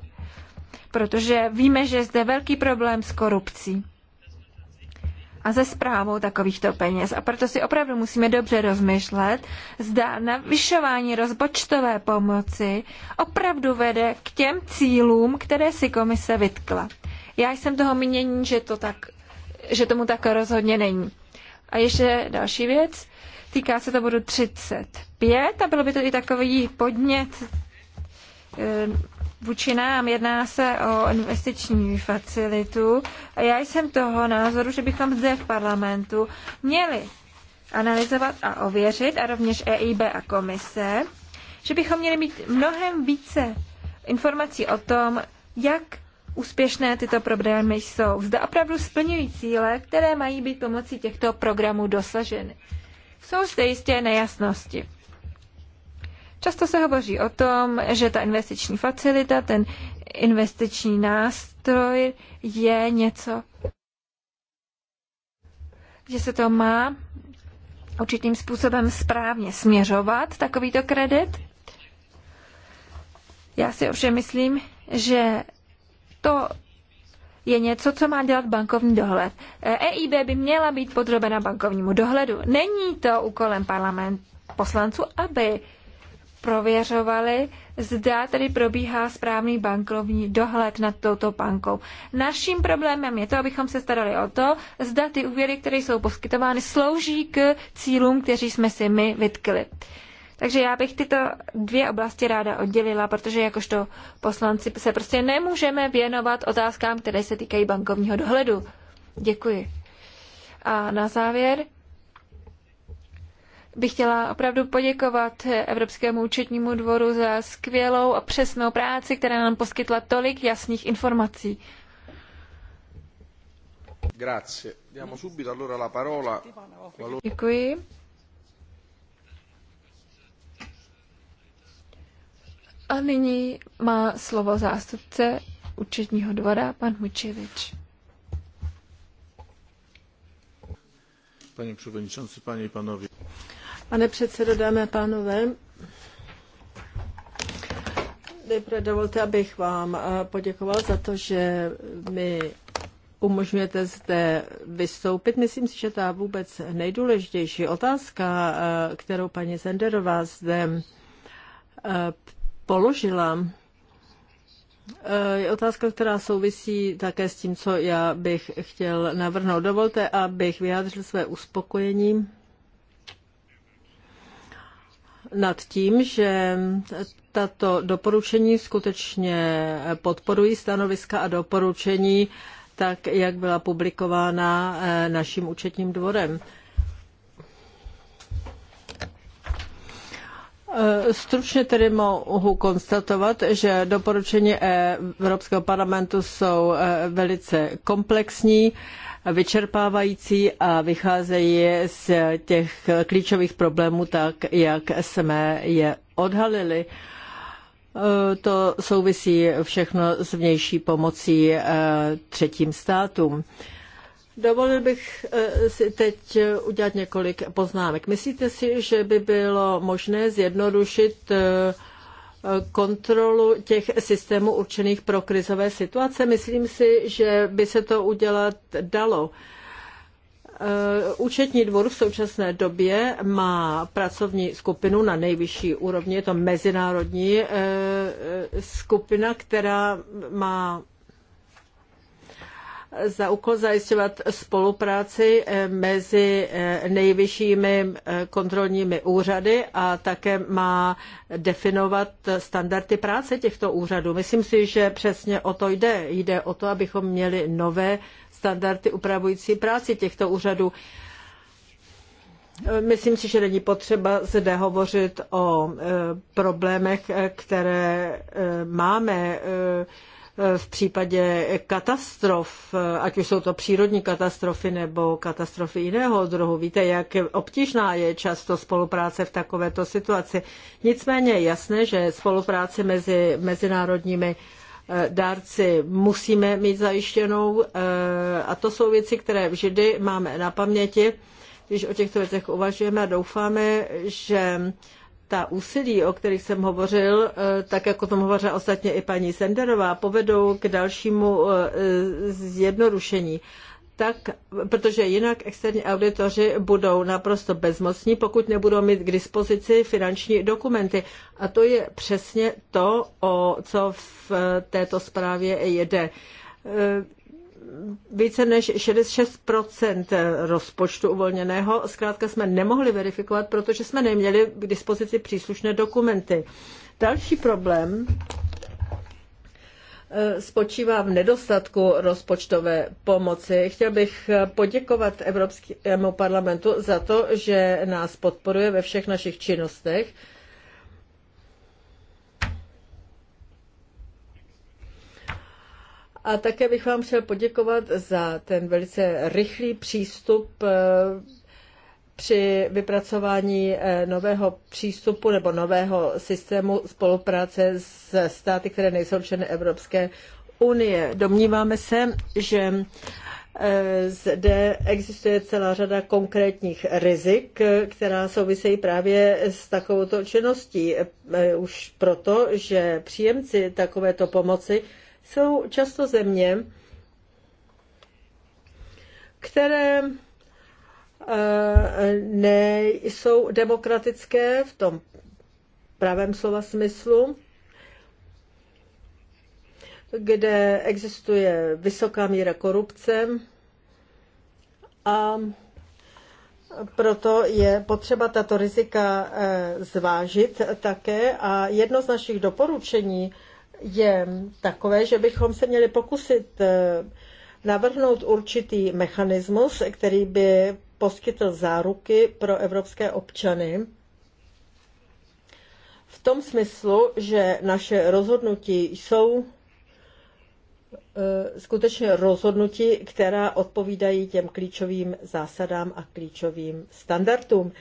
protože víme, že je zde velký problém s korupcí a se zprávou takovýchto peněz. A proto si opravdu musíme dobře rozmyšlet, zda navyšování rozpočtové pomoci opravdu vede k těm cílům, které si komise vytkla. Já jsem toho mínění, že, to tak, že tomu tak rozhodně není. A ještě další věc, týká se to bodu 35 a bylo by to i takový podnět eh, vůči nám. Jedná se o investiční facilitu a já jsem toho názoru, že bychom zde v parlamentu měli analyzovat a ověřit a rovněž EIB a komise, že bychom měli mít mnohem více informací o tom, jak úspěšné tyto programy jsou. Zda opravdu splňují cíle, které mají být pomocí těchto programů dosaženy. Jsou zde jistě nejasnosti. Často se hovoří o tom, že ta investiční facilita, ten investiční nástroj je něco, že se to má určitým způsobem správně směřovat, takovýto kredit. Já si ovšem myslím, že to je něco, co má dělat bankovní dohled. EIB by měla být podrobena bankovnímu dohledu. Není to úkolem parlament poslanců, aby prověřovali, zda tedy probíhá správný bankovní dohled nad touto bankou. Naším problémem je to, abychom se starali o to, zda ty úvěry, které jsou poskytovány, slouží k cílům, kteří jsme si my vytkli. Takže já bych tyto dvě oblasti ráda oddělila, protože jakožto poslanci se prostě nemůžeme věnovat otázkám, které se týkají bankovního dohledu. Děkuji. A na závěr bych chtěla opravdu poděkovat Evropskému účetnímu dvoru za skvělou a přesnou práci, která nám poskytla tolik jasných informací. Děkuji. A nyní má slovo zástupce účetního dvora, pan Mučevič. Panie Przewodniczący, paní i Panowie. Pane předsedo, dámy a pánové, nejprve dovolte, abych vám eh, poděkoval za to, že mi umožňujete zde vystoupit. Myslím si, že ta vůbec nejdůležitější otázka, eh, kterou paní Zenderová zde eh, položila, je otázka, která souvisí také s tím, co já bych chtěl navrhnout. Dovolte, abych vyjádřil své uspokojení nad tím, že tato doporučení skutečně podporují stanoviska a doporučení tak, jak byla publikována eh, naším účetním dvorem. Eh, stručně tedy mohu konstatovat, že doporučení eh, Evropského parlamentu jsou velice komplexní vyčerpávající a vycházejí z těch klíčových problémů tak, jak jsme je odhalili. To souvisí všechno s vnější pomocí eh, třetím státům. Dovolil bych eh, si teď udělat několik poznámek. Myslíte si, že by bylo možné zjednodušit eh, kontrolu těch systémů určených pro krizové situace. Myslím si, že by se to udělat dalo. Eh, účetní dvor v současné době má pracovní skupinu na nejvyšší úrovni, je to mezinárodní eh, skupina, která má za úkol zajišťovat spolupráci eh, mezi eh, nejvyššími eh, kontrolními úřady a také má definovat standardy práce těchto úřadů. Myslím si, že přesně o to jde. Jde o to, abychom měli nové standardy upravující práci těchto úřadů. Myslím si, že není potřeba zde hovořit o problémech, které máme v případě katastrof, ať už jsou to přírodní katastrofy nebo katastrofy jiného druhu. Víte, jak obtížná je často spolupráce v takovéto situaci. Nicméně je jasné, že spolupráci mezi mezinárodními eh, dárci musíme mít zajištěnou eh, a to jsou věci, které vždy máme na paměti, když o těchto věcech uvažujeme a doufáme, že ta úsilí, o kterých jsem hovořil, eh, tak jako tom hovořila ostatně i paní Senderová, povedou k dalšímu eh, zjednodušení. Tak, protože jinak externí auditoři budou naprosto bezmocní, pokud nebudou mít k dispozici finanční dokumenty. A to je přesně to, o co v eh, této zprávě jde více než 66 rozpočtu uvolněného. Zkrátka jsme nemohli verifikovat, protože jsme neměli k dispozici příslušné dokumenty. Další problém eh, spočívá v nedostatku rozpočtové pomoci. Chtěl bych eh, poděkovat Evropskému parlamentu za to, že nás podporuje ve všech našich činnostech. A také bych vám chtěl poděkovat za ten velice rychlý přístup eh, při vypracování eh, nového přístupu nebo nového systému spolupráce s státy, které nejsou členy Evropské unie. Domníváme se, že eh, zde existuje celá řada konkrétních rizik, která souvisejí právě s takovouto činností. Už proto, že příjemci takovéto pomoci jsou často země, které eh, nejsou demokratické v tom pravém slova smyslu, kde existuje vysoká míra korupce a proto je potřeba tato rizika eh, zvážit také a jedno z našich doporučení je takové, že bychom se měli pokusit eh, navrhnout určitý mechanismus, který by poskytl záruky pro evropské občany v tom smyslu, že naše rozhodnutí jsou eh, skutečně rozhodnutí, která odpovídají těm klíčovým zásadám a klíčovým standardům.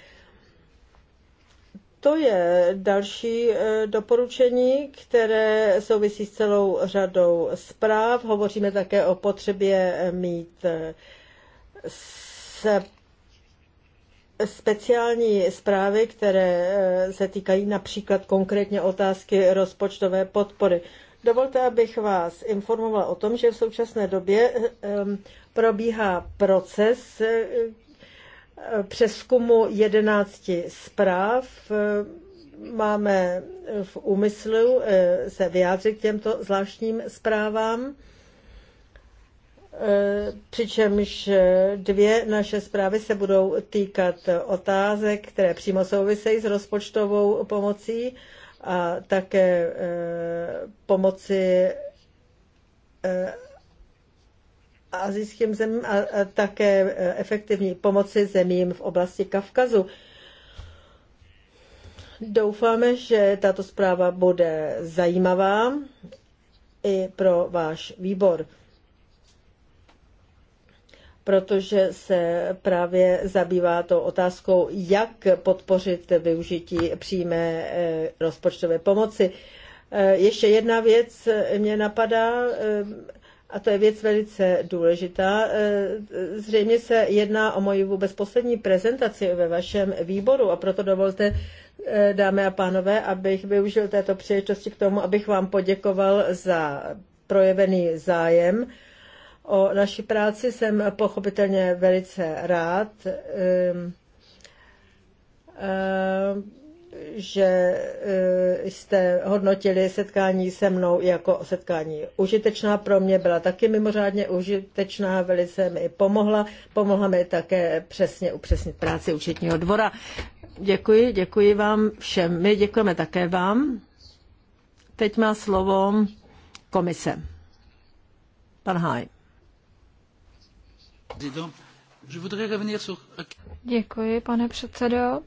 To je další eh, doporučení, které souvisí s celou řadou zpráv. Hovoříme také o potřebě eh, mít eh, se speciální zprávy, které se týkají například konkrétně otázky rozpočtové podpory. Dovolte, abych vás informovala o tom, že v současné době probíhá proces, přeskumu 11 zpráv máme v úmyslu eh, se vyjádřit k těmto zvláštním zprávám, eh, přičemž dvě naše zprávy se budou týkat otázek, které přímo souvisejí s rozpočtovou pomocí a také eh, pomoci azijským zemím a také e, efektivní pomoci zemím v oblasti Kavkazu. Doufáme, že tato zpráva bude zajímavá i pro váš výbor, protože se právě zabývá to otázkou, jak podpořit využití přímé e, rozpočtové pomoci. E, ještě jedna věc mě napadá, a to je věc velice důležitá. E, e, zřejmě se jedná o moji vůbec poslední prezentaci ve vašem výboru a proto dovolte, e, dámy a pánové, abych využil této příležitosti k tomu, abych vám poděkoval za projevený zájem. O naší práci jsem pochopitelně velice rád ehm, ehm, že eh, jste hodnotili setkání se mnou jako setkání užitečná pro mě, byla taky mimořádně užitečná, velice mi pomohla. Pomohla mi také přesně upřesnit práci účetního dvora. Děkuji, děkuji vám všem. My děkujeme také vám. Teď má slovo komise. Pan Háj. Děkuji, pane předsedo.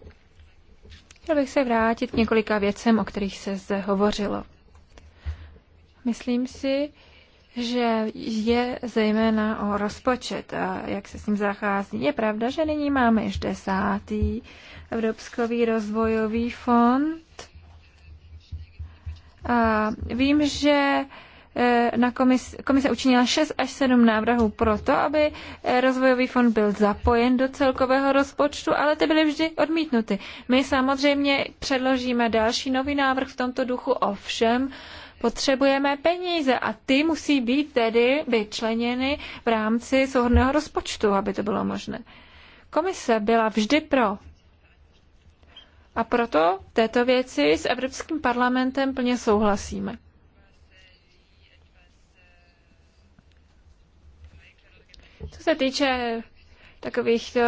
Chtěl bych se vrátit k několika věcem, o kterých se zde hovořilo. Myslím si, že je zejména o rozpočet a jak se s ním zachází. Je pravda, že nyní máme již desátý Evropský rozvojový fond. A vím, že Eh, na komis, komise učinila 6 až 7 návrhů proto, aby eh, rozvojový fond byl zapojen do celkového rozpočtu, ale ty byly vždy odmítnuty. My samozřejmě předložíme další nový návrh v tomto duchu, ovšem potřebujeme peníze a ty musí být tedy vyčleněny v rámci souhodného rozpočtu, aby to bylo možné. Komise byla vždy pro a proto této věci s Evropským parlamentem plně souhlasíme. Co se týče takových eh,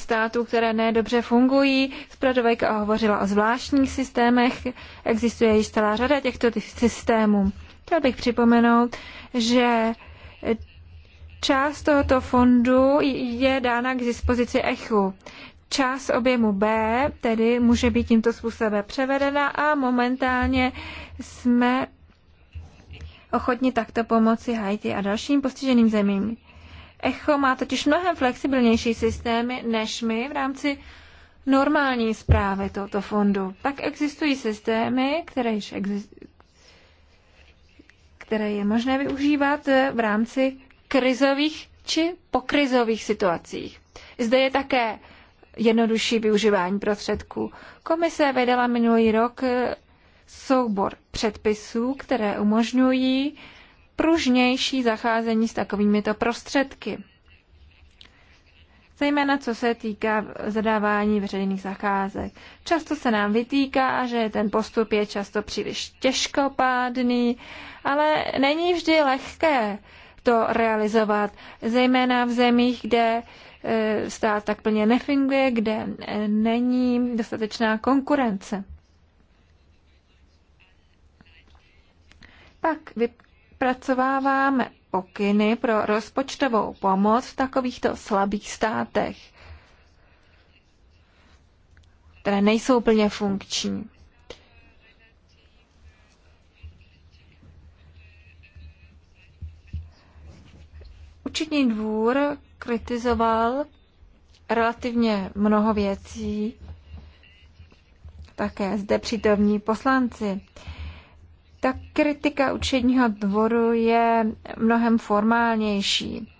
států, které nedobře fungují. Zpravodajka hovořila o zvláštních systémech, existuje již celá řada těchto systémů. Chtěl bych připomenout, že část tohoto fondu je dána k dispozici ECHU. Část objemu B tedy může být tímto způsobem převedena a momentálně jsme ochotni takto pomoci Haiti a dalším postiženým zemím. Echo má totiž mnohem flexibilnější systémy než my v rámci normální zprávy tohoto fondu. Tak existují systémy, které již existují které je možné využívat v rámci krizových či pokrizových situacích. Zde je také jednodušší využívání prostředků. Komise vydala minulý rok soubor předpisů, které umožňují pružnější zacházení s takovýmito prostředky. Zejména co se týká zadávání veřejných zakázek. Často se nám vytýká, že ten postup je často příliš těžkopádný, ale není vždy lehké to realizovat, zejména v zemích, kde e, stát tak plně nefunguje, kde e, není dostatečná konkurence. Pak vypracováváme pokyny pro rozpočtovou pomoc v takovýchto slabých státech, které nejsou plně funkční. Účetní dvůr kritizoval relativně mnoho věcí, také zde přítomní poslanci ta kritika účetního dvoru je mnohem formálnější.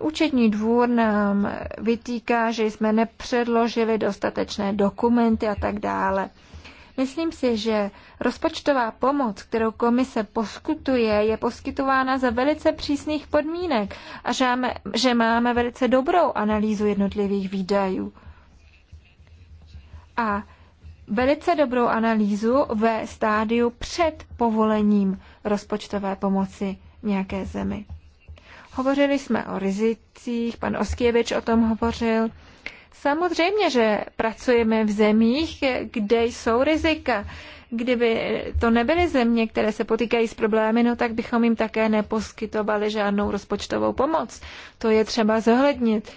Účetní dvůr nám vytýká, že jsme nepředložili dostatečné dokumenty a tak dále. Myslím si, že rozpočtová pomoc, kterou komise poskutuje, je poskytována za velice přísných podmínek a že máme, že máme velice dobrou analýzu jednotlivých výdajů. A velice dobrou analýzu ve stádiu před povolením rozpočtové pomoci nějaké zemi. Hovořili jsme o rizicích, pan Oskěvič o tom hovořil. Samozřejmě, že pracujeme v zemích, kde jsou rizika. Kdyby to nebyly země, které se potýkají s problémy, no tak bychom jim také neposkytovali žádnou rozpočtovou pomoc. To je třeba zohlednit.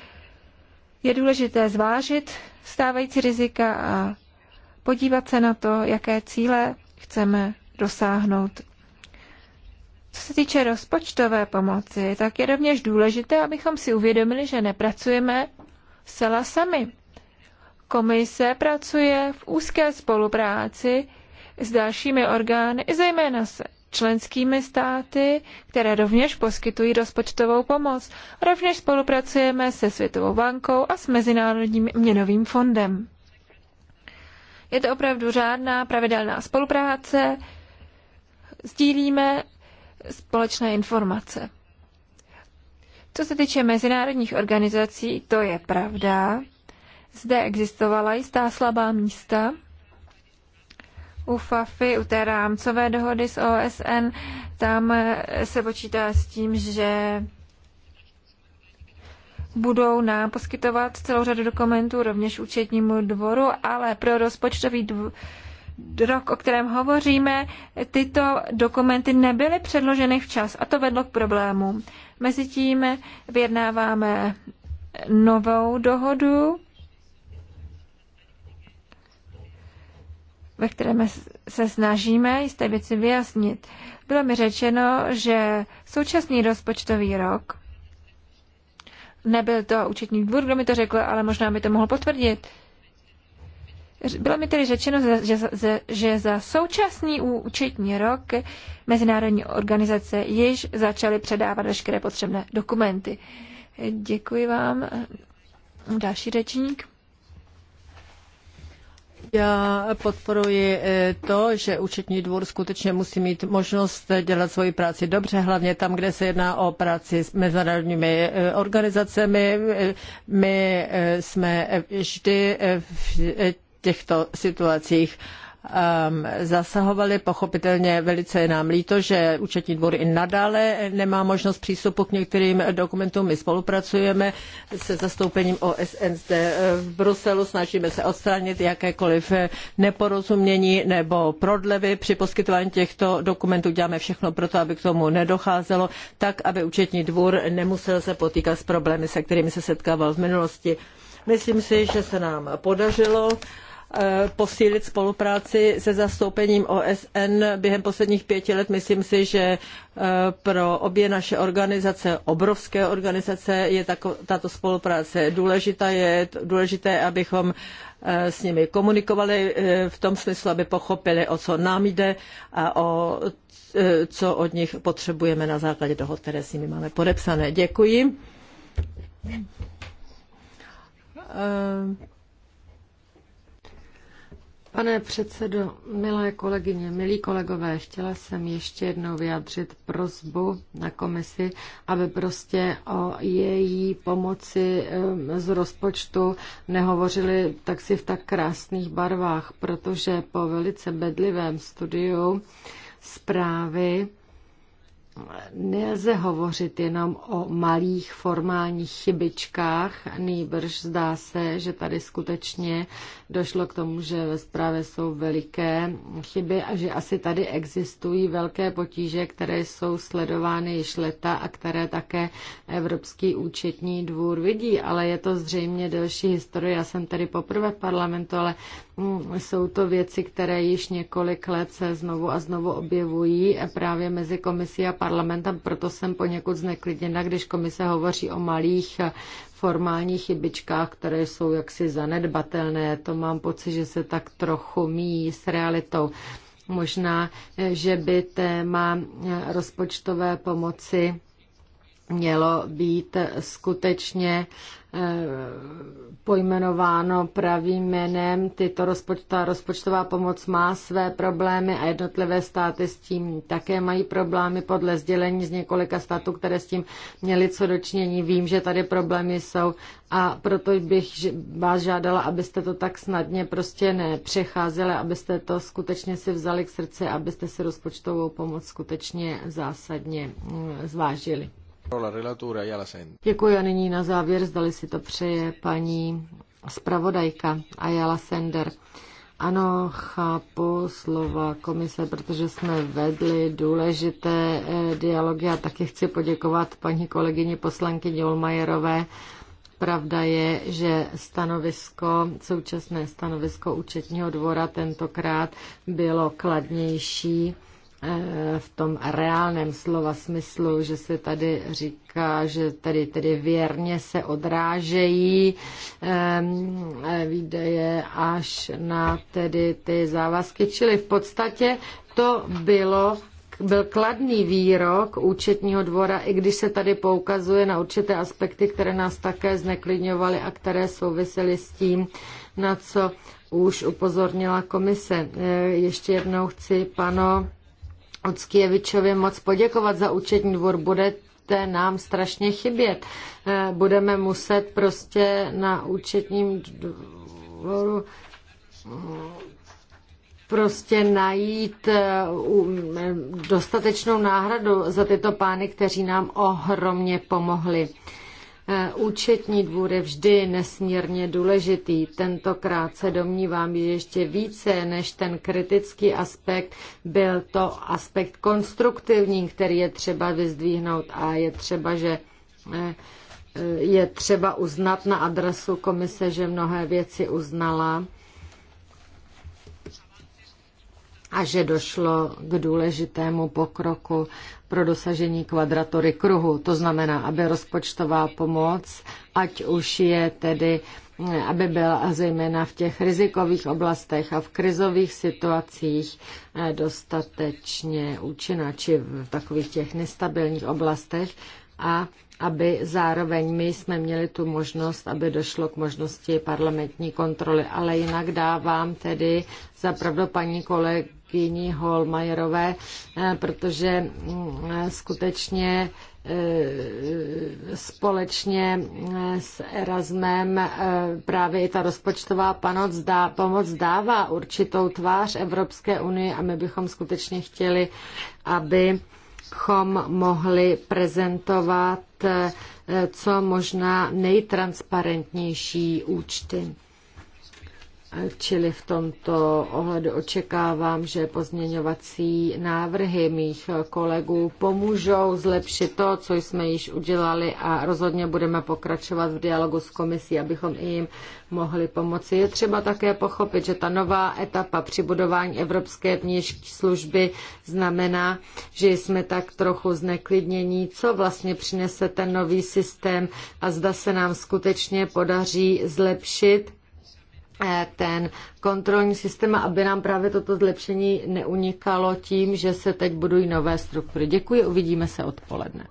Je důležité zvážit stávající rizika a podívat se na to, jaké cíle chceme dosáhnout. Co se týče rozpočtové pomoci, tak je rovněž důležité, abychom si uvědomili, že nepracujeme zcela sami. Komise pracuje v úzké spolupráci s dalšími orgány, i zejména se členskými státy, které rovněž poskytují rozpočtovou pomoc. Rovněž spolupracujeme se Světovou bankou a s Mezinárodním měnovým fondem. Je to opravdu řádná pravidelná spolupráce, sdílíme společné informace. Co se týče mezinárodních organizací, to je pravda. Zde existovala jistá slabá místa. U FAFI, u té rámcové dohody s OSN, tam se počítá s tím, že budou nám poskytovat celou řadu dokumentů, rovněž účetnímu dvoru, ale pro rozpočtový rok, o kterém hovoříme, tyto dokumenty nebyly předloženy včas a to vedlo k problémům. Mezitím vyjednáváme novou dohodu, ve kterém se snažíme jisté věci vyjasnit. Bylo mi řečeno, že současný rozpočtový rok Nebyl to účetní dvůr, kdo mi to řekl, ale možná mi to mohl potvrdit. Bylo mi tedy řečeno, že za, že za současný účetní rok mezinárodní organizace již začaly předávat veškeré potřebné dokumenty. Děkuji vám. Další řečník. Já podporuji eh, to, že účetní dvůr skutečně musí mít možnost dělat svoji práci dobře, hlavně tam, kde se jedná o práci s mezinárodními eh, organizacemi. Eh, my jsme vždy v těchto situacích Um, zasahovali. Pochopitelně velice je nám líto, že účetní dvůr i nadále nemá možnost přístupu k některým dokumentům. My spolupracujeme se zastoupením OSN zde v Bruselu, snažíme se odstranit jakékoliv neporozumění nebo prodlevy při poskytování těchto dokumentů. Děláme všechno pro to, aby k tomu nedocházelo, tak aby účetní dvůr nemusel se potýkat s problémy, se kterými se setkával v minulosti. Myslím si, že se nám podařilo Eh, posílit spolupráci se zastoupením OSN během posledních pěti let. Myslím si, že eh, pro obě naše organizace, obrovské organizace, je tato spolupráce důležitá. Je důležité, abychom eh, s nimi komunikovali v tom smyslu, aby pochopili, o co nám jde a o co od nich potřebujeme na základě toho, které s nimi máme podepsané. Děkuji Pane předsedo, milé kolegyně, milí kolegové, chtěla jsem ještě jednou vyjádřit prozbu na komisi, aby prostě o její pomoci z rozpočtu nehovořili tak si v tak krásných barvách, protože po velice bedlivém studiu zprávy nelze hovořit jenom o malých formálních chybičkách, nýbrž zdá se, že tady skutečně došlo k tomu, že ve zprávě jsou veliké chyby a že asi tady existují velké potíže, které jsou sledovány již leta a které také Evropský účetní dvůr vidí, ale je to zřejmě delší historie. Já jsem tady poprvé v parlamentu, ale jsou to věci, které již několik let se znovu a znovu objevují právě mezi komisí a parlamentem, proto jsem poněkud zneklidněna, když komise hovoří o malých formálních chybičkách, které jsou jaksi zanedbatelné. To mám pocit, že se tak trochu míjí s realitou. Možná, že by téma rozpočtové pomoci mělo být skutečně eh, pojmenováno pravým jménem. Tyto rozpočtová, rozpočtová pomoc má své problémy a jednotlivé státy s tím také mají problémy podle sdělení z několika států, které s tím měly co dočinění. Vím, že tady problémy jsou a proto bych vás žádala, abyste to tak snadně prostě nepřecházeli, abyste to skutečně si vzali k srdci, abyste si rozpočtovou pomoc skutečně zásadně mm, zvážili. Děkuji a nyní na závěr, zdali si to přeje paní zpravodajka Ayala Sender. Ano, chápu slova komise, protože jsme vedli důležité eh, dialogy a taky chci poděkovat paní kolegyni poslankyni Olmajerové. Pravda je, že stanovisko, současné stanovisko účetního dvora tentokrát bylo kladnější Eh, v tom reálném slova smyslu, že se tady říká, že tady tedy věrně se odrážejí ehm, eh, výdaje až na tedy ty závazky. Čili v podstatě to bylo byl kladný výrok účetního dvora, i když se tady poukazuje na určité aspekty, které nás také zneklidňovaly a které souvisely s tím, na co už upozornila komise. Eh, ještě jednou chci pano, Ockievičovi moc poděkovat za účetní dvor. Budete nám strašně chybět. Eh, budeme muset prostě na účetním dvoru eh, prostě najít eh, dostatečnou náhradu za tyto pány, kteří nám ohromně pomohli. Eh, účetní dvůr je vždy nesmírně důležitý. Tentokrát se domnívám, že ještě více než ten kritický aspekt byl to aspekt konstruktivní, který je třeba vyzdvihnout a je třeba, že eh, je třeba uznat na adresu komise, že mnohé věci uznala a že došlo k důležitému pokroku pro dosažení kvadratory kruhu. To znamená, aby rozpočtová pomoc, ať už je tedy aby byl a zejména v těch rizikových oblastech a v krizových situacích eh, dostatečně účinná, či v takových těch nestabilních oblastech a aby zároveň my jsme měli tu možnost, aby došlo k možnosti parlamentní kontroly. Ale jinak dávám tedy zapravdu paní kolegy Kyni Holmajerové, eh, protože mm, skutečně eh, společně eh, s Erasmem právě i ta rozpočtová dá, pomoc dává určitou tvář Evropské unii a my bychom skutečně chtěli, abychom mohli prezentovat co možná nejtransparentnější účty. Čili v tomto ohledu očekávám, že pozměňovací návrhy mých kolegů pomůžou zlepšit to, co jsme již udělali a rozhodně budeme pokračovat v dialogu s komisí, abychom i jim mohli pomoci. Je třeba také pochopit, že ta nová etapa při budování Evropské vnější služby znamená, že jsme tak trochu zneklidnění, co vlastně přinese ten nový systém a zda se nám skutečně podaří zlepšit E, ten kontrolní systém, aby nám právě toto zlepšení neunikalo tím, že se teď budují nové struktury. Děkuji, uvidíme se odpoledne.